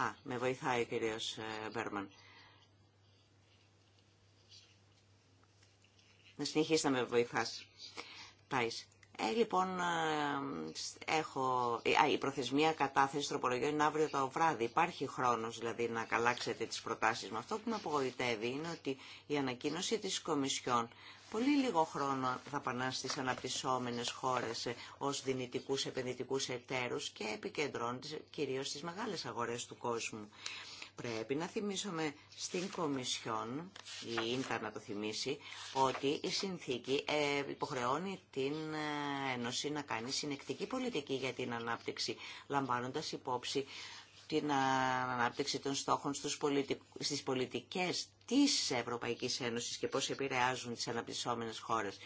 Α, με βοηθάει ο κύριος ε, Μπέρμαν. Να συνεχίσει να με βοηθάς. Ε, λοιπόν, ε, έχω... η προθεσμία κατάθεση τροπολογιών είναι αύριο το βράδυ. Υπάρχει χρόνος δηλαδή να καλάξετε τις προτάσεις με αυτό που με απογοητεύει είναι ότι η ανακοίνωση της Κομισιόν πολύ λίγο χρόνο θα πανά στις αναπτυσσόμενες χώρες ε, ως δυνητικούς επενδυτικούς εταίρους και επικεντρώνται κυρίως στις μεγάλες αγορές του κόσμου. Πρέπει να θυμίσουμε στην Κομισιόν, η Ίντα να το θυμίσει, ότι η συνθήκη ε, υποχρεώνει την ε, Ένωση να κάνει συνεκτική πολιτική για την ανάπτυξη, λαμβάνοντας υπόψη την ανάπτυξη των στόχων στις πολιτικές της Ευρωπαϊκής Ένωσης και πώς επηρεάζουν τις αναπτυσσόμενες χώρες.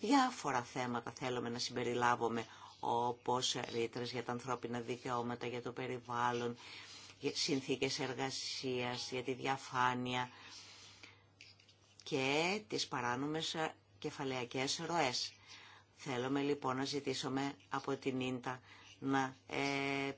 Διάφορα θέματα θέλουμε να συμπεριλάβουμε, όπως ρήτρες για τα ανθρώπινα δικαιώματα, για το περιβάλλον, για συνθήκες εργασίας, για τη διαφάνεια και τις παράνομες κεφαλαιακές ροές. Θέλουμε λοιπόν να ζητήσουμε από την Ίντα να ε,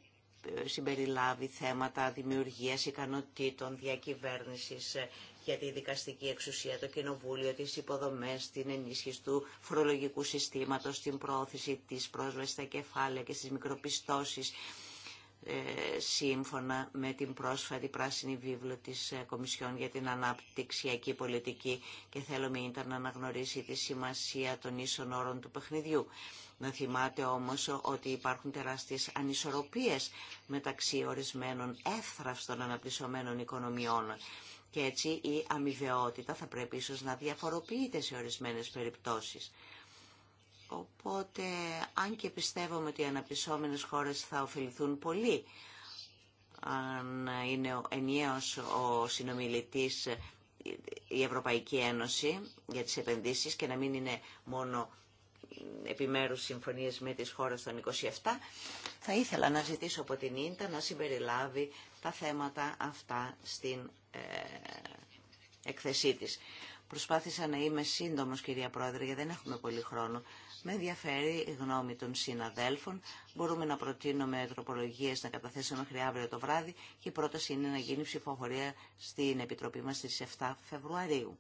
συμπεριλάβει θέματα δημιουργίας ικανοτήτων, διακυβέρνησης, για τη δικαστική εξουσία, το κοινοβούλιο, τις υποδομές, την ενίσχυση του φορολογικού συστήματος, την πρόθεση της πρόσβασης στα κεφάλαια και στις μικροπιστώσεις, ε, σύμφωνα με την πρόσφατη πράσινη βίβλο της ε, Κομισιόν για την Αναπτυξιακή Πολιτική και θέλουμε ήταν να αναγνωρίσει τη σημασία των ίσων όρων του παιχνιδιού. Να θυμάται όμως ότι υπάρχουν τεράστιες ανισορροπίες μεταξύ ορισμένων εύθραυστων αναπτυσσομένων οικονομιών. Και έτσι η αμοιβαιότητα θα πρέπει ίσως να διαφοροποιείται σε ορισμένες περιπτώσεις. Οπότε, αν και πιστεύω ότι οι αναπτυσσόμενες χώρες θα ωφεληθούν πολύ, αν είναι ενιαίος ο συνομιλητής η Ευρωπαϊκή Ένωση για τις επενδύσεις και να μην είναι μόνο επιμέρους συμφωνίες με τις χώρες των 27, θα ήθελα να ζητήσω από την Ίντα να συμπεριλάβει τα θέματα αυτά στην ε, εκθεσή της. Προσπάθησα να είμαι σύντομος, κυρία Πρόεδρε, γιατί δεν έχουμε πολύ χρόνο. Με ενδιαφέρει η γνώμη των συναδέλφων. Μπορούμε να προτείνουμε τροπολογίε να καταθέσουμε μέχρι το βράδυ και η πρόταση είναι να γίνει ψηφοφορία στην Επιτροπή μας στις 7 Φεβρουαρίου.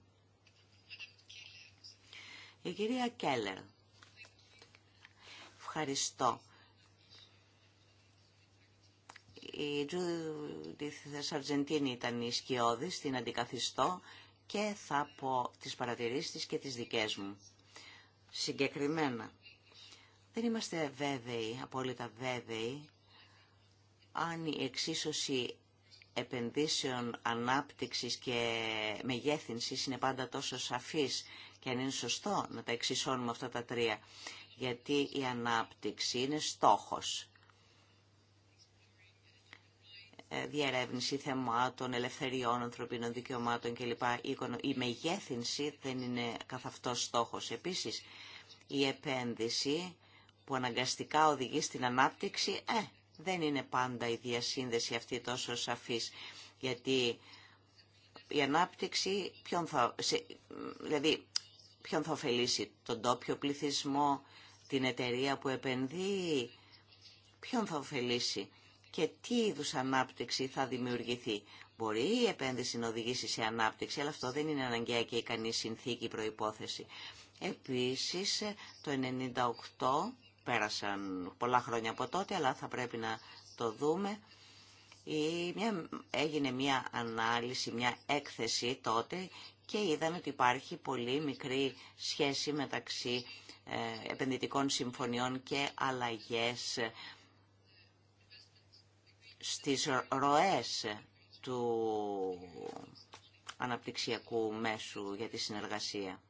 Η κυρία Κέλλερ ευχαριστώ. Η Τζούντιθ Αργεντίνη ήταν η σκιώδη την αντικαθιστώ και θα πω τις παρατηρήσεις της και τις δικές μου. Συγκεκριμένα, δεν είμαστε βέβαιοι, απόλυτα βέβαιοι, αν η εξίσωση επενδύσεων ανάπτυξης και μεγέθυνσης είναι πάντα τόσο σαφής και αν είναι σωστό να τα εξισώνουμε αυτά τα τρία γιατί η ανάπτυξη είναι στόχος. Ε, διερεύνηση θεμάτων, ελευθεριών, ανθρωπίνων δικαιωμάτων κλπ. Η μεγέθυνση δεν είναι καθ' αυτό στόχος. Επίσης, η επένδυση που αναγκαστικά οδηγεί στην ανάπτυξη, ε, δεν είναι πάντα η διασύνδεση αυτή τόσο σαφής, γιατί η ανάπτυξη ποιον θα, δηλαδή, ποιον θα ωφελήσει, τον τόπιο πληθυσμό, την εταιρεία που επενδύει, ποιον θα ωφελήσει και τι είδου ανάπτυξη θα δημιουργηθεί. Μπορεί η επένδυση να οδηγήσει σε ανάπτυξη, αλλά αυτό δεν είναι αναγκαία και ικανή συνθήκη προϋπόθεση. Επίσης, το 1998, πέρασαν πολλά χρόνια από τότε, αλλά θα πρέπει να το δούμε, έγινε μια ανάλυση, μια έκθεση τότε και είδαμε ότι υπάρχει πολύ μικρή σχέση μεταξύ ε, επενδυτικών συμφωνιών και αλλαγές στις ροές του αναπτυξιακού μέσου για τη συνεργασία.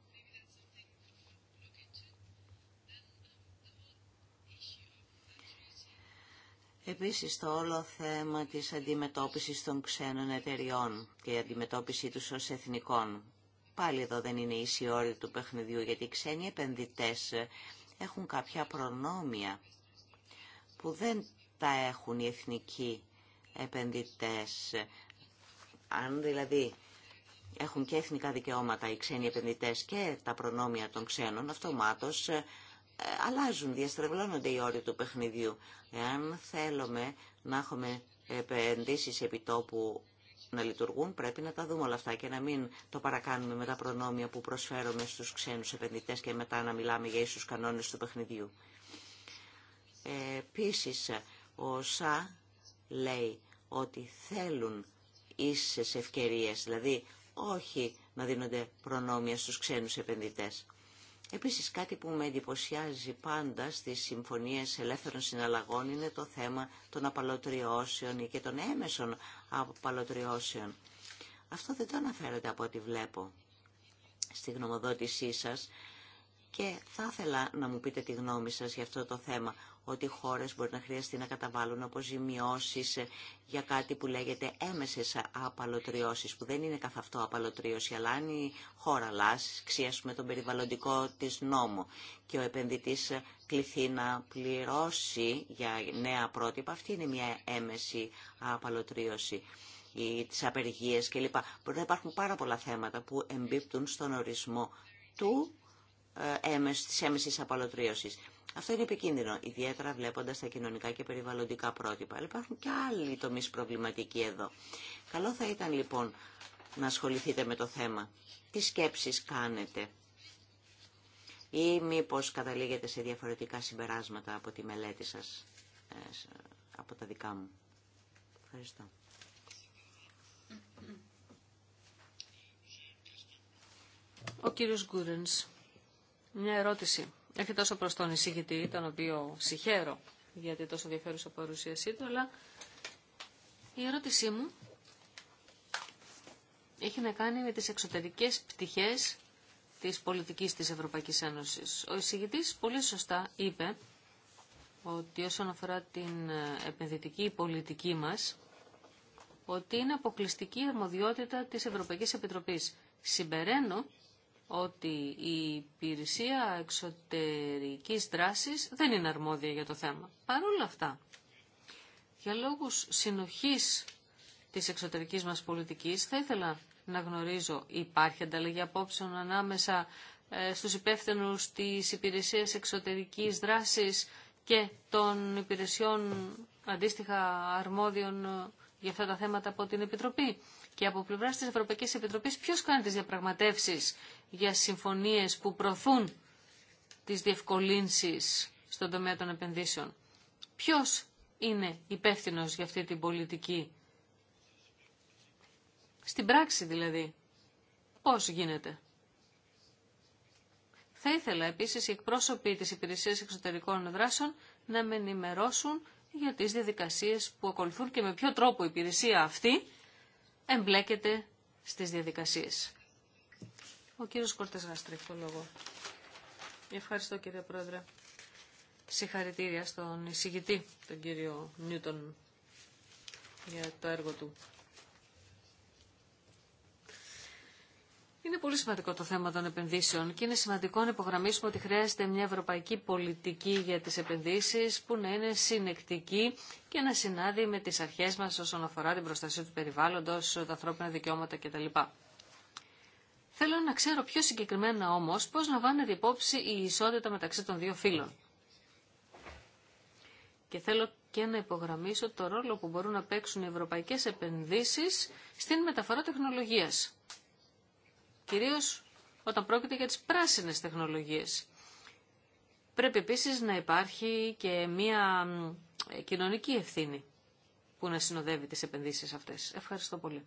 Επίσης το όλο θέμα της αντιμετώπισης των ξένων εταιριών και η αντιμετώπιση τους ως εθνικών. Πάλι εδώ δεν είναι ίση όρη του παιχνιδιού γιατί οι ξένοι επενδυτές έχουν κάποια προνόμια που δεν τα έχουν οι εθνικοί επενδυτές. Αν δηλαδή έχουν και εθνικά δικαιώματα οι ξένοι επενδυτές και τα προνόμια των ξένων, αυτομάτως ε, αλλάζουν, διαστρεβλώνονται οι όροι του παιχνιδιού. Εάν θέλουμε να έχουμε επενδύσεις επιτόπου να λειτουργούν, πρέπει να τα δούμε όλα αυτά και να μην το παρακάνουμε με τα προνόμια που προσφέρουμε στους ξένους επενδυτές και μετά να μιλάμε για ίσους κανόνες του παιχνιδιού. Ε, ο ΣΑ λέει ότι θέλουν ίσες ευκαιρίες, δηλαδή όχι να δίνονται προνόμια στους ξένους επενδυτές. Επίσης κάτι που με εντυπωσιάζει πάντα στις συμφωνίες ελεύθερων συναλλαγών είναι το θέμα των απαλωτριώσεων ή και των έμεσων απαλωτριώσεων. Αυτό δεν το αναφέρετε από ό,τι βλέπω στη γνωμοδότησή σας και θα ήθελα να μου πείτε τη γνώμη σας για αυτό το θέμα ότι χώρες μπορεί να χρειαστεί να καταβάλουν αποζημιώσει για κάτι που λέγεται έμεσε απαλωτριώσει, που δεν είναι καθ' αυτό απαλωτρίωση, αλλά αν η χώρα λάσει με τον περιβαλλοντικό της νόμο και ο επενδυτή κληθεί να πληρώσει για νέα πρότυπα, αυτή είναι μια έμεση απαλωτρίωση ή τις απεργίες κλπ. Μπορεί να υπάρχουν πάρα πολλά θέματα που εμπίπτουν στον ορισμό του ε, τη έμεση απαλωτρίωση. Αυτό είναι επικίνδυνο, ιδιαίτερα βλέποντα τα κοινωνικά και περιβαλλοντικά πρότυπα. Αλλά υπάρχουν και άλλοι τομεί προβληματικοί εδώ. Καλό θα ήταν λοιπόν να ασχοληθείτε με το θέμα. Τι σκέψεις κάνετε ή μήπως καταλήγετε σε διαφορετικά συμπεράσματα από τη μελέτη σας, ε, από τα δικά μου. Ευχαριστώ. Ο κύριος Γκούρενς. Μια ερώτηση. Έχει τόσο προ τον εισηγητή, τον οποίο συγχαίρω γιατί τόσο ενδιαφέρουσα παρουσίασή του, αλλά η ερώτησή μου έχει να κάνει με τις εξωτερικές πτυχές της πολιτικής της Ευρωπαϊκής Ένωσης. Ο εισηγητής πολύ σωστά είπε ότι όσον αφορά την ε, επενδυτική πολιτική μας, ότι είναι αποκλειστική αρμοδιότητα της Ευρωπαϊκής Επιτροπής. Συμπεραίνω ότι η υπηρεσία εξωτερικής δράσης δεν είναι αρμόδια για το θέμα. Παρ' όλα αυτά, για λόγους συνοχής της εξωτερικής μας πολιτικής, θα ήθελα να γνωρίζω υπάρχει ανταλλαγή απόψεων ανάμεσα ε, στους υπεύθυνους της υπηρεσίας εξωτερικής δράσης και των υπηρεσιών αντίστοιχα αρμόδιων ε, για αυτά τα θέματα από την Επιτροπή. Και από πλευρά τη Ευρωπαϊκή Επιτροπή, ποιο κάνει τι διαπραγματεύσει για συμφωνίε που προωθούν τι διευκολύνσει στον τομέα των επενδύσεων. Ποιο είναι υπεύθυνο για αυτή την πολιτική. Στην πράξη δηλαδή, πώς γίνεται. Θα ήθελα επίσης οι εκπρόσωποι της Υπηρεσίας Εξωτερικών Δράσεων να με ενημερώσουν για τις διαδικασίες που ακολουθούν και με ποιο τρόπο η υπηρεσία αυτή εμπλέκεται στις διαδικασίες. Ο κύριος Κορτές Γάστρη, το λόγο. Ευχαριστώ κύριε Πρόεδρε. Συγχαρητήρια στον εισηγητή, τον κύριο Νιούτον, για το έργο του. Είναι πολύ σημαντικό το θέμα των επενδύσεων και είναι σημαντικό να υπογραμμίσουμε ότι χρειάζεται μια ευρωπαϊκή πολιτική για τις επενδύσεις που να είναι συνεκτική και να συνάδει με τις αρχές μας όσον αφορά την προστασία του περιβάλλοντος, τα ανθρώπινα δικαιώματα κτλ. Θέλω να ξέρω πιο συγκεκριμένα όμως πώς λαμβάνεται υπόψη η ισότητα μεταξύ των δύο φύλων. Και θέλω και να υπογραμμίσω το ρόλο που μπορούν να παίξουν οι ευρωπαϊκές επενδύσεις στην μεταφορά τεχνολογίας κυρίως όταν πρόκειται για τις πράσινες τεχνολογίες. Πρέπει επίσης να υπάρχει και μία κοινωνική ευθύνη που να συνοδεύει τις επενδύσεις αυτές. Ευχαριστώ πολύ.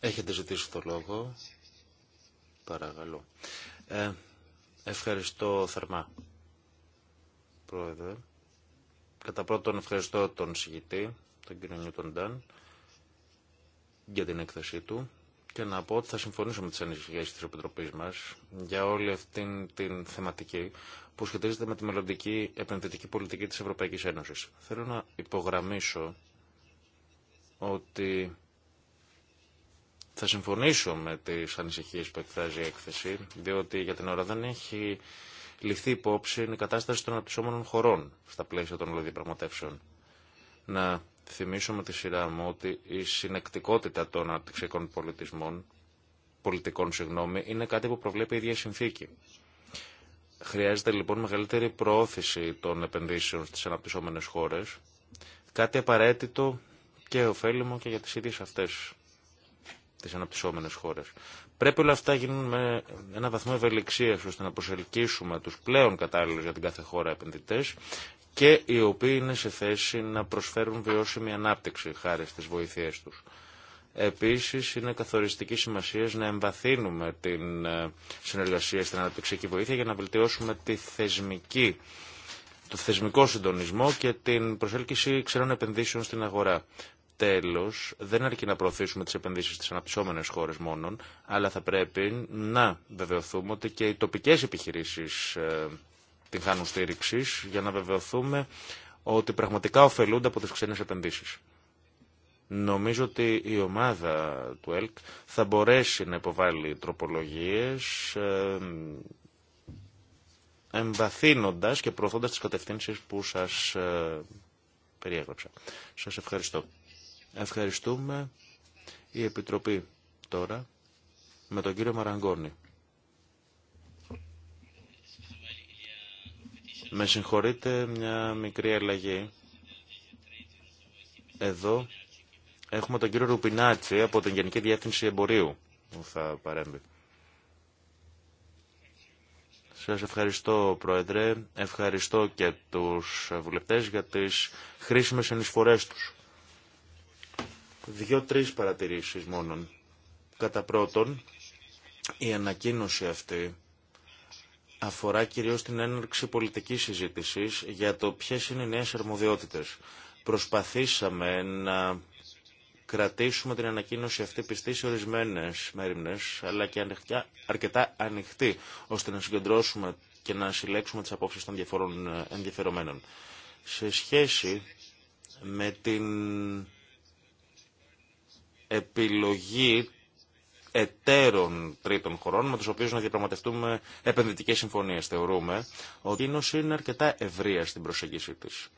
Έχετε ζητήσει το λόγο. Παρακαλώ. Ε, ευχαριστώ θερμά, Πρόεδρε. Κατά πρώτον ευχαριστώ τον συγητή, τον κύριο Νιούτον Ντάν, για την έκθεσή του και να πω ότι θα συμφωνήσω με τις ανησυχίες της Επιτροπής μας για όλη αυτή την θεματική που σχετίζεται με τη μελλοντική επενδυτική πολιτική της Ευρωπαϊκής Ένωσης. Θέλω να υπογραμμίσω ότι θα συμφωνήσω με τις ανησυχίες που εκφράζει η έκθεση, διότι για την ώρα δεν έχει ληφθεί υπόψη η κατάσταση των αναπτυσσόμενων χωρών στα πλαίσια των ολοδιαπραγματεύσεων. Να θυμίσω με τη σειρά μου ότι η συνεκτικότητα των αναπτυξιακών πολιτισμών, πολιτικών συγγνώμη, είναι κάτι που προβλέπει η ίδια συνθήκη. Χρειάζεται λοιπόν μεγαλύτερη προώθηση των επενδύσεων στις αναπτυσσόμενες χώρες, κάτι απαραίτητο και ωφέλιμο και για τις ίδιες αυτές τι αναπτυσσόμενε χώρε. Πρέπει όλα αυτά γίνουν με ένα βαθμό ευελιξία ώστε να προσελκύσουμε του πλέον κατάλληλου για την κάθε χώρα επενδυτέ και οι οποίοι είναι σε θέση να προσφέρουν βιώσιμη ανάπτυξη χάρη στι βοήθειέ του. Επίση, είναι καθοριστική σημασία να εμβαθύνουμε την ε, συνεργασία στην αναπτυξιακή βοήθεια για να βελτιώσουμε τη θεσμική, το θεσμικό συντονισμό και την προσέλκυση ξένων επενδύσεων στην αγορά τέλος δεν αρκεί να προωθήσουμε τις επενδύσεις στις αναπτυσσόμενε χώρες μόνον, αλλά θα πρέπει να βεβαιωθούμε ότι και οι τοπικές επιχειρήσεις ε, την χάνουν στήριξη για να βεβαιωθούμε ότι πραγματικά ωφελούνται από τι ξένε επενδύσεις. Νομίζω ότι η ομάδα του ΕΛΚ θα μπορέσει να υποβάλει τροπολογίες ε, εμβαθύνοντας και προωθώντας τις κατευθύνσεις που σας ε, περιέγραψα. Σας ευχαριστώ. Ευχαριστούμε η Επιτροπή τώρα με τον κύριο Μαραγκόνη. Με συγχωρείτε μια μικρή αλλαγή. Εδώ έχουμε τον κύριο Ρουπινάτσι από την Γενική Διεύθυνση Εμπορίου που θα παρέμβει. Σας ευχαριστώ Πρόεδρε, ευχαριστώ και τους βουλευτές για τις χρήσιμες ενισφορές τους. Δύο-τρεις παρατηρήσεις μόνον. Κατά πρώτον, η ανακοίνωση αυτή αφορά κυρίως την έναρξη πολιτικής συζήτησης για το ποιες είναι οι νέες αρμοδιότητες. Προσπαθήσαμε να κρατήσουμε την ανακοίνωση αυτή πιστή σε ορισμένες μέρημνες, αλλά και αρκετά ανοιχτή, ώστε να συγκεντρώσουμε και να συλλέξουμε τις απόψεις των διαφορών ε, ενδιαφερομένων. Σε σχέση με την επιλογή εταίρων τρίτων χωρών με τους οποίους να διαπραγματευτούμε επενδυτικές συμφωνίες. Θεωρούμε ότι η είναι αρκετά ευρεία στην προσέγγιση της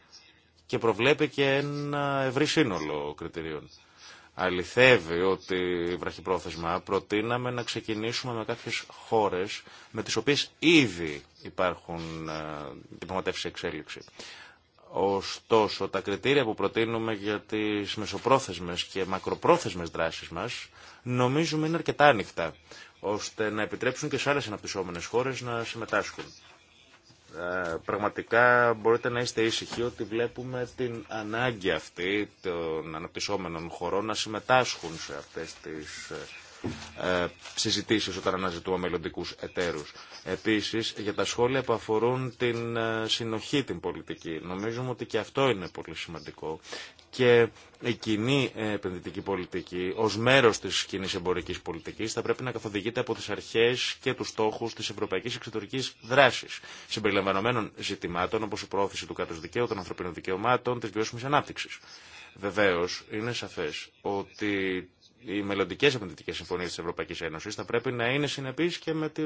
και προβλέπει και ένα ευρύ σύνολο κριτηρίων. Αληθεύει ότι βραχυπρόθεσμα προτείναμε να ξεκινήσουμε με κάποιες χώρες με τις οποίες ήδη υπάρχουν ε, διπλωματεύσεις εξέλιξη. Ωστόσο, τα κριτήρια που προτείνουμε για τις μεσοπρόθεσμες και μακροπρόθεσμες δράσεις μας νομίζουμε είναι αρκετά ανοιχτά, ώστε να επιτρέψουν και σε άλλες αναπτυσσόμενες χώρες να συμμετάσχουν. Ε, πραγματικά μπορείτε να είστε ήσυχοι ότι βλέπουμε την ανάγκη αυτή των αναπτυσσόμενων χωρών να συμμετάσχουν σε αυτές τις ε, ε, Συζητήσει όταν αναζητούμε μελλοντικού εταίρου. Επίση, για τα σχόλια που αφορούν την ε, συνοχή την πολιτική. Νομίζουμε ότι και αυτό είναι πολύ σημαντικό και η κοινή ε, επενδυτική πολιτική ω μέρο τη κοινή εμπορική πολιτική θα πρέπει να καθοδηγείται από τι αρχέ και του στόχου τη ευρωπαϊκή εξωτερική δράση, συμπεριλαμβανομένων ζητημάτων όπω η προώθηση του κράτου δικαίου, των ανθρωπίνων δικαιωμάτων, τη βιώσιμη ανάπτυξη. Βεβαίω, είναι σαφέ ότι οι μελλοντικέ επενδυτικέ συμφωνίε τη Ευρωπαϊκή Ένωση θα πρέπει να είναι συνεπεί και με τι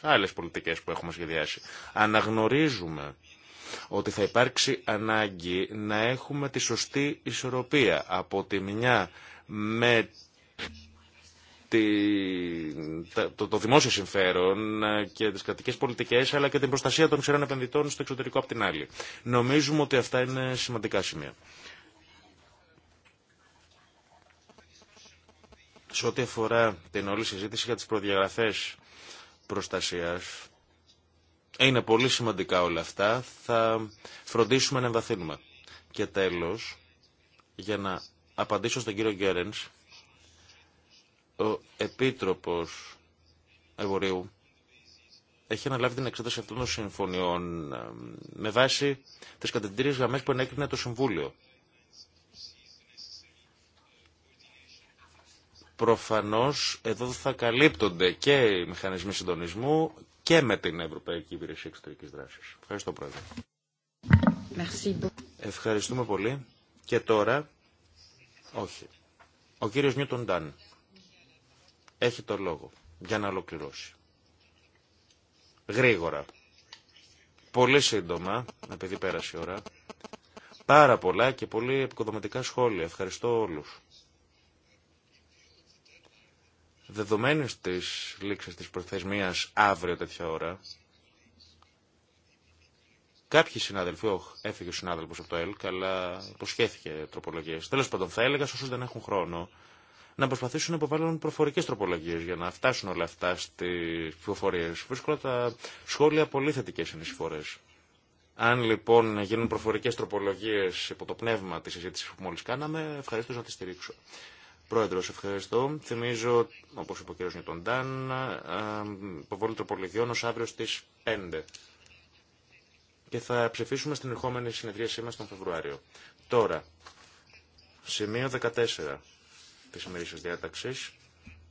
άλλε πολιτικέ που έχουμε σχεδιάσει. Αναγνωρίζουμε ότι θα υπάρξει ανάγκη να έχουμε τη σωστή ισορροπία από τη μια με το, το δημόσιο συμφέρον και τις κρατικές πολιτικές αλλά και την προστασία των ξερών επενδυτών στο εξωτερικό από την άλλη. Νομίζουμε ότι αυτά είναι σημαντικά σημεία. Σε ό,τι αφορά την όλη συζήτηση για τις προδιαγραφές προστασίας, είναι πολύ σημαντικά όλα αυτά. Θα φροντίσουμε να εμβαθύνουμε. Και τέλος, για να απαντήσω στον κύριο Γκέρενς, ο Επίτροπος Εμπορίου έχει αναλάβει την εξέταση αυτών των συμφωνιών ε, με βάση τις κατεντήριες γραμμές που ενέκρινε το Συμβούλιο Προφανώς εδώ θα καλύπτονται και οι μηχανισμοί συντονισμού και με την Ευρωπαϊκή Υπηρεσία Εξωτερικής Δράσης. Ευχαριστώ Πρόεδρε. Ευχαριστούμε πολύ. Και τώρα, όχι, ο κύριος Νιούτον Ντάν έχει το λόγο για να ολοκληρώσει. Γρήγορα, πολύ σύντομα, επειδή πέρασε η ώρα, πάρα πολλά και πολύ επικοδομητικά σχόλια. Ευχαριστώ όλους. Δεδομένε τη λήξη τη προθεσμία αύριο τέτοια ώρα, κάποιοι συνάδελφοι, όχι, έφυγε ο συνάδελφο από το ΕΛΚ, αλλά υποσχέθηκε τροπολογίε. Τέλο πάντων, θα έλεγα σε όσου δεν έχουν χρόνο να προσπαθήσουν να υποβάλουν προφορικέ τροπολογίε για να φτάσουν όλα αυτά στι πληροφορίε. Βρίσκω τα σχόλια πολύ θετικέ συνεισφορέ. Αν λοιπόν γίνουν προφορικέ τροπολογίε υπό το πνεύμα τη συζήτηση που μόλι κάναμε, ευχαρίστω να τη στηρίξω. Πρόεδρος, ευχαριστώ. Θυμίζω, όπω είπε ο κ. Νιωτοντάν, ε, υποβολή τροπολογιών ω αύριο στι 5. Και θα ψηφίσουμε στην ερχόμενη συνεδρίασή μα τον Φεβρουάριο. Τώρα, σημείο 14 τη ημερήσια διάταξη,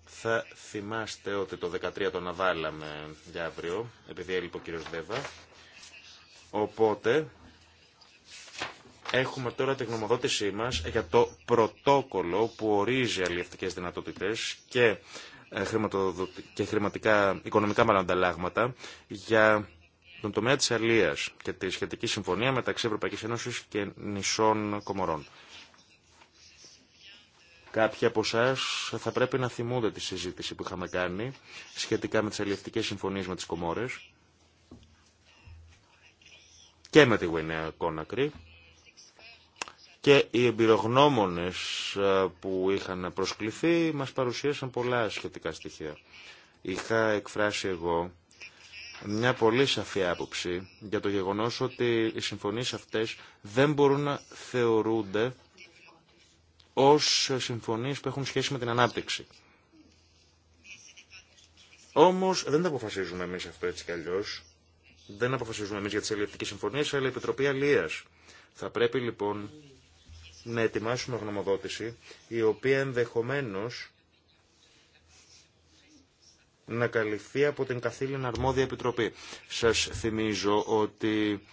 Θα θυμάστε ότι το 13 το αναβάλαμε για αύριο, επειδή έλειπε ο κ. Δέβα. Οπότε, Έχουμε τώρα τη γνωμοδότησή μας για το πρωτόκολλο που ορίζει αλληλευτικές δυνατότητες και, ε, και χρηματικά, οικονομικά μάλλον για τον τομέα της αλίας και τη σχετική συμφωνία μεταξύ Ευρωπαϊκής Ένωσης και νησών Κομορών. Κάποιοι από εσά θα πρέπει να θυμούνται τη συζήτηση που είχαμε κάνει σχετικά με τις αλληλευτικές συμφωνίες με τις Κομόρες και με τη Γουινέα Κόνακρη και οι εμπειρογνώμονες που είχαν προσκληθεί μας παρουσίασαν πολλά σχετικά στοιχεία. Είχα εκφράσει εγώ μια πολύ σαφή άποψη για το γεγονός ότι οι συμφωνίες αυτές δεν μπορούν να θεωρούνται ως συμφωνίες που έχουν σχέση με την ανάπτυξη. Όμως δεν τα αποφασίζουμε εμείς αυτό έτσι κι αλλιώς. Δεν αποφασίζουμε εμείς για τις ελληνικές συμφωνίες, αλλά η Επιτροπή Αλίας. Θα πρέπει λοιπόν να ετοιμάσουμε γνωμοδότηση η οποία ενδεχομένως να καλυφθεί από την καθήλυνα αρμόδια επιτροπή. Σας θυμίζω ότι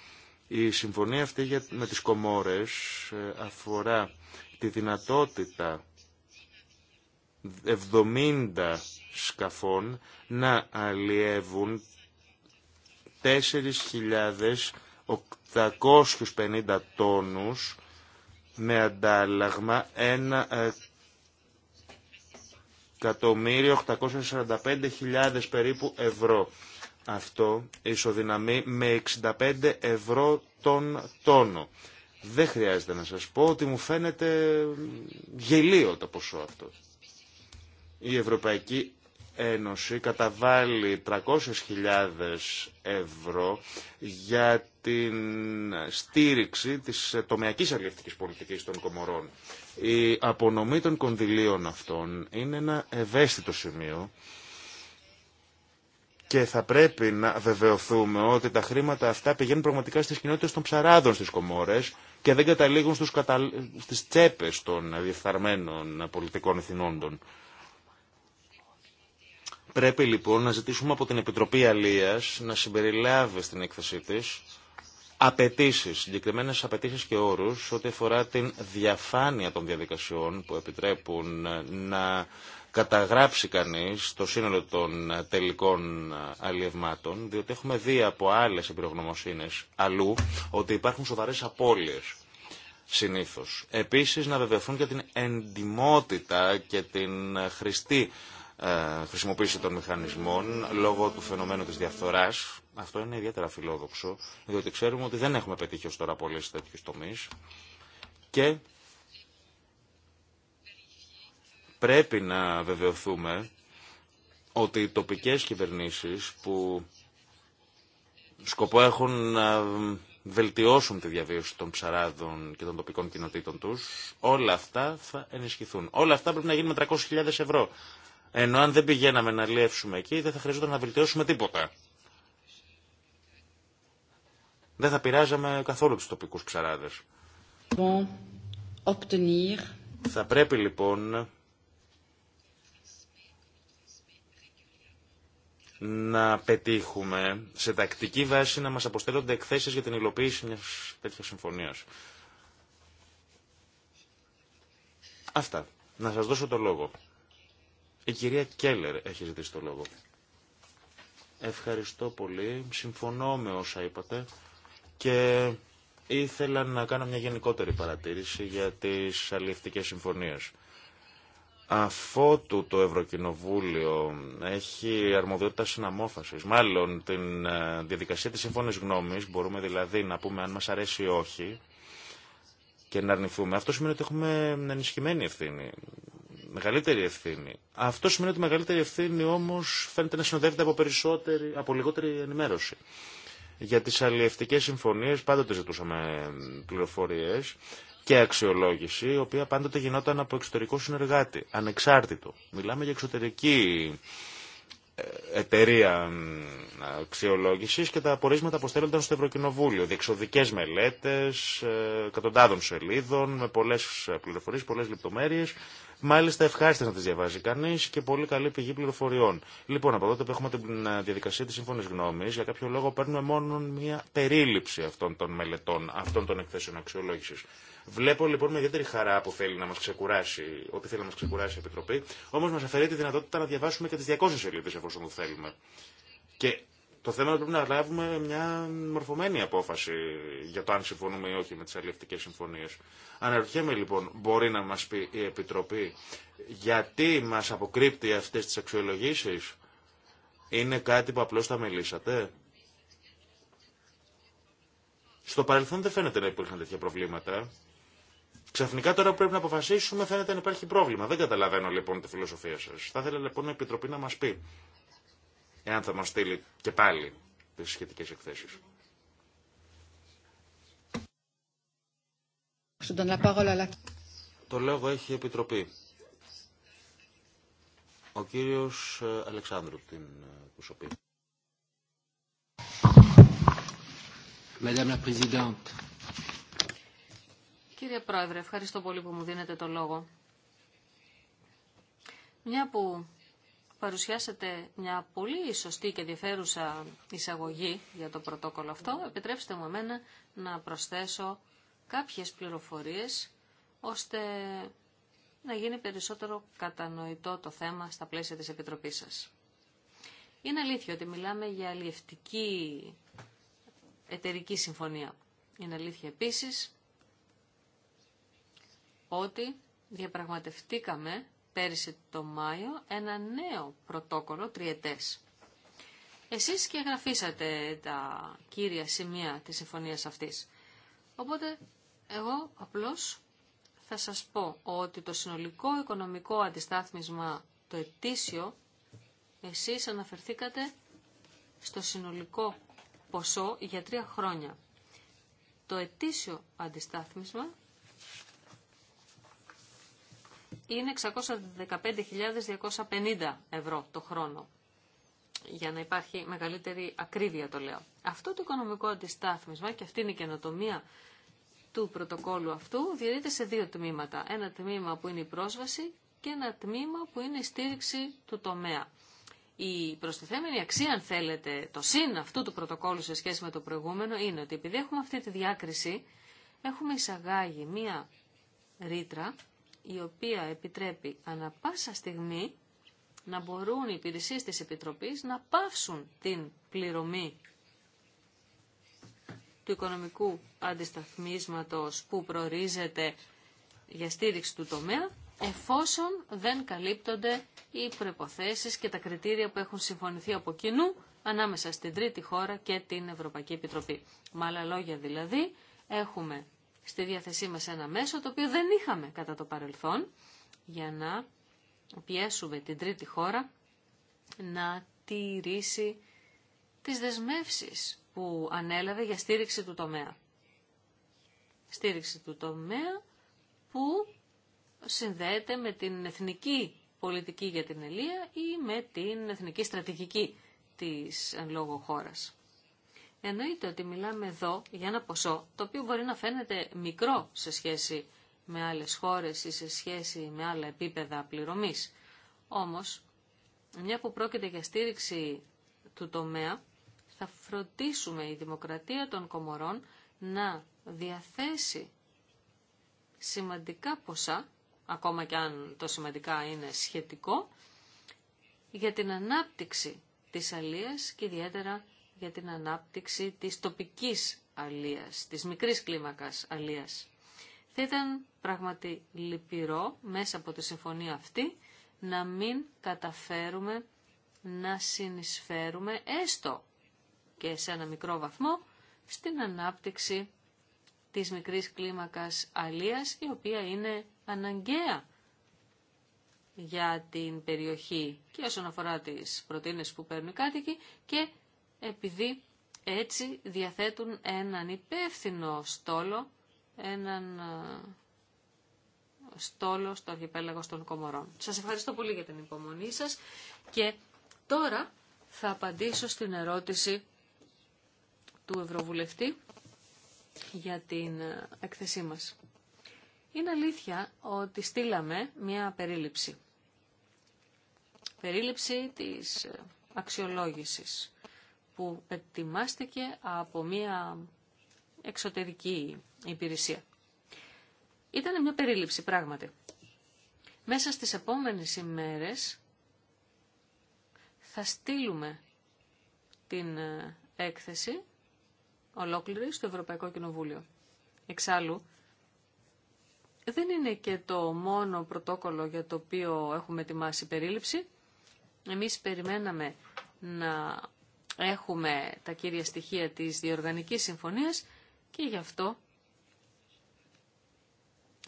η συμφωνία αυτή με τις Κομόρες ε, αφορά τη δυνατότητα 70 σκαφών να αλλιεύουν 4.850 τόνους με αντάλλαγμα 1.845.000 845.000 ε, περίπου ευρώ. Αυτό ισοδυναμεί με 65 ευρώ τον τόνο. Δεν χρειάζεται να σας πω ότι μου φαίνεται γελίο το ποσό αυτό. Η Ευρωπαϊκή Ένωση καταβάλει 300.000 ευρώ για την στήριξη της τομεακής αλληλευτικής πολιτικής των Κομορών. Η απονομή των κονδυλίων αυτών είναι ένα ευαίσθητο σημείο και θα πρέπει να βεβαιωθούμε ότι τα χρήματα αυτά πηγαίνουν πραγματικά στις κοινότητες των ψαράδων στις Κομόρες και δεν καταλήγουν στους κατα... στις τσέπες των διεφθαρμένων πολιτικών εθνών πρέπει λοιπόν να ζητήσουμε από την Επιτροπή Αλίας να συμπεριλάβει στην έκθεσή της απαιτήσει, συγκεκριμένε απαιτήσει και όρου ό,τι αφορά την διαφάνεια των διαδικασιών που επιτρέπουν να καταγράψει κανείς το σύνολο των τελικών αλλιευμάτων, διότι έχουμε δει από άλλες εμπειρογνωμοσύνες αλλού ότι υπάρχουν σοβαρές απώλειες συνήθως. Επίσης να βεβαιωθούν και την εντιμότητα και την χρηστή ε, χρησιμοποίηση των μηχανισμών λόγω του φαινομένου της διαφθοράς. Αυτό είναι ιδιαίτερα φιλόδοξο, διότι ξέρουμε ότι δεν έχουμε πετύχει ως τώρα πολλές τέτοιους τομείς και πρέπει να βεβαιωθούμε ότι οι τοπικές κυβερνήσεις που σκοπό έχουν να βελτιώσουν τη διαβίωση των ψαράδων και των τοπικών κοινοτήτων τους, όλα αυτά θα ενισχυθούν. Όλα αυτά πρέπει να γίνουν με 300.000 ευρώ. Ενώ αν δεν πηγαίναμε να λιεύσουμε εκεί, δεν θα χρειαζόταν να βελτιώσουμε τίποτα. Δεν θα πειράζαμε καθόλου τους τοπικούς ψαράδες. Θα πρέπει λοιπόν να πετύχουμε σε τακτική βάση να μας αποστέλλονται εκθέσεις για την υλοποίηση μιας τέτοιας συμφωνίας. Αυτά. Να σας δώσω το λόγο. Η κυρία Κέλλερ έχει ζητήσει το λόγο. Ευχαριστώ πολύ. Συμφωνώ με όσα είπατε και ήθελα να κάνω μια γενικότερη παρατήρηση για τις αλληλευτικές συμφωνίες. Αφότου το Ευρωκοινοβούλιο έχει αρμοδιότητα συναμόφασης, μάλλον την ε, διαδικασία της σύμφωνης γνώμης, μπορούμε δηλαδή να πούμε αν μας αρέσει ή όχι και να αρνηθούμε. Αυτό σημαίνει ότι έχουμε ενισχυμένη ευθύνη μεγαλύτερη ευθύνη. Αυτό σημαίνει ότι η μεγαλύτερη ευθύνη όμω φαίνεται να συνοδεύεται από, περισσότερη, από λιγότερη ενημέρωση. Για τις αλλιευτικές συμφωνίες πάντοτε ζητούσαμε πληροφορίε και αξιολόγηση, η οποία πάντοτε γινόταν από εξωτερικό συνεργάτη, ανεξάρτητο. Μιλάμε για εξωτερική ε, εταιρεία αξιολόγηση και τα απορίσματα αποστέλλονταν στο Ευρωκοινοβούλιο. Διεξοδικέ μελέτε, ε, εκατοντάδων σελίδων, με πολλέ πληροφορίε, πολλέ λεπτομέρειε. Μάλιστα ευχάριστε να τι διαβάζει κανεί και πολύ καλή πηγή πληροφοριών. Λοιπόν, από τότε που έχουμε την ε, διαδικασία τη σύμφωνη γνώμη, για κάποιο λόγο παίρνουμε μόνο μια περίληψη αυτών των μελετών, αυτών των εκθέσεων αξιολόγηση. Βλέπω λοιπόν με ιδιαίτερη χαρά που θέλει να μα ξεκουράσει, ότι θέλει να μα ξεκουράσει η Επιτροπή, όμω μα αφαιρεί τη δυνατότητα να διαβάσουμε και τι 200 σελίδε εφόσον το θέλουμε. Και το θέμα είναι ότι πρέπει να λάβουμε μια μορφωμένη απόφαση για το αν συμφωνούμε ή όχι με τις αλληλευτικές συμφωνίες. Αναρωτιέμαι λοιπόν, μπορεί να μα πει η Επιτροπή γιατί μα αποκρύπτει αυτέ τι αξιολογήσει. Είναι κάτι που απλώ τα μιλήσατε. Στο παρελθόν δεν φαίνεται να υπήρχαν τέτοια προβλήματα. Ξαφνικά τώρα που πρέπει να αποφασίσουμε φαίνεται να υπάρχει πρόβλημα. Δεν καταλαβαίνω λοιπόν τη φιλοσοφία σας. Θα ήθελα λοιπόν η Επιτροπή να μας πει εάν θα μα στείλει και πάλι τι σχετικέ εκθέσει. Το λόγο έχει η Επιτροπή. Ο κύριος ε, Αλεξάνδρου, την ε, Κουσοπή. Κύριε Πρόεδρε, ευχαριστώ πολύ που μου δίνετε το λόγο. Μια που παρουσιάσετε μια πολύ σωστή και ενδιαφέρουσα εισαγωγή για το πρωτόκολλο αυτό, επιτρέψτε μου εμένα να προσθέσω κάποιες πληροφορίες ώστε να γίνει περισσότερο κατανοητό το θέμα στα πλαίσια της Επιτροπής σας. Είναι αλήθεια ότι μιλάμε για αλλιευτική εταιρική συμφωνία. Είναι αλήθεια επίσης ότι διαπραγματευτήκαμε πέρυσι το Μάιο ένα νέο πρωτόκολλο τριετές. Εσείς και γραφήσατε τα κύρια σημεία της συμφωνίας αυτής. Οπότε εγώ απλώς θα σας πω ότι το συνολικό οικονομικό αντιστάθμισμα το ετήσιο εσείς αναφερθήκατε στο συνολικό ποσό για τρία χρόνια. Το ετήσιο αντιστάθμισμα είναι 615.250 ευρώ το χρόνο. Για να υπάρχει μεγαλύτερη ακρίβεια το λέω. Αυτό το οικονομικό αντιστάθμισμα και αυτή είναι η καινοτομία του πρωτοκόλου αυτού διαιρείται σε δύο τμήματα. Ένα τμήμα που είναι η πρόσβαση και ένα τμήμα που είναι η στήριξη του τομέα. Η προστιθέμενη αξία, αν θέλετε, το συν αυτού του πρωτοκόλου σε σχέση με το προηγούμενο είναι ότι επειδή έχουμε αυτή τη διάκριση, έχουμε εισαγάγει μία ρήτρα η οποία επιτρέπει ανα πάσα στιγμή να μπορούν οι υπηρεσίες της Επιτροπής να πάυσουν την πληρωμή του οικονομικού αντισταθμίσματος που προορίζεται για στήριξη του τομέα, εφόσον δεν καλύπτονται οι προϋποθέσεις και τα κριτήρια που έχουν συμφωνηθεί από κοινού ανάμεσα στην τρίτη χώρα και την Ευρωπαϊκή Επιτροπή. Με άλλα λόγια δηλαδή, έχουμε στη διάθεσή μας ένα μέσο το οποίο δεν είχαμε κατά το παρελθόν για να πιέσουμε την τρίτη χώρα να τηρήσει τις δεσμεύσεις που ανέλαβε για στήριξη του τομέα. Στήριξη του τομέα που συνδέεται με την εθνική πολιτική για την Ελία ή με την εθνική στρατηγική της λόγω χώρας. Εννοείται ότι μιλάμε εδώ για ένα ποσό το οποίο μπορεί να φαίνεται μικρό σε σχέση με άλλες χώρες ή σε σχέση με άλλα επίπεδα πληρωμής. Όμως, μια που πρόκειται για στήριξη του τομέα, θα φροντίσουμε η δημοκρατία των Κομορών να διαθέσει σημαντικά ποσά, ακόμα και αν το σημαντικά είναι σχετικό, για την ανάπτυξη της αλίας και ιδιαίτερα για την ανάπτυξη της τοπικής αλίας, της μικρής κλίμακας αλίας. Θα ήταν πραγματι λυπηρό μέσα από τη συμφωνία αυτή να μην καταφέρουμε να συνεισφέρουμε έστω και σε ένα μικρό βαθμό στην ανάπτυξη της μικρής κλίμακας αλίας η οποία είναι αναγκαία για την περιοχή και όσον αφορά τις προτείνες που παίρνουν οι κάτοικοι και επειδή έτσι διαθέτουν έναν υπεύθυνο στόλο, έναν ε, στόλο στο αρχιπέλαγο των Κομορών. Σας ευχαριστώ πολύ για την υπομονή σας και τώρα θα απαντήσω στην ερώτηση του Ευρωβουλευτή για την έκθεσή ε, μας. Είναι αλήθεια ότι στείλαμε μια περίληψη. Περίληψη της ε, αξιολόγησης που ετοιμάστηκε από μια εξωτερική υπηρεσία. Ήταν μια περίληψη πράγματι. Μέσα στις επόμενες ημέρες θα στείλουμε την ε, έκθεση ολόκληρη στο Ευρωπαϊκό Κοινοβούλιο. Εξάλλου, δεν είναι και το μόνο πρωτόκολλο για το οποίο έχουμε ετοιμάσει περίληψη. Εμείς περιμέναμε να έχουμε τα κύρια στοιχεία της διοργανικής συμφωνίας και γι' αυτό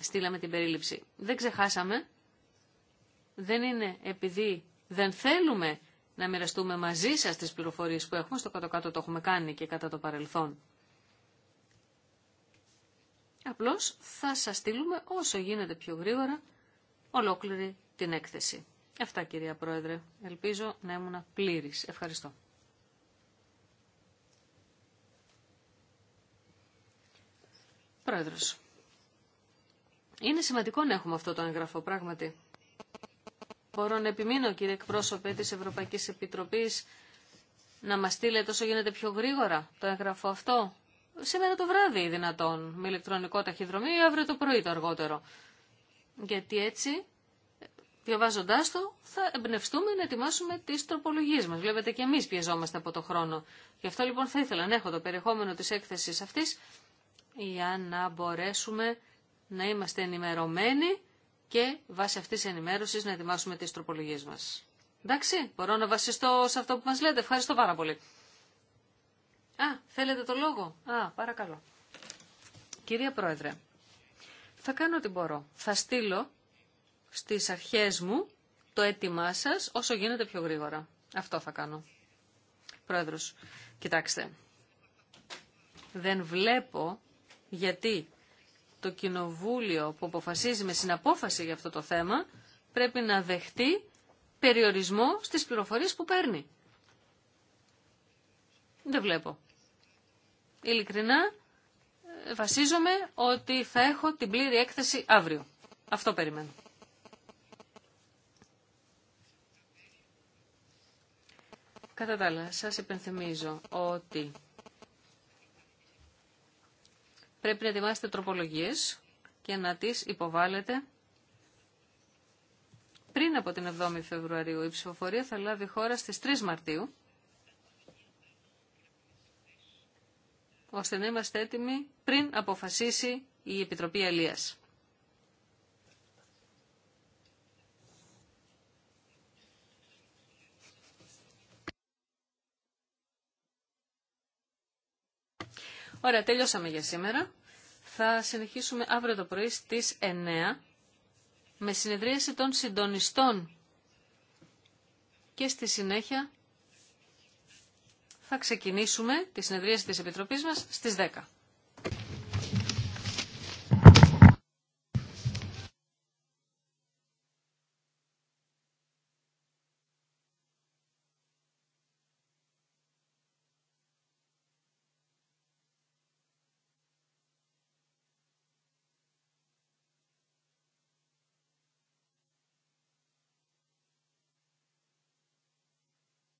στείλαμε την περίληψη. Δεν ξεχάσαμε, δεν είναι επειδή δεν θέλουμε να μοιραστούμε μαζί σας τις πληροφορίες που έχουμε, στο κάτω-κάτω το έχουμε κάνει και κατά το παρελθόν. Απλώς θα σας στείλουμε όσο γίνεται πιο γρήγορα ολόκληρη την έκθεση. Αυτά κυρία Πρόεδρε. Ελπίζω να ήμουν πλήρης. Ευχαριστώ. Πρόεδρος. Είναι σημαντικό να έχουμε αυτό το έγγραφο, πράγματι. Μπορώ να επιμείνω, κύριε εκπρόσωπε της Ευρωπαϊκής Επιτροπής, να μας στείλετε όσο γίνεται πιο γρήγορα το έγγραφο αυτό. Σήμερα το βράδυ δυνατόν, με ηλεκτρονικό ταχυδρομείο, ή αύριο το πρωί το αργότερο. Γιατί έτσι, διαβάζοντά το, θα εμπνευστούμε να ετοιμάσουμε τι τροπολογίε μα. Βλέπετε και εμεί πιεζόμαστε από το χρόνο. Γι' αυτό λοιπόν θα ήθελα να έχω το περιεχόμενο τη έκθεση αυτή για να μπορέσουμε να είμαστε ενημερωμένοι και βάσει αυτή τη ενημέρωση να ετοιμάσουμε τι τροπολογίε μα. Εντάξει, μπορώ να βασιστώ σε αυτό που μα λέτε. Ευχαριστώ πάρα πολύ. Α, θέλετε το λόγο. Α, παρακαλώ. Κυρία Πρόεδρε, θα κάνω ό,τι μπορώ. Θα στείλω στις αρχές μου το έτοιμά σας όσο γίνεται πιο γρήγορα. Αυτό θα κάνω. Πρόεδρος, κοιτάξτε, δεν βλέπω γιατί το κοινοβούλιο που αποφασίζει με συναπόφαση για αυτό το θέμα πρέπει να δεχτεί περιορισμό στις πληροφορίες που παίρνει. Δεν βλέπω. Ειλικρινά ε, βασίζομαι ότι θα έχω την πλήρη έκθεση αύριο. Αυτό περιμένω. Κατά τα άλλα, σας υπενθυμίζω ότι πρέπει να ετοιμάσετε τροπολογίες και να τις υποβάλλετε πριν από την 7η Φεβρουαρίου. Η ψηφοφορία θα λάβει χώρα στις 3 Μαρτίου, ώστε να είμαστε έτοιμοι πριν αποφασίσει η Επιτροπή Αλίας. Ωραία, τελειώσαμε για σήμερα. Θα συνεχίσουμε αύριο το πρωί στις 9 με συνεδρίαση των συντονιστών. Και στη συνέχεια θα ξεκινήσουμε τη συνεδρίαση της Επιτροπής μας στις 10.